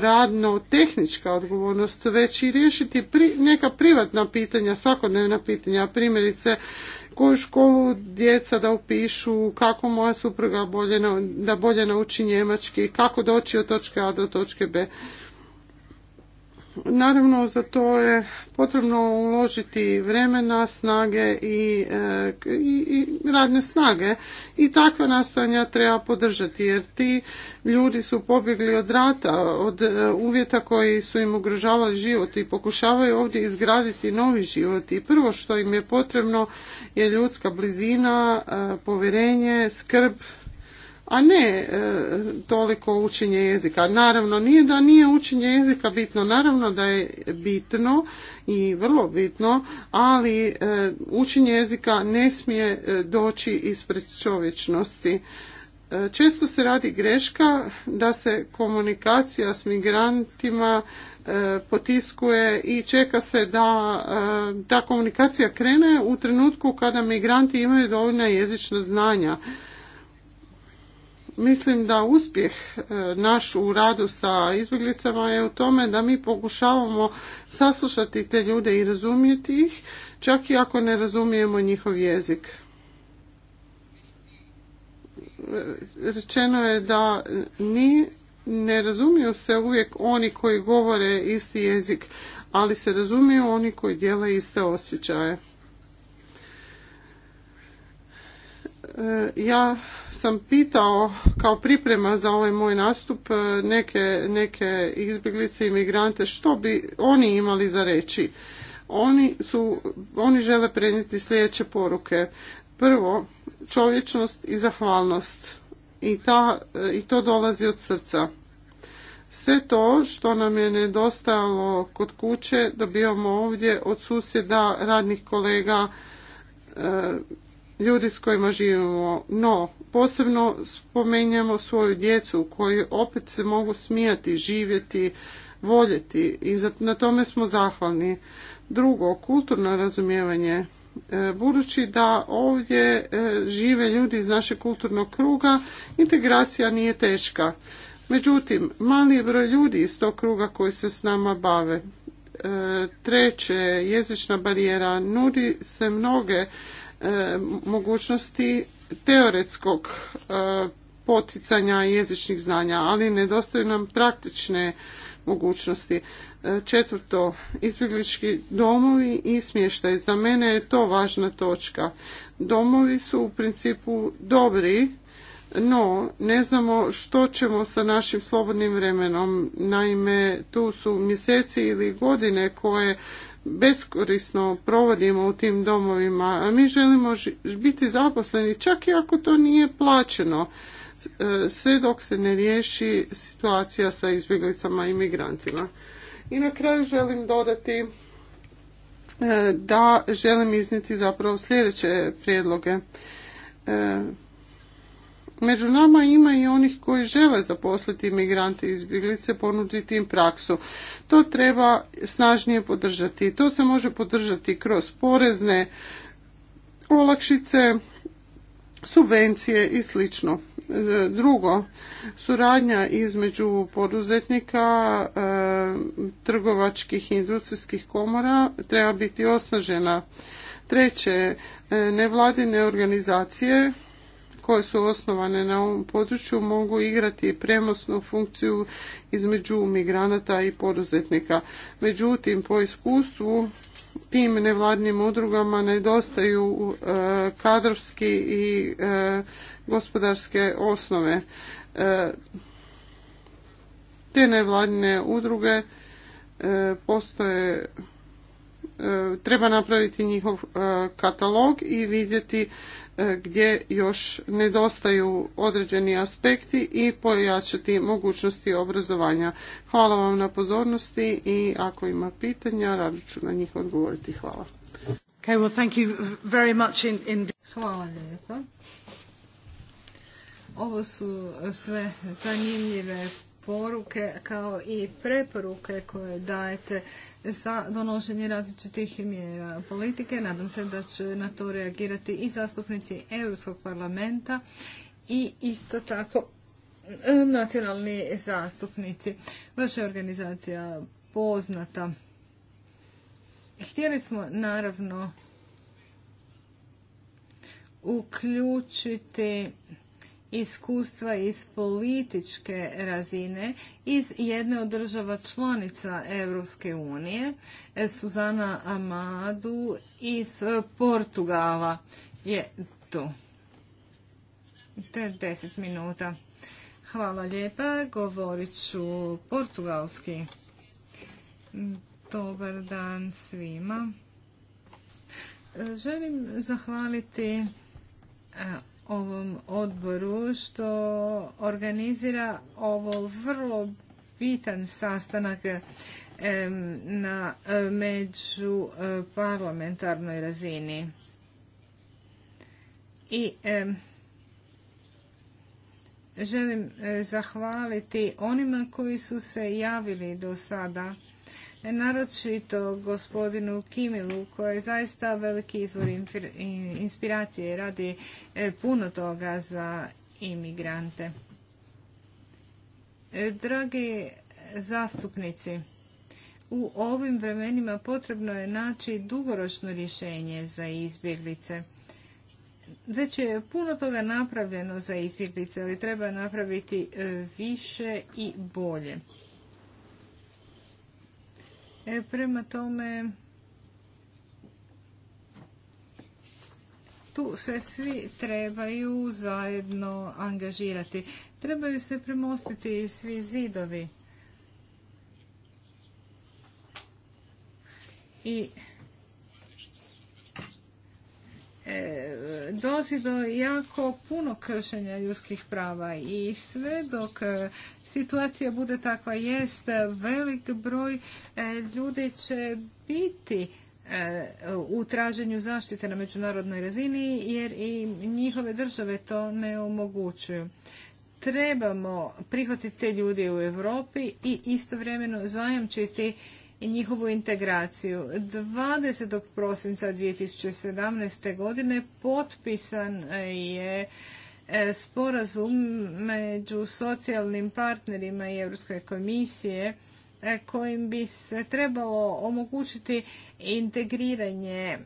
radno tehnička odgovornost već i riješiti neka privatna pitanja, svakodnevna pitanja, primjerice koju školu djeca da upišu, kako moja supruga da bolje nauči njemački, kako doći od točke A do točke B. Naravno, za to je potrebno uložiti vremena, snage i, e, i, i radne snage i takva nastojanja treba podržati jer ti ljudi su pobjegli od rata, od e, uvjeta koji su im ugrožavali život i pokušavaju ovdje izgraditi novi život i prvo što im je potrebno je ljudska blizina, e, povjerenje, skrb, a ne e, toliko učenje jezika. Naravno, nije da nije učenje jezika bitno, naravno da je bitno i vrlo bitno, ali e, učenje jezika ne smije e, doći ispred čovječnosti. Često se radi greška da se komunikacija s migrantima potiskuje i čeka se da ta komunikacija krene u trenutku kada migranti imaju dovoljna jezična znanja. Mislim da uspjeh e, naš u radu sa izbjeglicama je u tome da mi pokušavamo saslušati te ljude i razumjeti ih, čak i ako ne razumijemo njihov jezik. E, rečeno je da ni ne razumiju se uvijek oni koji govore isti jezik, ali se razumiju oni koji dijele iste osjećaje. E, ja sam pitao kao priprema za ovaj moj nastup e, neke, neke izbjeglice i migrante što bi oni imali za reći. Oni, su, oni žele prenijeti sljedeće poruke. Prvo, čovječnost i zahvalnost. I, e, I to dolazi od srca. Sve to što nam je nedostajalo kod kuće dobivamo ovdje od susjeda, radnih kolega, ljudi s kojima živimo. No, posebno spomenjamo svoju djecu koji opet se mogu smijati, živjeti, voljeti i na tome smo zahvalni. Drugo, kulturno razumijevanje. E, budući da ovdje e, žive ljudi iz našeg kulturnog kruga, integracija nije teška. Međutim, mali broj ljudi iz tog kruga koji se s nama bave. E, treće, jezična barijera. Nudi se mnoge E, mogućnosti teoretskog e, poticanja jezičnih znanja, ali nedostaju nam praktične mogućnosti. E, četvrto, izbjeglički domovi i smještaj. Za mene je to važna točka. Domovi su u principu dobri, no ne znamo što ćemo sa našim slobodnim vremenom. Naime, tu su mjeseci ili godine koje beskorisno provodimo u tim domovima. a Mi želimo biti zaposleni čak i ako to nije plaćeno e, sve dok se ne riješi situacija sa izbjeglicama i migrantima. I na kraju želim dodati e, da želim izniti zapravo sljedeće prijedloge. E, Među nama ima i onih koji žele zaposliti imigrante iz izbjeglice, ponuditi im praksu. To treba snažnije podržati. To se može podržati kroz porezne olakšice, subvencije i slično. E, drugo, suradnja između poduzetnika, e, trgovačkih i industrijskih komora treba biti osnažena. Treće, e, nevladine organizacije koje su osnovane na ovom području mogu igrati premosnu funkciju između migranata i poduzetnika. Međutim, po iskustvu tim nevladnim udrugama nedostaju e, kadrovski i e, gospodarske osnove. E, te nevladine udruge postoje treba napraviti njihov katalog i vidjeti E, gdje još nedostaju određeni aspekti i pojačati mogućnosti obrazovanja. Hvala vam na pozornosti i ako ima pitanja, rado ću na njih odgovoriti. Hvala. thank you very much in, in... Hvala lijepa. Ovo su sve zanimljive poruke kao i preporuke koje dajete za donošenje različitih mjera politike. Nadam se da će na to reagirati i zastupnici Europskog parlamenta i isto tako e, nacionalni zastupnici. Vaša je organizacija poznata. Htjeli smo naravno uključiti iskustva iz političke razine iz jedne od država članica Europske unije, Suzana Amadu iz e, Portugala je tu. Te deset minuta. Hvala lijepa, govorit ću portugalski. Dobar dan svima. Želim zahvaliti e, ovom odboru što organizira ovo vrlo bitan sastanak na među e, parlamentarnoj razini. I želim e, zahvaliti onima koji su se javili do sada naročito gospodinu Kimilu koji je zaista veliki izvor inspiracije i radi e, puno toga za imigrante. E, dragi zastupnici, u ovim vremenima potrebno je naći dugoročno rješenje za izbjeglice. Već je puno toga napravljeno za izbjeglice, ali treba napraviti e, više i bolje. E, prema tome, tu se svi trebaju zajedno angažirati. Trebaju se premostiti svi zidovi. I E, dolazi do jako puno kršenja ljudskih prava i sve dok e, situacija bude takva jest, velik broj e, ljudi će biti u traženju zaštite na međunarodnoj razini jer i njihove države to ne omogućuju. Trebamo prihvatiti te ljudi u Europi i istovremeno zajamčiti njihovu integraciju. 20. prosinca 2017. godine potpisan je e, sporazum među socijalnim partnerima i Europske komisije e, kojim bi se trebalo omogućiti integriranje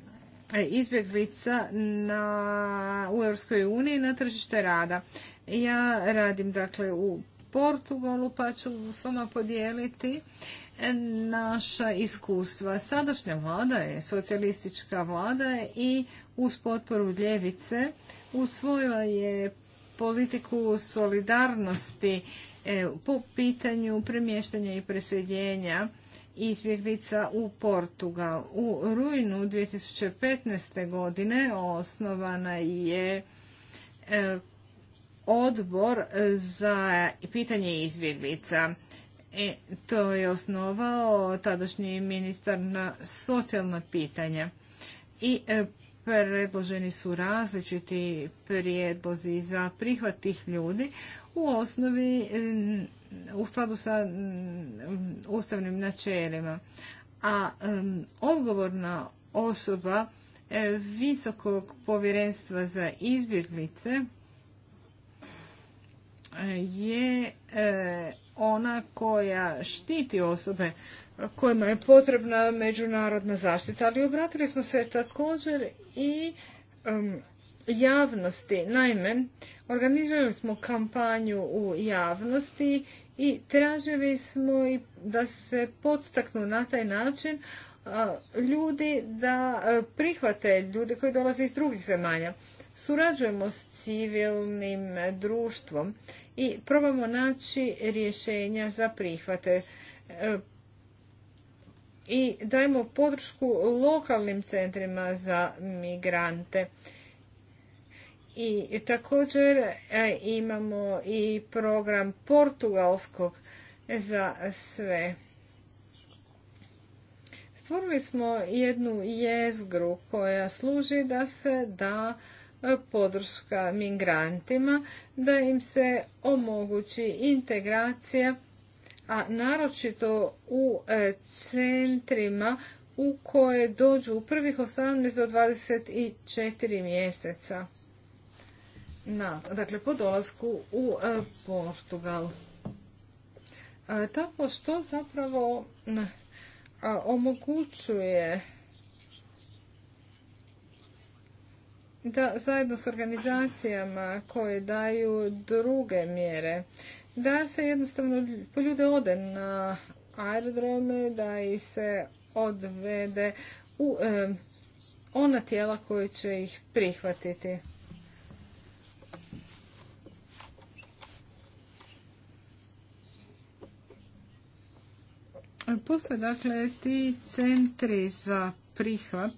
e, izbjeglica na, u Europskoj uniji na tržište rada. Ja radim dakle u Portugalu pa ću s vama podijeliti e, naša iskustva. Sadašnja vlada je socijalistička vlada i uz potporu ljevice usvojila je politiku solidarnosti e, po pitanju premještanja i preseljenja izbjeglica u Portugal. U rujnu 2015. godine osnovana je e, odbor e, za pitanje izbjeglica. E, to je osnovao tadašnji ministar na socijalna pitanja. I e, predloženi su različiti prijedlozi za prihvat tih ljudi u osnovi u skladu sa ustavnim načelima. A odgovorna osoba visokog povjerenstva za izbjeglice je e, ona koja štiti osobe kojima je potrebna međunarodna zaštita, ali obratili smo se također i javnosti. Naime, organizirali smo kampanju u javnosti i tražili smo i da se podstaknu na taj način ljudi da e, prihvate ljude koji dolaze iz drugih zemalja. Surađujemo s civilnim društvom i probamo naći rješenja za prihvate e, i dajemo podršku lokalnim centrima za migrante. I također e, imamo i program portugalskog za sve. Stvorili smo jednu jezgru koja služi da se da podrška migrantima, da im se omogući integracija, a naročito u e, centrima u koje dođu u prvih 18 do 24 mjeseca. Na, dakle, po dolasku u e, Portugal. E, tako što zapravo omogućuje da zajedno s organizacijama koje daju druge mjere, da se jednostavno ljude ode na aerodrome, da ih se odvede u ona tijela koje će ih prihvatiti. Postoje dakle ti centri za prihvat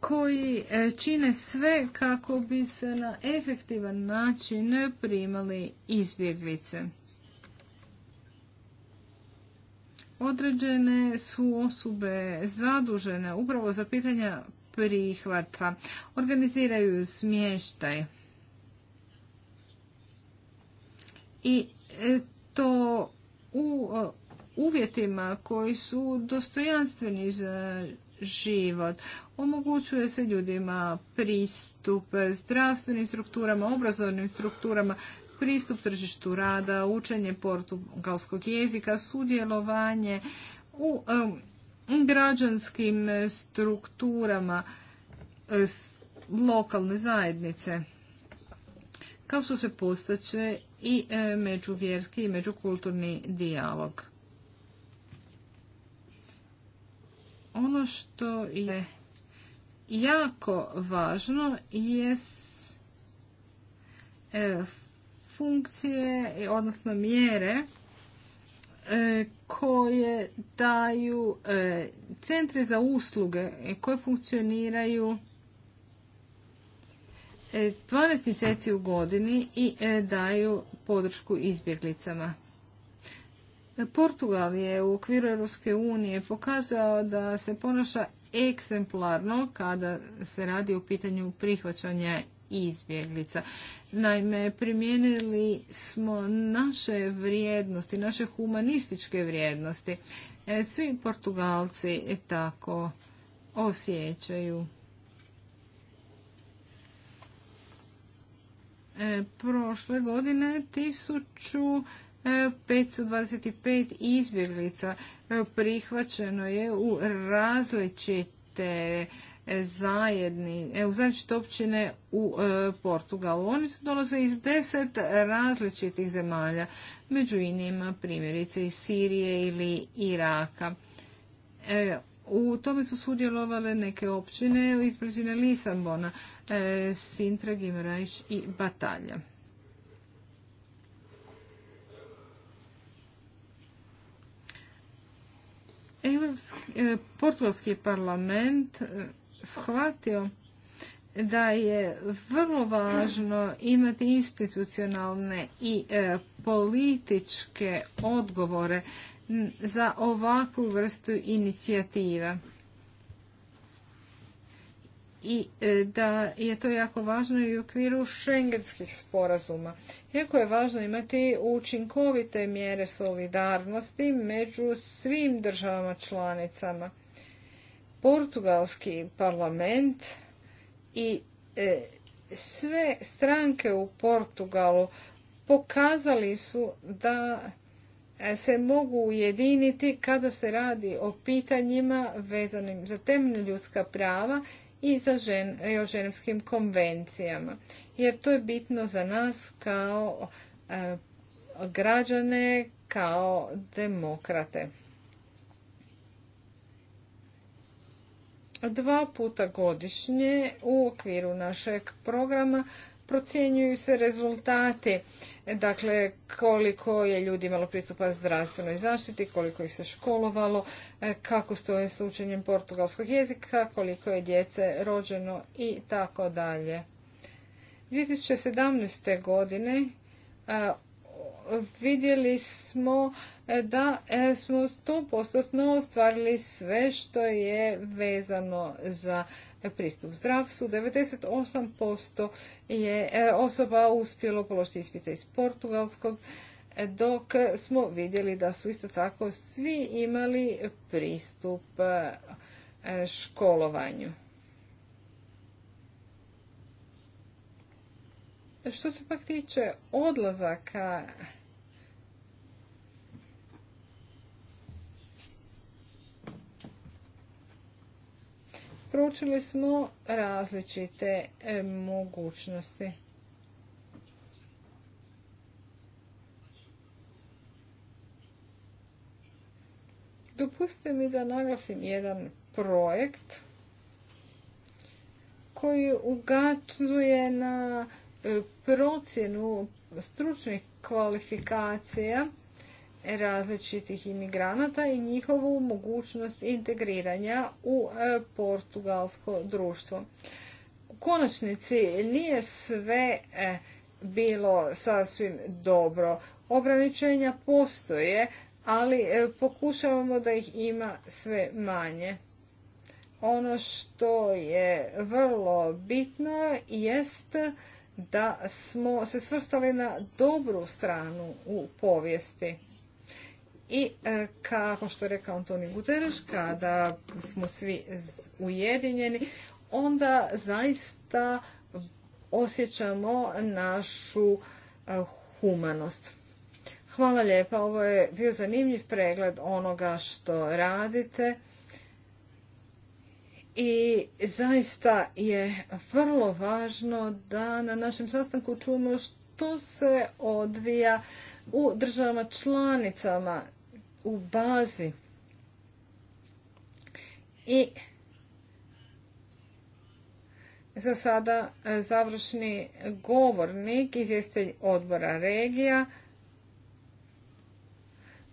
koji e, čine sve kako bi se na efektivan način primali izbjeglice. Određene su osobe zadužene upravo za pitanja prihvata. Organiziraju smještaj. I e, to u e, uvjetima koji su dostojanstveni za život. Omogućuje se ljudima pristup zdravstvenim strukturama, obrazovnim strukturama, pristup tržištu rada, učenje portugalskog jezika, sudjelovanje u građanskim strukturama lokalne zajednice, kao što se postaće i međuvjerski i međukulturni dijalog. Ono što je jako važno je e, funkcije, odnosno mjere e, koje daju e, centri za usluge koje funkcioniraju 12 mjeseci u godini i daju podršku izbjeglicama. Portugal je u okviru Europske unije pokazao da se ponaša eksemplarno kada se radi o pitanju prihvaćanja izbjeglica. Naime, primijenili smo naše vrijednosti, naše humanističke vrijednosti. E, svi Portugalci tako osjećaju. E, prošle godine tisuću 525 e, izbjeglica e, prihvaćeno je u različite e, zajedni, u zajedničite općine u Portugalu. Oni su dolaze iz deset različitih zemalja, među inima primjerice iz Sirije ili Iraka. U tome su sudjelovale neke općine iz blizine Lisabona, Sintra, Gimrajš i Batalja. E, portugalski parlament e, shvatio da je vrlo važno imati institucionalne i e, političke odgovore za ovakvu vrstu inicijativa i e, da je to jako važno i u okviru šengenskih sporazuma. Jako je važno imati učinkovite mjere solidarnosti među svim državama članicama. Portugalski parlament i e, sve stranke u Portugalu pokazali su da e, se mogu ujediniti kada se radi o pitanjima vezanim za temeljne ljudska prava i za e, o ženevskim konvencijama. Jer to je bitno za nas kao e, građane, kao demokrate. Dva puta godišnje u okviru našeg programa procjenjuju se rezultati, dakle koliko je ljudi imalo pristupa zdravstvenoj zaštiti, koliko ih se školovalo, e, kako stoje s učenjem portugalskog jezika, koliko je djece rođeno i tako dalje. 2017. godine e, vidjeli smo e, da smo 100% ostvarili sve što je vezano za pristup zdravstvu. 98% je e, osoba uspjelo položiti ispite iz portugalskog, e, dok smo vidjeli da su isto tako svi imali pristup e, školovanju. Što se pak tiče odlazaka Proučili smo različite e, mogućnosti. Dopustite mi da naglasim jedan projekt koji ugačuje na e, procjenu stručnih kvalifikacija različitih imigranata i njihovu mogućnost integriranja u e, portugalsko društvo. U konačnici nije sve e, bilo sasvim dobro. Ograničenja postoje, ali e, pokušavamo da ih ima sve manje. Ono što je vrlo bitno jest da smo se svrstali na dobru stranu u povijesti. I e, kako što je rekao Antoni Guterres, kada smo svi ujedinjeni, onda zaista osjećamo našu e, humanost. Hvala lijepa, ovo je bio zanimljiv pregled onoga što radite. I zaista je vrlo važno da na našem sastanku čujemo što se odvija u državama članicama u bazi. I za sada e, završni govornik, izvjestelj odbora regija,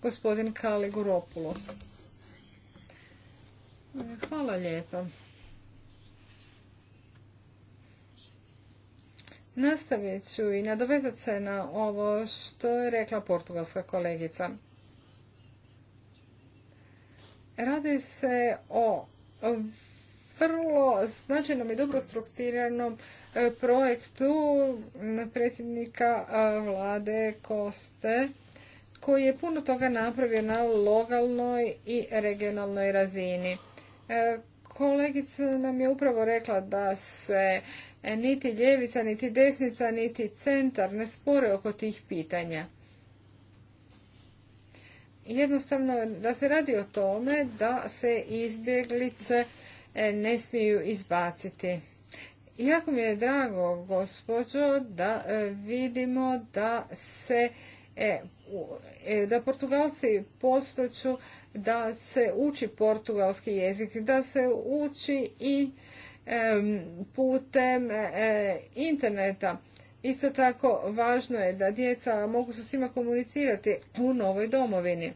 gospodin Kaliguropulos. Hvala lijepa. Nastavit ću i nadovezat se na ovo što je rekla portugalska kolegica. Radi se o vrlo značajnom i dobro strukturiranom e, projektu predsjednika e, vlade Koste koji je puno toga napravio na lokalnoj i regionalnoj razini. E, kolegica nam je upravo rekla da se niti ljevica, niti desnica, niti centar ne spore oko tih pitanja jednostavno da se radi o tome da se izbjeglice e, ne smiju izbaciti. Jako mi je drago, gospođo, da e, vidimo da se e, da Portugalci postoću da se uči portugalski jezik, da se uči i putem interneta. Isto tako važno je da djeca mogu sa svima komunicirati u novoj domovini.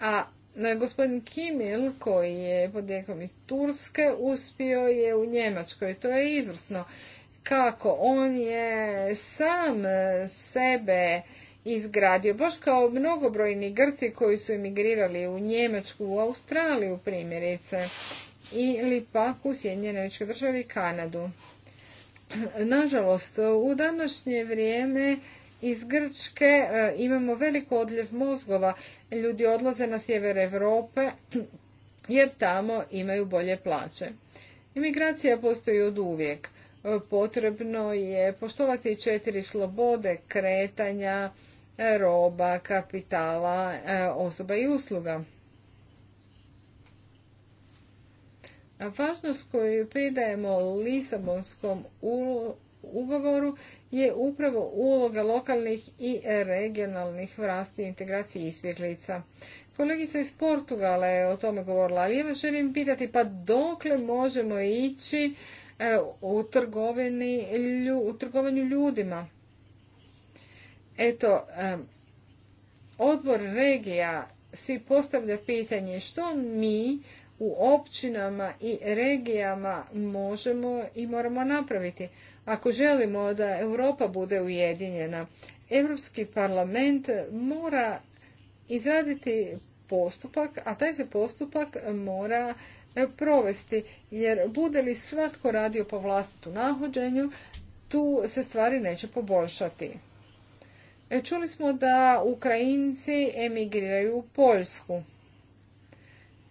A gospodin Kimil koji je podjekom iz Turske uspio je u Njemačkoj. To je izvrsno. Kako? On je sam e, sebe izgradio, baš kao mnogobrojni Grci koji su emigrirali u Njemačku, u Australiju primjerice, ili pak u Sjedinjene države i Kanadu. Nažalost, u današnje vrijeme iz Grčke e, imamo veliko odljev mozgova. Ljudi odlaze na sjever Europe [CLEARS THROAT] jer tamo imaju bolje plaće. Imigracija postoji od uvijek. E, potrebno je poštovati četiri slobode kretanja, e, roba, kapitala, osoba i usluga. Važnost koju pridajemo Lisabonskom ugovoru je upravo uloga lokalnih i regionalnih vlasti u integraciji izbjeglica. Kolegica iz Portugala je o tome govorila, ali ja vas želim pitati pa dokle možemo ići e, u, trgovanju ljudima. Eto, e, odbor regija si postavlja pitanje što mi u općinama i regijama možemo i moramo napraviti. Ako želimo da Europa bude ujedinjena, Europski parlament mora izraditi postupak, a taj se postupak mora provesti, jer bude li svatko radio po vlastitu nahođenju, tu se stvari neće poboljšati. E, čuli smo da Ukrajinci emigriraju u Poljsku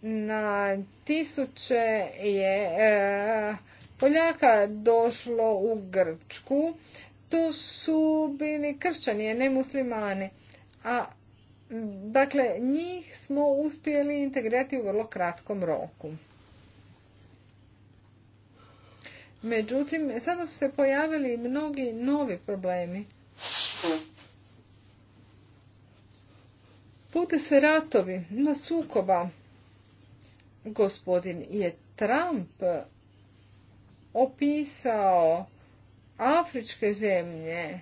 na tisuće je e, Poljaka došlo u Grčku. To su bili kršćani, ne muslimani. A, dakle, njih smo uspjeli integrirati u vrlo kratkom roku. Međutim, sada su se pojavili mnogi novi problemi. Pute se ratovi na sukoba gospodin je Trump opisao afričke zemlje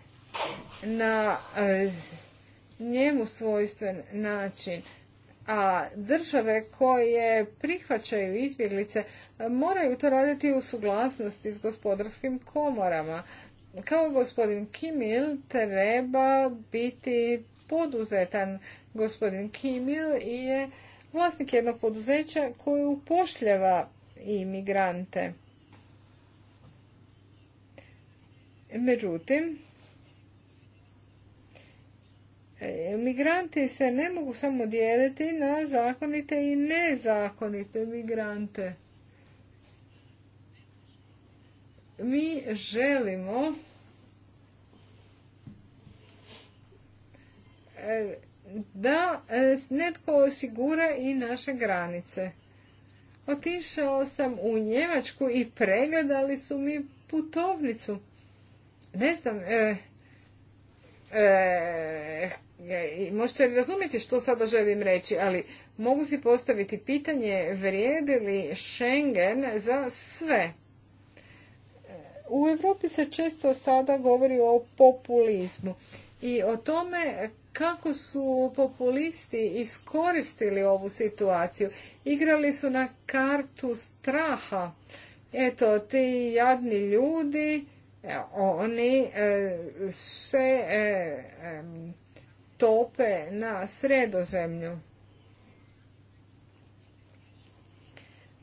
na e, njemu svojstven način, a države koje prihvaćaju izbjeglice moraju to raditi u suglasnosti s gospodarskim komorama. Kao gospodin Kimil treba biti poduzetan. Gospodin Kimil je vlasnik jednog poduzeća koji upošljava imigrante. Međutim, e, migranti se ne mogu samo dijeliti na zakonite i nezakonite migrante. Mi želimo e, da e, netko osigura i naše granice. Otišao sam u Njemačku i pregledali su mi putovnicu. Ne znam, e, e, e možete li razumjeti što sada želim reći, ali mogu si postaviti pitanje vrijedi li Schengen za sve. E, u Europi se često sada govori o populizmu i o tome kako su populisti iskoristili ovu situaciju. Igrali su na kartu straha. Eto, ti jadni ljudi, e, oni e, se e, tope na sredozemlju.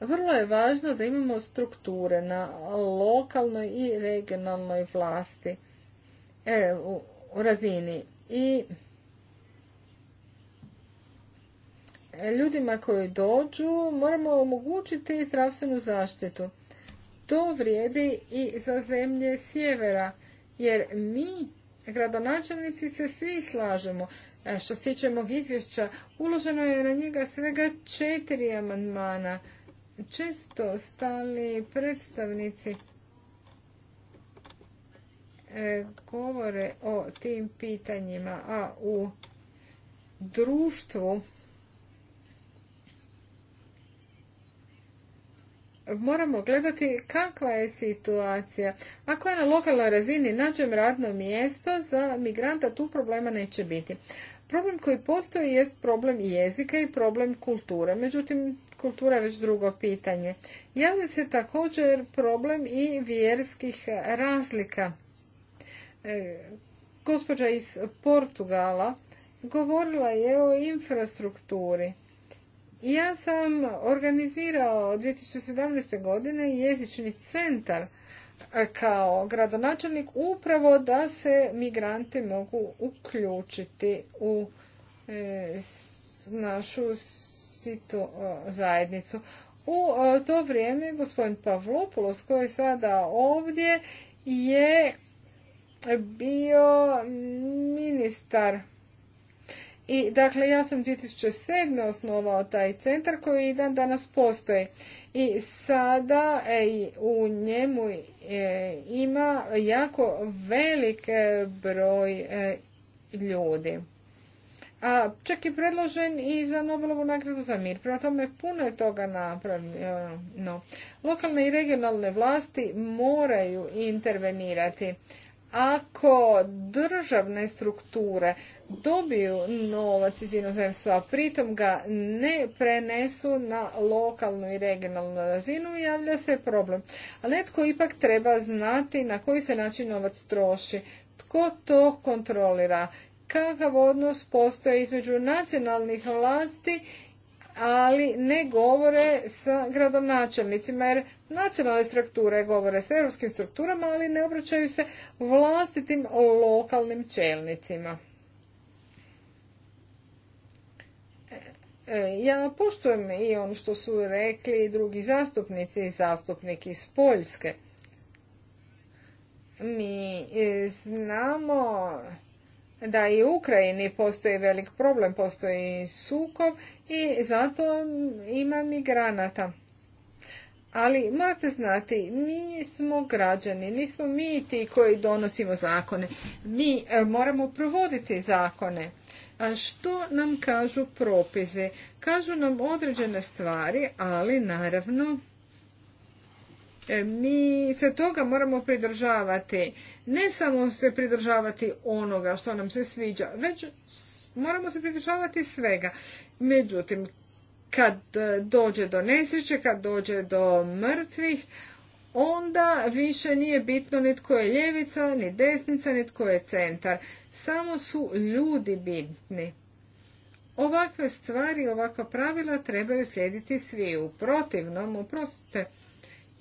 Vrlo je važno da imamo strukture na lokalnoj i regionalnoj vlasti u razini i ljudima koji dođu moramo omogućiti zdravstvenu zaštitu. To vrijedi i za zemlje sjevera, jer mi, gradonačelnici, se svi slažemo. E, što se tiče mog izvješća, uloženo je na njega svega četiri amandmana. Često stali predstavnici e, govore o tim pitanjima, a u društvu moramo gledati kakva je situacija. Ako je na lokalnoj razini nađem radno mjesto, za migranta tu problema neće biti. Problem koji postoji jest problem jezika i problem kulture. Međutim, kultura je već drugo pitanje. Javlja se također problem i vjerskih razlika. E, gospođa iz Portugala govorila je o infrastrukturi. Ja sam organizirao 2017. godine jezični centar e, kao gradonačelnik upravo da se migranti mogu uključiti u e, našu situ e, zajednicu. U to vrijeme gospodin Pavlopoulos koji je sada ovdje je bio ministar i, dakle, ja sam 2007. osnovao taj centar koji i dan danas postoji. I sada e, u njemu e, ima jako velik e, broj ljudi. A čak je predložen i za Nobelovu nagradu za mir. Prema tome puno je toga napravljeno. Lokalne i regionalne vlasti moraju intervenirati ako državne strukture dobiju novac iz inozemstva, a pritom ga ne prenesu na lokalnu i regionalnu razinu, javlja se problem. A netko ipak treba znati na koji se način novac troši, tko to kontrolira, kakav odnos postoje između nacionalnih vlasti ali ne govore s gradonačelnicima jer nacionalne strukture govore s europskim strukturama, ali ne obraćaju se vlastitim lokalnim čelnicima. E, ja poštujem i ono što su rekli drugi zastupnici i zastupnik iz Poljske. Mi e, znamo da i u Ukrajini postoji velik problem, postoji sukob i zato ima migranata. Ali morate znati, mi smo građani, nismo mi ti koji donosimo zakone. Mi e, moramo provoditi zakone. A što nam kažu propise? Kažu nam određene stvari, ali naravno E, mi se toga moramo pridržavati. Ne samo se pridržavati onoga što nam se sviđa, već moramo se pridržavati svega. Međutim, kad e, dođe do nesreće, kad dođe do mrtvih, onda više nije bitno ni tko je ljevica, ni desnica, ni tko je centar. Samo su ljudi bitni. Ovakve stvari, ovakva pravila trebaju slijediti svi. U protivnom, oprostite,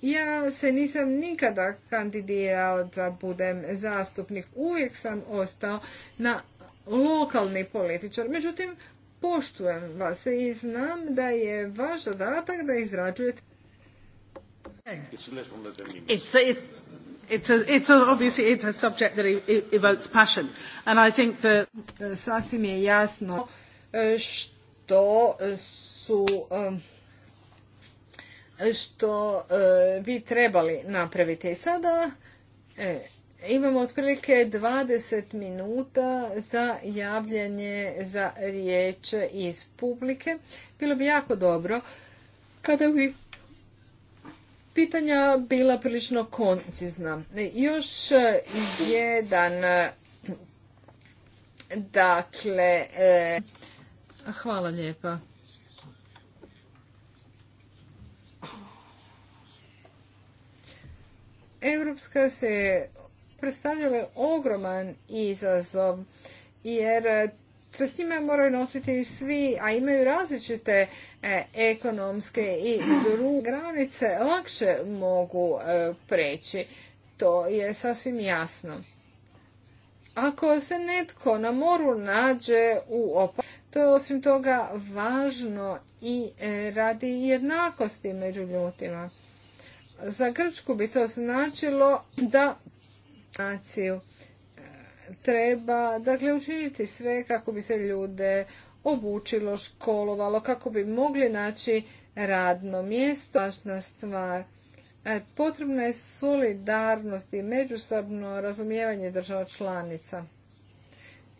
ja se nisam nikada kandidirao da budem zastupnik. Uvijek sam ostao na lokalni političar. Međutim, poštujem vas i znam da je vaš zadatak da izrađujete It's, sasvim je jasno e, što su što e, bi trebali napraviti. Sada e, imamo otprilike 20 minuta za javljanje za riječ iz publike. Bilo bi jako dobro kada bi pitanja bila prilično koncizna. E, još jedan dakle hvala lijepa. Europska se predstavljala ogroman izazov jer eh, se s njima moraju nositi svi, a imaju različite eh, ekonomske i druge granice, lakše mogu eh, preći. To je sasvim jasno. Ako se netko na moru nađe u opa, to je osim toga važno i radi jednakosti među ljudima. Za Grčku bi to značilo da naciju e, treba dakle, učiniti sve kako bi se ljude obučilo, školovalo, kako bi mogli naći radno mjesto. Važna stvar. E, potrebna je solidarnost i međusobno razumijevanje država članica.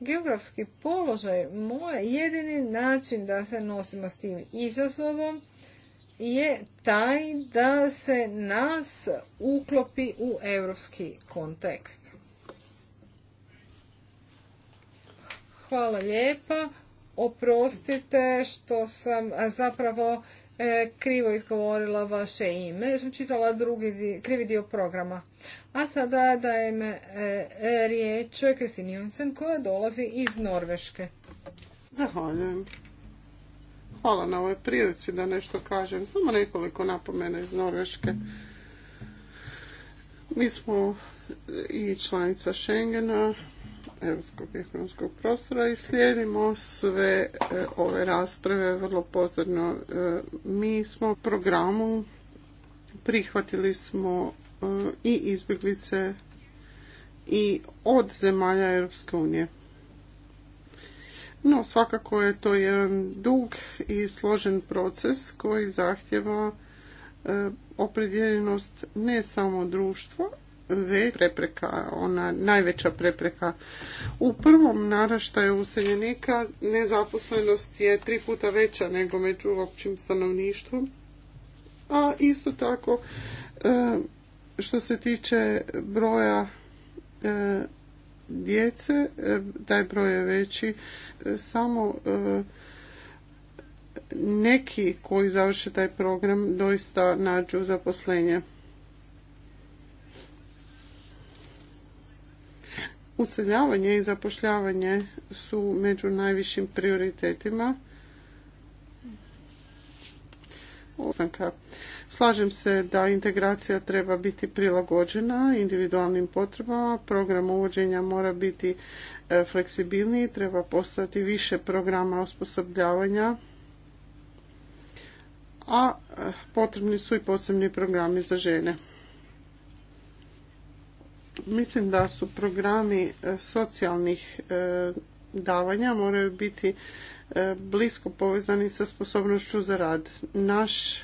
Geografski položaj moj jedini način da se nosimo s tim izazovom je taj da se nas uklopi u europski kontekst. Hvala lijepa. Oprostite što sam zapravo e, krivo izgovorila vaše ime. sam čitala drugi, krivi dio programa. A sada dajem e, e, riječ Kristini Jonsen koja dolazi iz Norveške. Zahvaljujem. Hvala na ovoj prilici da nešto kažem. Samo nekoliko napomena iz Norveške. Mi smo i članica Schengena, Europskog ekonomskog prostora i slijedimo sve eh, ove rasprave vrlo pozorno. Eh, mi smo u programu prihvatili smo eh, i izbjeglice i od zemalja Europske unije. No, svakako je to jedan dug i složen proces koji zahtjeva e, opredjeljenost ne samo društva, već prepreka, ona najveća prepreka. U prvom naraštaju useljenika nezaposlenost je tri puta veća nego među općim stanovništvom, a isto tako e, što se tiče broja e, djece, e, taj broj je veći. E, samo e, neki koji završe taj program doista nađu zaposlenje. Useljavanje i zapošljavanje su među najvišim prioritetima ustanka. Slažem se da integracija treba biti prilagođena individualnim potrebama, program uvođenja mora biti e, fleksibilniji, treba postojati više programa osposobljavanja, a e, potrebni su i posebni programi za žene. Mislim da su programi e, socijalnih davanja moraju biti E, blisko povezani sa sposobnošću za rad. Naš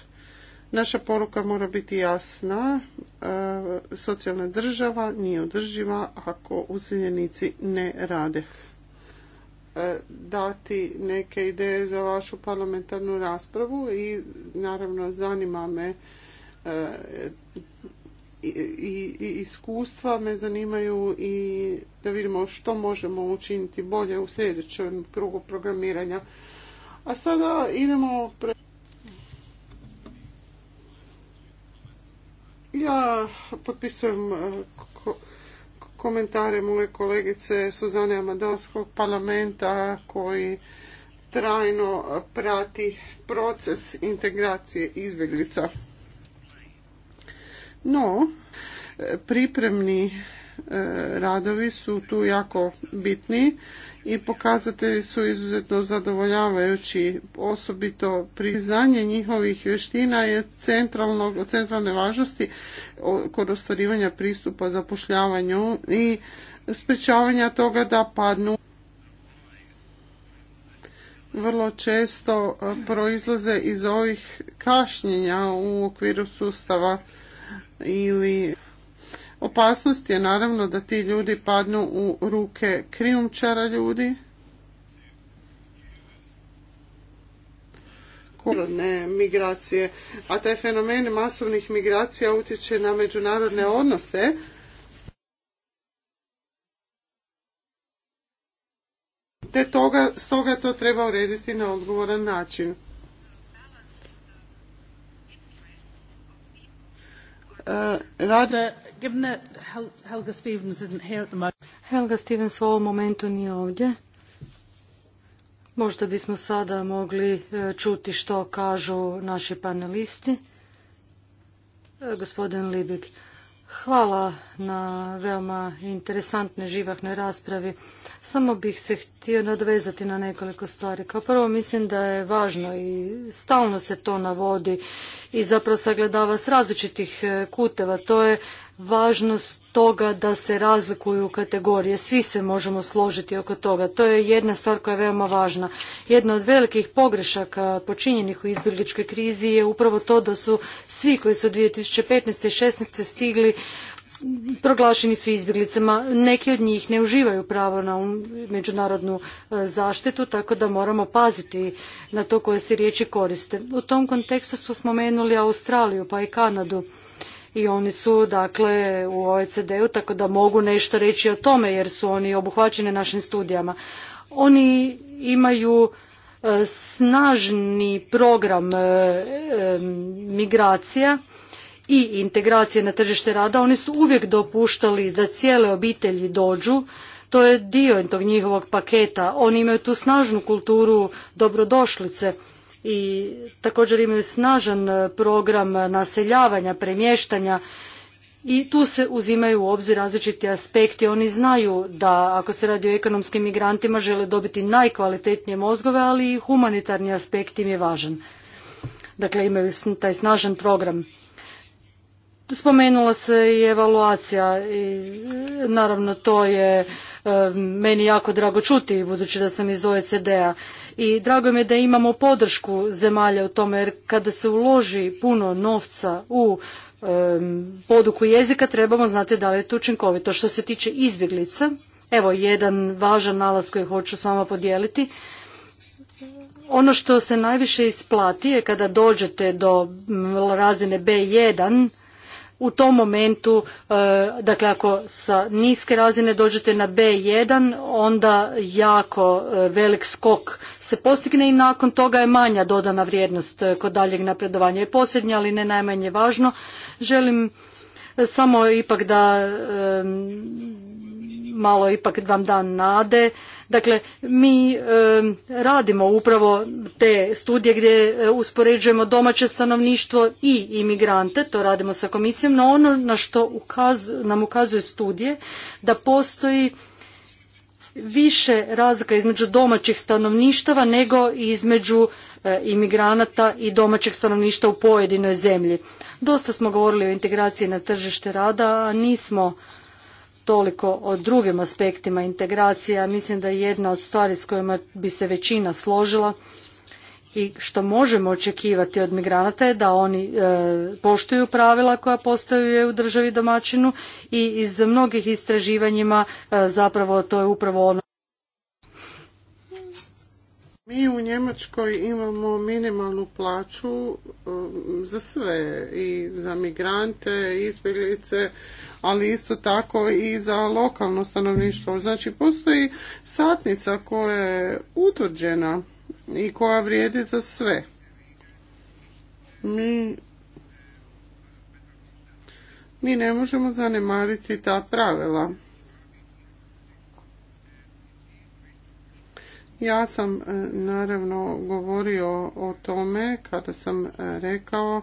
Naša poruka mora biti jasna. E, socijalna država nije održiva ako useljenici ne rade. E, dati neke ideje za vašu parlamentarnu raspravu i naravno zanima me i, i iskustva me zanimaju i da vidimo što možemo učiniti bolje u sljedećem krugu programiranja. A sada idemo Ja potpisujem e, komentare moje kolegice Suzane Amadalskog parlamenta koji trajno prati proces integracije izbjeglica. No, pripremni e, radovi su tu jako bitni i pokazatelji su izuzetno zadovoljavajući. Osobito priznanje njihovih vještina je centralne važnosti kod ostvarivanja pristupa zapošljavanju i sprečavanja toga da padnu vrlo često e, proizlaze iz ovih kašnjenja u okviru sustava ili opasnost je naravno da ti ljudi padnu u ruke krijumčara ljudi Kurodne migracije, a taj fenomen masovnih migracija utječe na međunarodne odnose. Te toga, stoga to treba urediti na odgovoran način. Uh, Rada, Helga Stevens Helga Stevens u ovom momentu nije ovdje. Možda bismo sada mogli uh, čuti što kažu naši panelisti. Uh, gospodin Libik, hvala na veoma interesantne živahne raspravi. Samo bih se htio nadvezati na nekoliko stvari. Kao prvo mislim da je važno i stalno se to navodi i zapravo sagledava s različitih e, kuteva. To je važnost toga da se razlikuju kategorije. Svi se možemo složiti oko toga. To je jedna stvar koja je veoma važna. Jedna od velikih pogrešaka počinjenih u izbjegličkoj krizi je upravo to da su svi koji su 2015. i 2016. stigli proglašeni su izbjeglicama. Neki od njih ne uživaju pravo na um, međunarodnu e, zaštitu, tako da moramo paziti na to koje se riječi koriste. U tom kontekstu smo spomenuli Australiju pa i Kanadu i oni su dakle u OECD-u tako da mogu nešto reći o tome jer su oni obuhvaćeni našim studijama. Oni imaju e, snažni program e, migracija i integracije na tržište rada, oni su uvijek dopuštali da cijele obitelji dođu, to je dio tog njihovog paketa. Oni imaju tu snažnu kulturu dobrodošlice i također imaju snažan e, program naseljavanja, premještanja i tu se uzimaju u obzir različiti aspekti. Oni znaju da ako se radi o ekonomskim migrantima žele dobiti najkvalitetnije mozgove, ali i humanitarni aspekt im je važan. Dakle, imaju taj snažan program. Spomenula se i evaluacija i naravno to je e, meni jako drago čuti budući da sam iz OECD-a i drago mi je da imamo podršku zemalja u tome jer kada se uloži puno novca u e, poduku jezika trebamo znati da li je to učinkovito. Što se tiče izbjeglica, evo jedan važan nalaz koji hoću s vama podijeliti. Ono što se najviše isplati je kada dođete do razine B1, u tom momentu, e, dakle ako sa niske razine dođete na B1, onda jako e, velik skok se postigne i nakon toga je manja dodana vrijednost e, kod daljeg napredovanja. I posljednje, ali ne najmanje važno, želim samo ipak da malo ipak vam dan nade. Dakle, mi radimo upravo te studije gdje e, uspoređujemo domaće stanovništvo i imigrante, to radimo sa komisijom, no ono na što nam ukazuje studije da postoji više razlika između domaćih stanovništava nego između e, imigranata i domaćeg stanovništva u pojedinoj zemlji. Dosta smo govorili o integraciji na tržište rada, a nismo toliko o drugim aspektima integracija. Mislim da je jedna od stvari s kojima bi se većina složila i što možemo očekivati od migranata je da oni e, poštuju pravila koja postoje u državi domaćinu i iz mnogih istraživanjima e, zapravo to je upravo ono mi u Njemačkoj imamo minimalnu plaću um, za sve i za migrante, izbjeglice, ali isto tako i za lokalno stanovništvo. Znači postoji satnica koja je utvrđena i koja vrijedi za sve. Mi mi ne možemo zanemariti ta pravila. Ja sam e, naravno govorio o tome kada sam e, rekao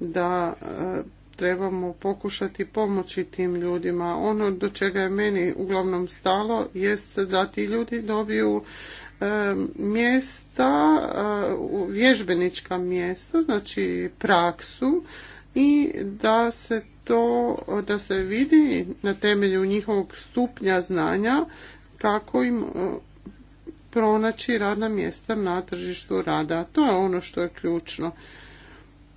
da e, trebamo pokušati pomoći tim ljudima. Ono do čega je meni uglavnom stalo jest da ti ljudi dobiju mjesta, vježbenička mjesta, znači praksu i da se to, da se vidi na temelju njihovog stupnja znanja kako im pronaći radna mjesta na tržištu rada. To je ono što je ključno.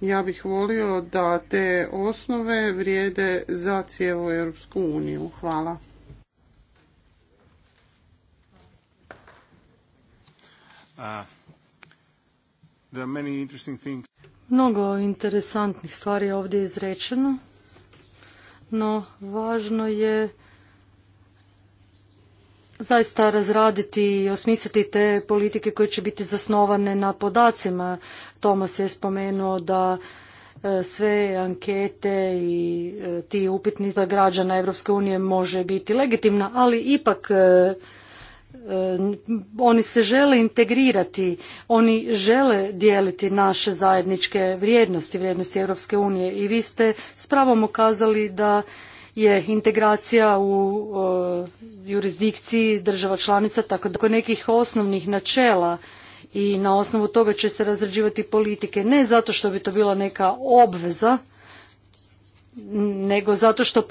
Ja bih volio da te osnove vrijede za cijelu Europsku uniju. Hvala. Uh, Mnogo interesantnih stvari je ovdje izrečeno, no važno je zaista razraditi i osmisliti te politike koje će biti zasnovane na podacima. Tomas je spomenuo da e, sve ankete i e, ti upitni za građana Evropske unije može biti legitimna, ali ipak e, oni se žele integrirati, oni žele dijeliti naše zajedničke vrijednosti, vrijednosti Evropske unije i vi ste s pravom ukazali da je integracija u jurisdikciji država članica tako da nekih osnovnih načela i na osnovu toga će se razrađivati politike ne zato što bi to bila neka obveza nego zato što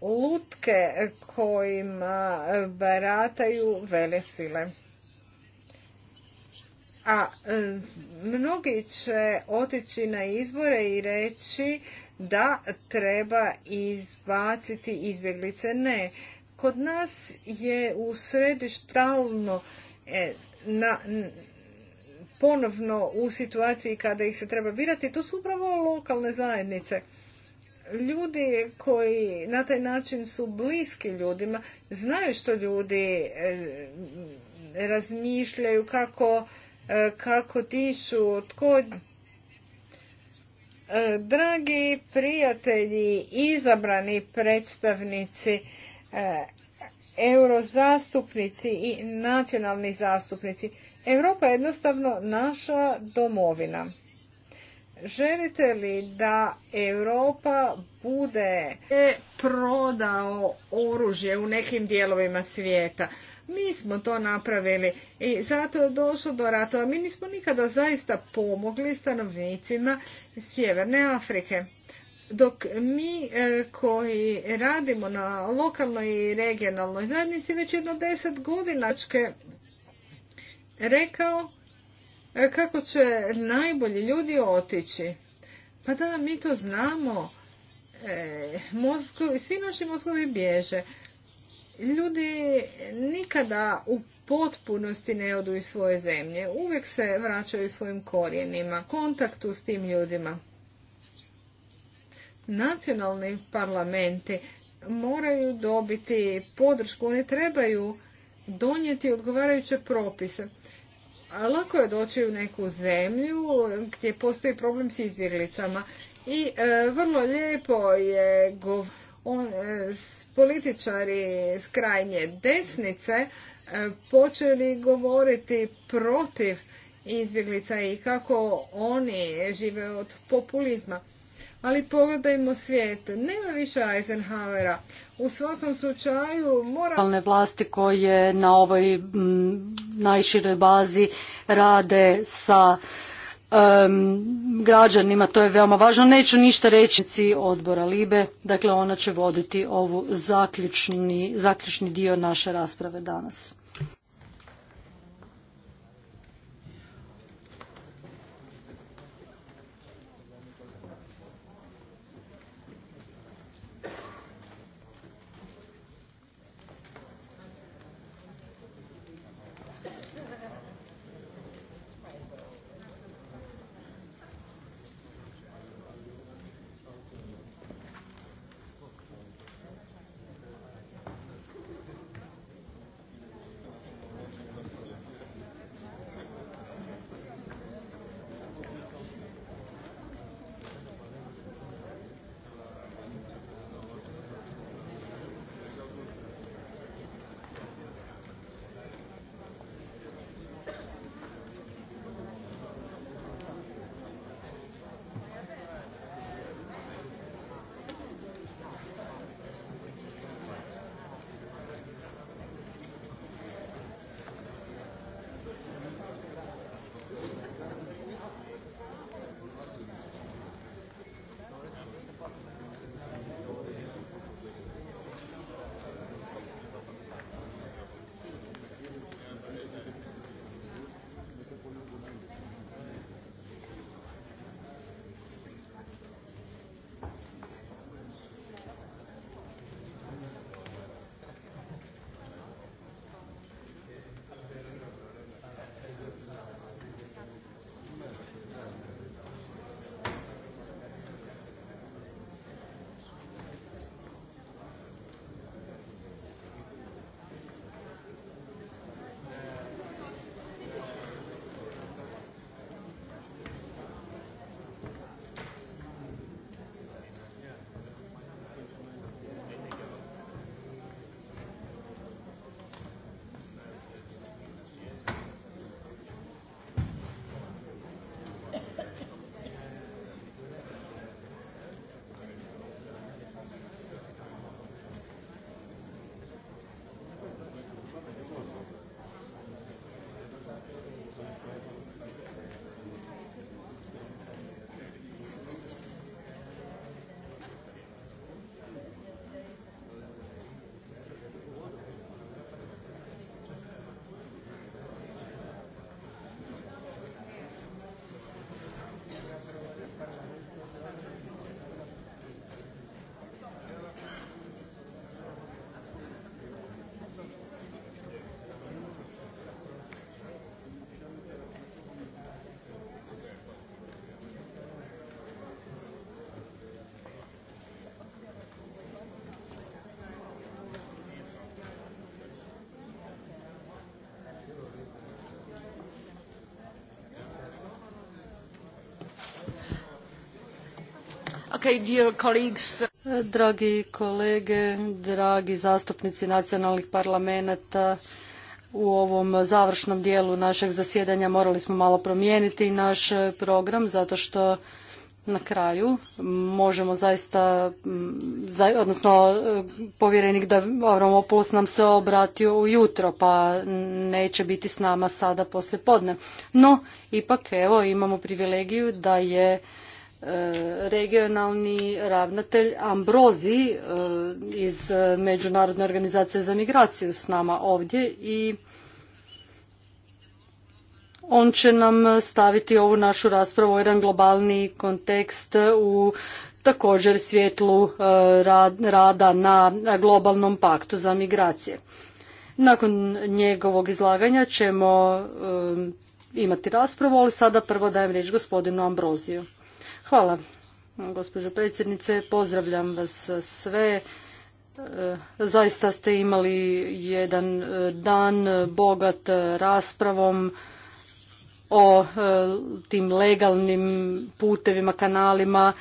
lutke kojima barataju vele sile. A e, mnogi će otići na izbore i reći da treba izbaciti izbjeglice. Ne, kod nas je u središtalno e, na, ponovno u situaciji kada ih se treba birati, to su upravo lokalne zajednice. Ljudi koji na taj način su bliski ljudima, znaju što ljudi e, razmišljaju, kako, e, kako dišu, tko E, dragi prijatelji, izabrani predstavnici, e, eurozastupnici i nacionalni zastupnici, Europa je jednostavno naša domovina. Želite li da Europa bude prodao oružje u nekim dijelovima svijeta? Mi smo to napravili i zato je došlo do ratova. Mi nismo nikada zaista pomogli stanovnicima Sjeverne Afrike. Dok mi e, koji radimo na lokalnoj i regionalnoj zajednici već jedno deset godinačke rekao e, kako će najbolji ljudi otići. Pa da, mi to znamo. E, svi naši mozgovi bježe ljudi nikada u potpunosti ne odu iz svoje zemlje. Uvijek se vraćaju svojim korijenima, kontaktu s tim ljudima. Nacionalni parlamenti moraju dobiti podršku, oni trebaju donijeti odgovarajuće propise. lako je doći u neku zemlju gdje postoji problem s izbjeglicama i e, vrlo lijepo je govoriti on, e, političari s krajnje desnice e, počeli govoriti protiv izbjeglica i kako oni žive od populizma. Ali pogledajmo svijet, nema više Eisenhowera. U svakom slučaju moralne vlasti koje na ovoj najširoj bazi rade sa um, građanima, to je veoma važno. Neću ništa reći odbora Libe, dakle ona će voditi ovu zaključni, zaključni dio naše rasprave danas. Dragi kolege, dragi zastupnici nacionalnih parlamenta, u ovom završnom dijelu našeg zasjedanja morali smo malo promijeniti naš program zato što na kraju možemo zaista, mm, odnosno e, povjerenik da Avramopoulos nam se obratio ujutro pa neće biti s nama sada poslje podne. No, ipak evo imamo privilegiju da je regionalni ravnatelj Ambrozi e, iz Međunarodne organizacije za migraciju s nama ovdje i on će nam staviti ovu našu raspravu u jedan globalni kontekst u također svjetlu e, rada na globalnom paktu za migracije. Nakon njegovog izlaganja ćemo e, imati raspravu, ali sada prvo dajem riječ gospodinu Ambroziju. Hvala, gospođo predsjednice. Pozdravljam vas sve. E, zaista ste imali jedan e, dan bogat raspravom o e, tim legalnim putevima, kanalima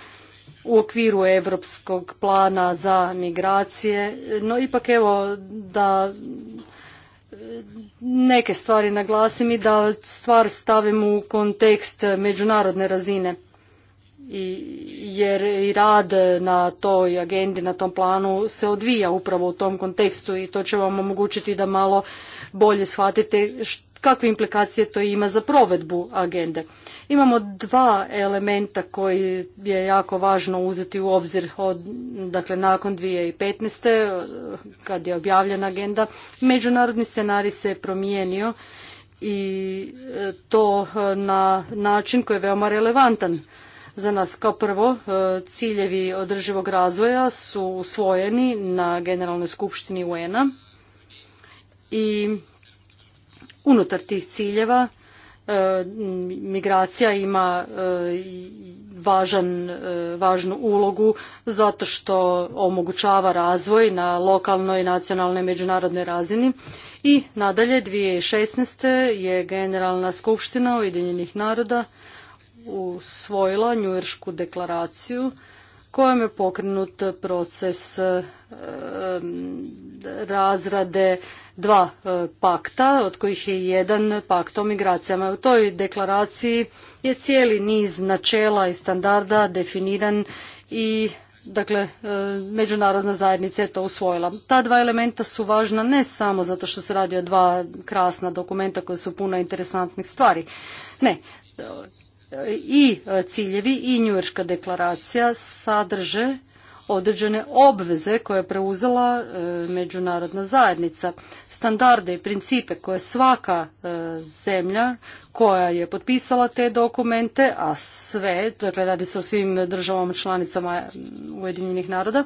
u okviru Europskog plana za migracije. No ipak evo da neke stvari naglasim i da stvar stavim u kontekst međunarodne razine jer i rad na toj agendi, na tom planu se odvija upravo u tom kontekstu i to će vam omogućiti da malo bolje shvatite kakve implikacije to ima za provedbu agende. Imamo dva elementa koji je jako važno uzeti u obzir od, dakle, nakon 2015. kad je objavljena agenda. Međunarodni scenarij se promijenio i to na način koji je veoma relevantan za nas. Kao prvo, e, ciljevi održivog razvoja su usvojeni na Generalnoj skupštini UN-a i unutar tih ciljeva e, migracija ima e, važnu ulogu zato što omogućava razvoj na lokalnoj, nacionalnoj i međunarodnoj razini. I nadalje, 2016. je Generalna skupština Ujedinjenih naroda usvojila Njujoršku deklaraciju kojom je pokrenut proces e, razrade dva e, pakta, od kojih je jedan pakt o migracijama. U toj deklaraciji je cijeli niz načela i standarda definiran i dakle e, međunarodna zajednica je to usvojila. Ta dva elementa su važna ne samo zato što se radi o dva krasna dokumenta koja su puna interesantnih stvari. Ne, i e, ciljevi i njujorška deklaracija sadrže određene obveze koje je preuzela e, međunarodna zajednica, standarde i principe koje svaka e, zemlja koja je potpisala te dokumente, a sve, dakle radi se o svim državama članicama Ujedinjenih naroda,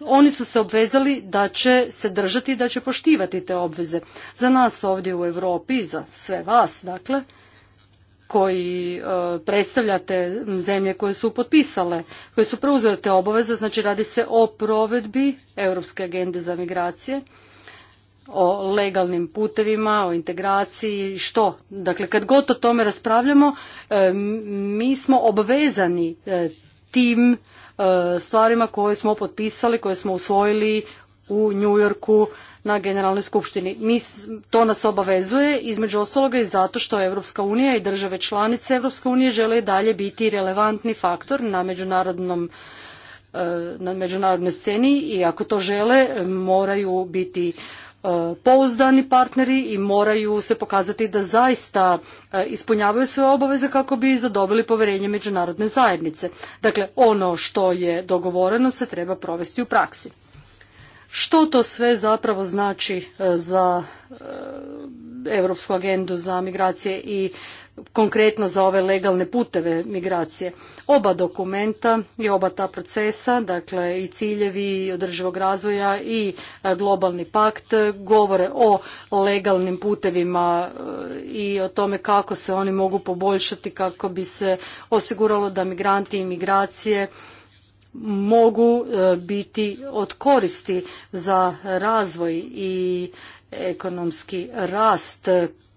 oni su se obvezali da će se držati i da će poštivati te obveze. Za nas ovdje u Europi, za sve vas, dakle, koji e, predstavljate zemlje koje su potpisale, koje su preuzele te obaveze, znači radi se o provedbi Europske agende za migracije, o legalnim putevima, o integraciji, što? Dakle, kad god o tome raspravljamo, e, mi smo obvezani e, tim stvarima koje smo potpisali, koje smo usvojili u New Yorku na Generalnoj skupštini. Mi, to nas obavezuje između ostaloga i zato što Evropska unija i države članice Evropske unije žele dalje biti relevantni faktor na međunarodnom e, na međunarodnoj sceni i ako to žele moraju biti e, pouzdani partneri i moraju se pokazati da zaista e, ispunjavaju svoje obaveze kako bi zadobili poverenje međunarodne zajednice. Dakle, ono što je dogovoreno se treba provesti u praksi što to sve zapravo znači e, za e, Europsku agendu za migracije i konkretno za ove legalne puteve migracije. Oba dokumenta i oba ta procesa, dakle i ciljevi održivog razvoja i e, globalni pakt govore o legalnim putevima i o tome kako se oni mogu poboljšati kako bi se osiguralo da migranti i migracije mogu e, biti od koristi za razvoj i ekonomski rast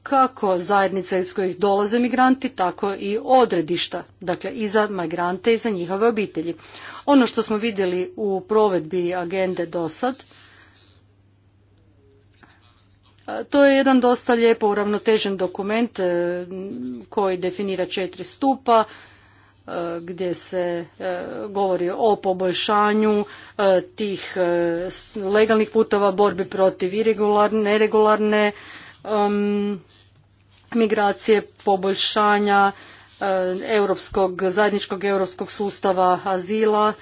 kako zajednica iz kojih dolaze migranti, tako i odredišta, dakle i za migrante i za njihove obitelji. Ono što smo vidjeli u provedbi agende do sad, to je jedan dosta lijepo uravnotežen dokument e, koji definira četiri stupa, gdje se e, govori o poboljšanju e, tih e, legalnih putova borbi protiv neregularne migracije, poboljšanja europskog, zajedničkog europskog sustava azila,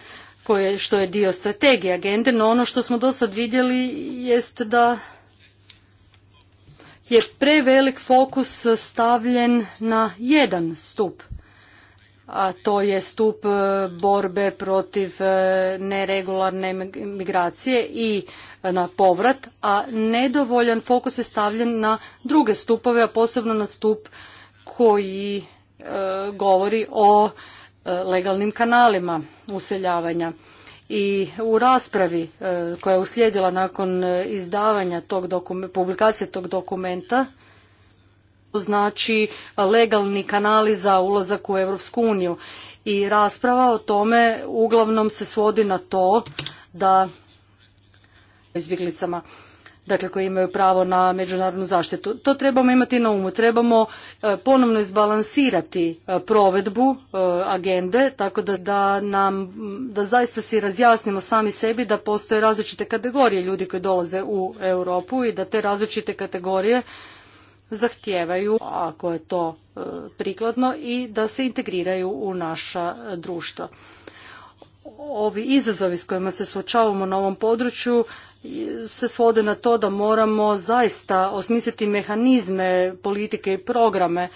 koje, što je dio strategije agende, no ono što smo do sad vidjeli jest da je prevelik fokus stavljen na jedan stup a to je stup e, borbe protiv e, neregularne migracije i e, na povrat, a nedovoljan fokus je stavljen na druge stupove, a posebno na stup koji govori o legalnim kanalima useljavanja. I u raspravi koja je uslijedila nakon izdavanja tog publikacije tog dokumenta znači legalni kanali za ulazak u Europsku uniju. I rasprava o tome uglavnom se svodi na to da izbjeglicama dakle koji imaju pravo na međunarodnu zaštitu. To trebamo imati na umu. Trebamo e, ponovno izbalansirati e, provedbu e, agende tako da, da nam da zaista si razjasnimo sami sebi da postoje različite kategorije ljudi koji dolaze u Europu i da te različite kategorije zahtijevaju, ako je to e, prikladno, i da se integriraju u naša društva. Ovi izazovi s kojima se suočavamo na ovom području e, se svode na to da moramo zaista osmisliti mehanizme, politike i programe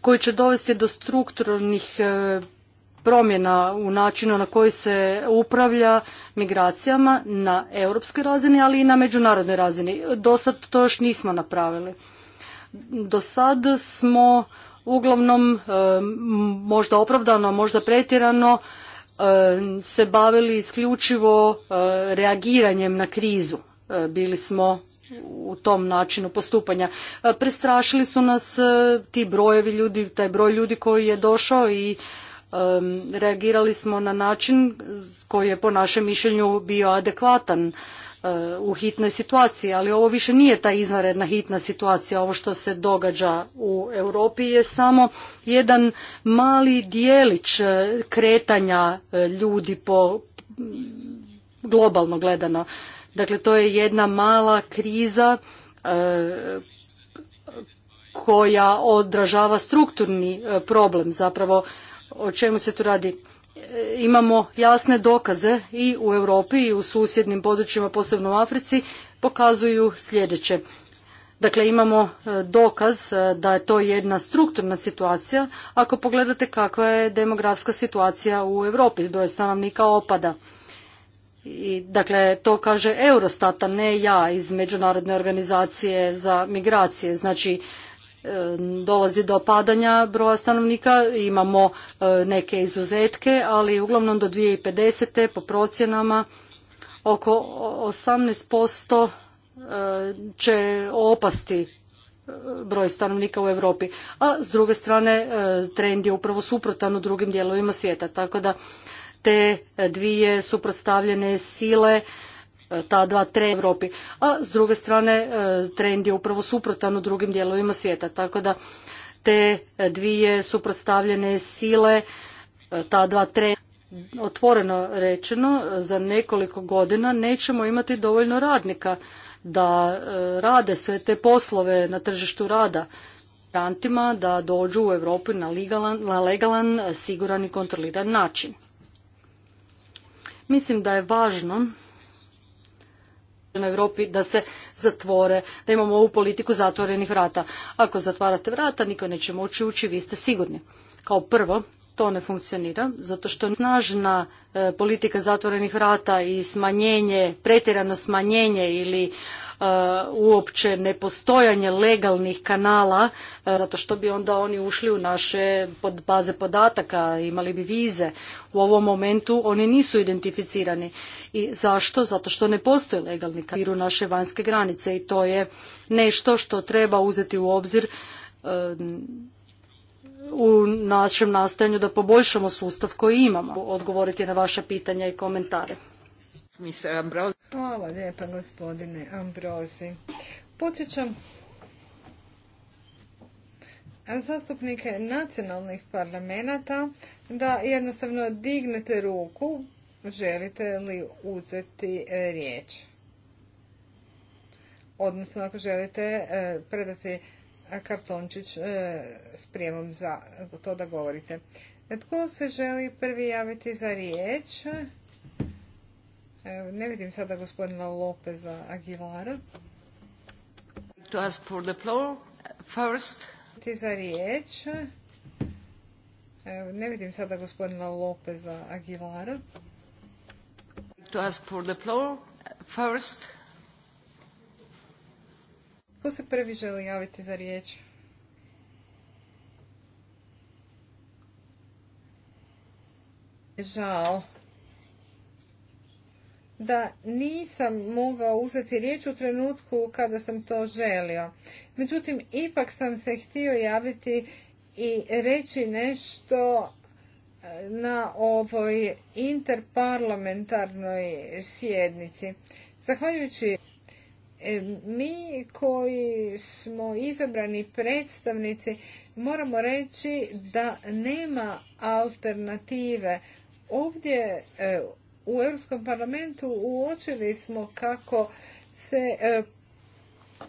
koji će dovesti do strukturnih e, promjena u načinu na koji se upravlja migracijama na europskoj razini, ali i na međunarodnoj razini. Do sad to još nismo napravili. Do sad smo uglavnom e, možda opravdano, možda pretjerano e, se bavili isključivo e, reagiranjem na krizu. Bili smo u tom načinu postupanja. Prestrašili su nas ti brojevi ljudi, taj broj ljudi koji je došao i reagirali smo na način koji je po našem mišljenju bio adekvatan u hitnoj situaciji, ali ovo više nije ta izvanredna hitna situacija, ovo što se događa u Europi je samo jedan mali dijelić e, kretanja e, ljudi po globalno gledano. Dakle, to je jedna mala kriza e, koja odražava strukturni problem. Zapravo, o čemu se tu radi? E, imamo jasne dokaze i u Europi i u susjednim područjima, posebno u Africi, pokazuju sljedeće. Dakle, imamo e, dokaz e, da je to jedna strukturna situacija ako pogledate kakva je demografska situacija u Europi, broj stanovnika opada. I, dakle, to kaže Eurostata, ne ja iz Međunarodne organizacije za migracije. Znači, E, dolazi do padanja broja stanovnika, imamo e, neke izuzetke, ali uglavnom do 2050. po procjenama oko 18% e, će opasti broj stanovnika u Europi, a s druge strane trend je upravo suprotan u drugim dijelovima svijeta. Tako da te dvije suprotstavljene sile ta dva trenda u Europi, a s druge strane e, trend je upravo suprotan u drugim dijelovima svijeta. Tako da te e, dvije suprotstavljene sile, e, ta dva trenda otvoreno rečeno, za nekoliko godina nećemo imati dovoljno radnika da rade sve te poslove na tržištu rada migrantima da dođu u Europu na legalan, na legalan, siguran i kontroliran način. Mislim da je važno na Europi da se zatvore, da imamo ovu politiku zatvorenih vrata. Ako zatvarate vrata, niko neće moći ući, vi ste sigurni. Kao prvo, to ne funkcionira, zato što snažna e, politika zatvorenih vrata i smanjenje, pretjerano smanjenje ili E, uopće nepostojanje legalnih kanala, e, zato što bi onda oni ušli u naše baze podataka, imali bi vize. U ovom momentu oni nisu identificirani. I zašto? Zato što ne postoje legalni kanali u naše vanjske granice i to je nešto što treba uzeti u obzir e, u našem nastojanju da poboljšamo sustav koji imamo. Odgovoriti na vaša pitanja i komentare. Hvala lijepa gospodine Ambrozi. Podsjećam zastupnike nacionalnih parlamenta da jednostavno dignete ruku želite li uzeti e, riječ. Odnosno ako želite e, predati kartončić e, s prijemom za to da govorite. Tko se želi prvi javiti za riječ? Ne vidim sada gospodina Lopeza Aguilara. To ask for the floor first. Ti za riječ. Ne vidim sada gospodina Lopeza Aguilara. To ask for the floor first. Ko se prvi želi javiti za riječ? Žao da nisam mogao uzeti riječ u trenutku kada sam to želio. Međutim, ipak sam se htio javiti i reći nešto eh, na ovoj interparlamentarnoj sjednici. Zahvaljujući eh, mi koji smo izabrani predstavnici moramo reći da nema alternative. Ovdje eh, u Europskom parlamentu uočili smo kako se e,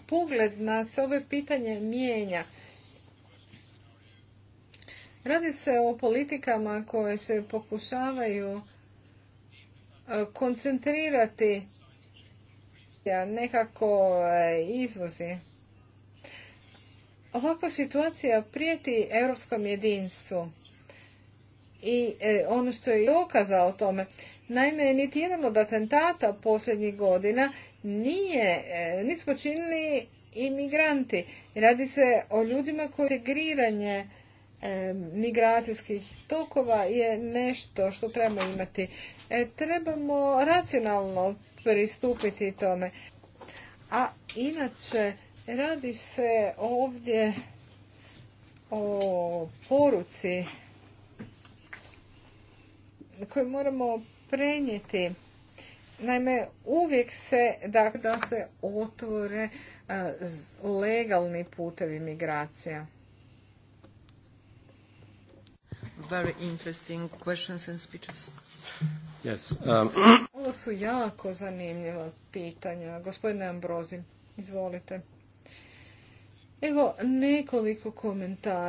pogled na ove pitanje mijenja. Radi se o politikama koje se pokušavaju e, koncentrirati nekako e, izvozi. Ovakva situacija prijeti europskom jedinstvu i ono što je dokaza o tome Naime, niti jedan od atentata posljednjih godina nije, e, nisu počinili imigranti. Radi se o ljudima koji integriranje e, migracijskih tokova je nešto što trebamo imati. E, trebamo racionalno pristupiti tome. A inače, radi se ovdje o poruci koju moramo prenijeti. Naime, uvijek se da, dakle, da se otvore e, legalni putevi migracija. Very interesting questions and speeches. Yes, um, [CLEARS THROAT] Ovo su jako zanimljiva pitanja. Gospodine Ambrozi, izvolite. Evo nekoliko komentara.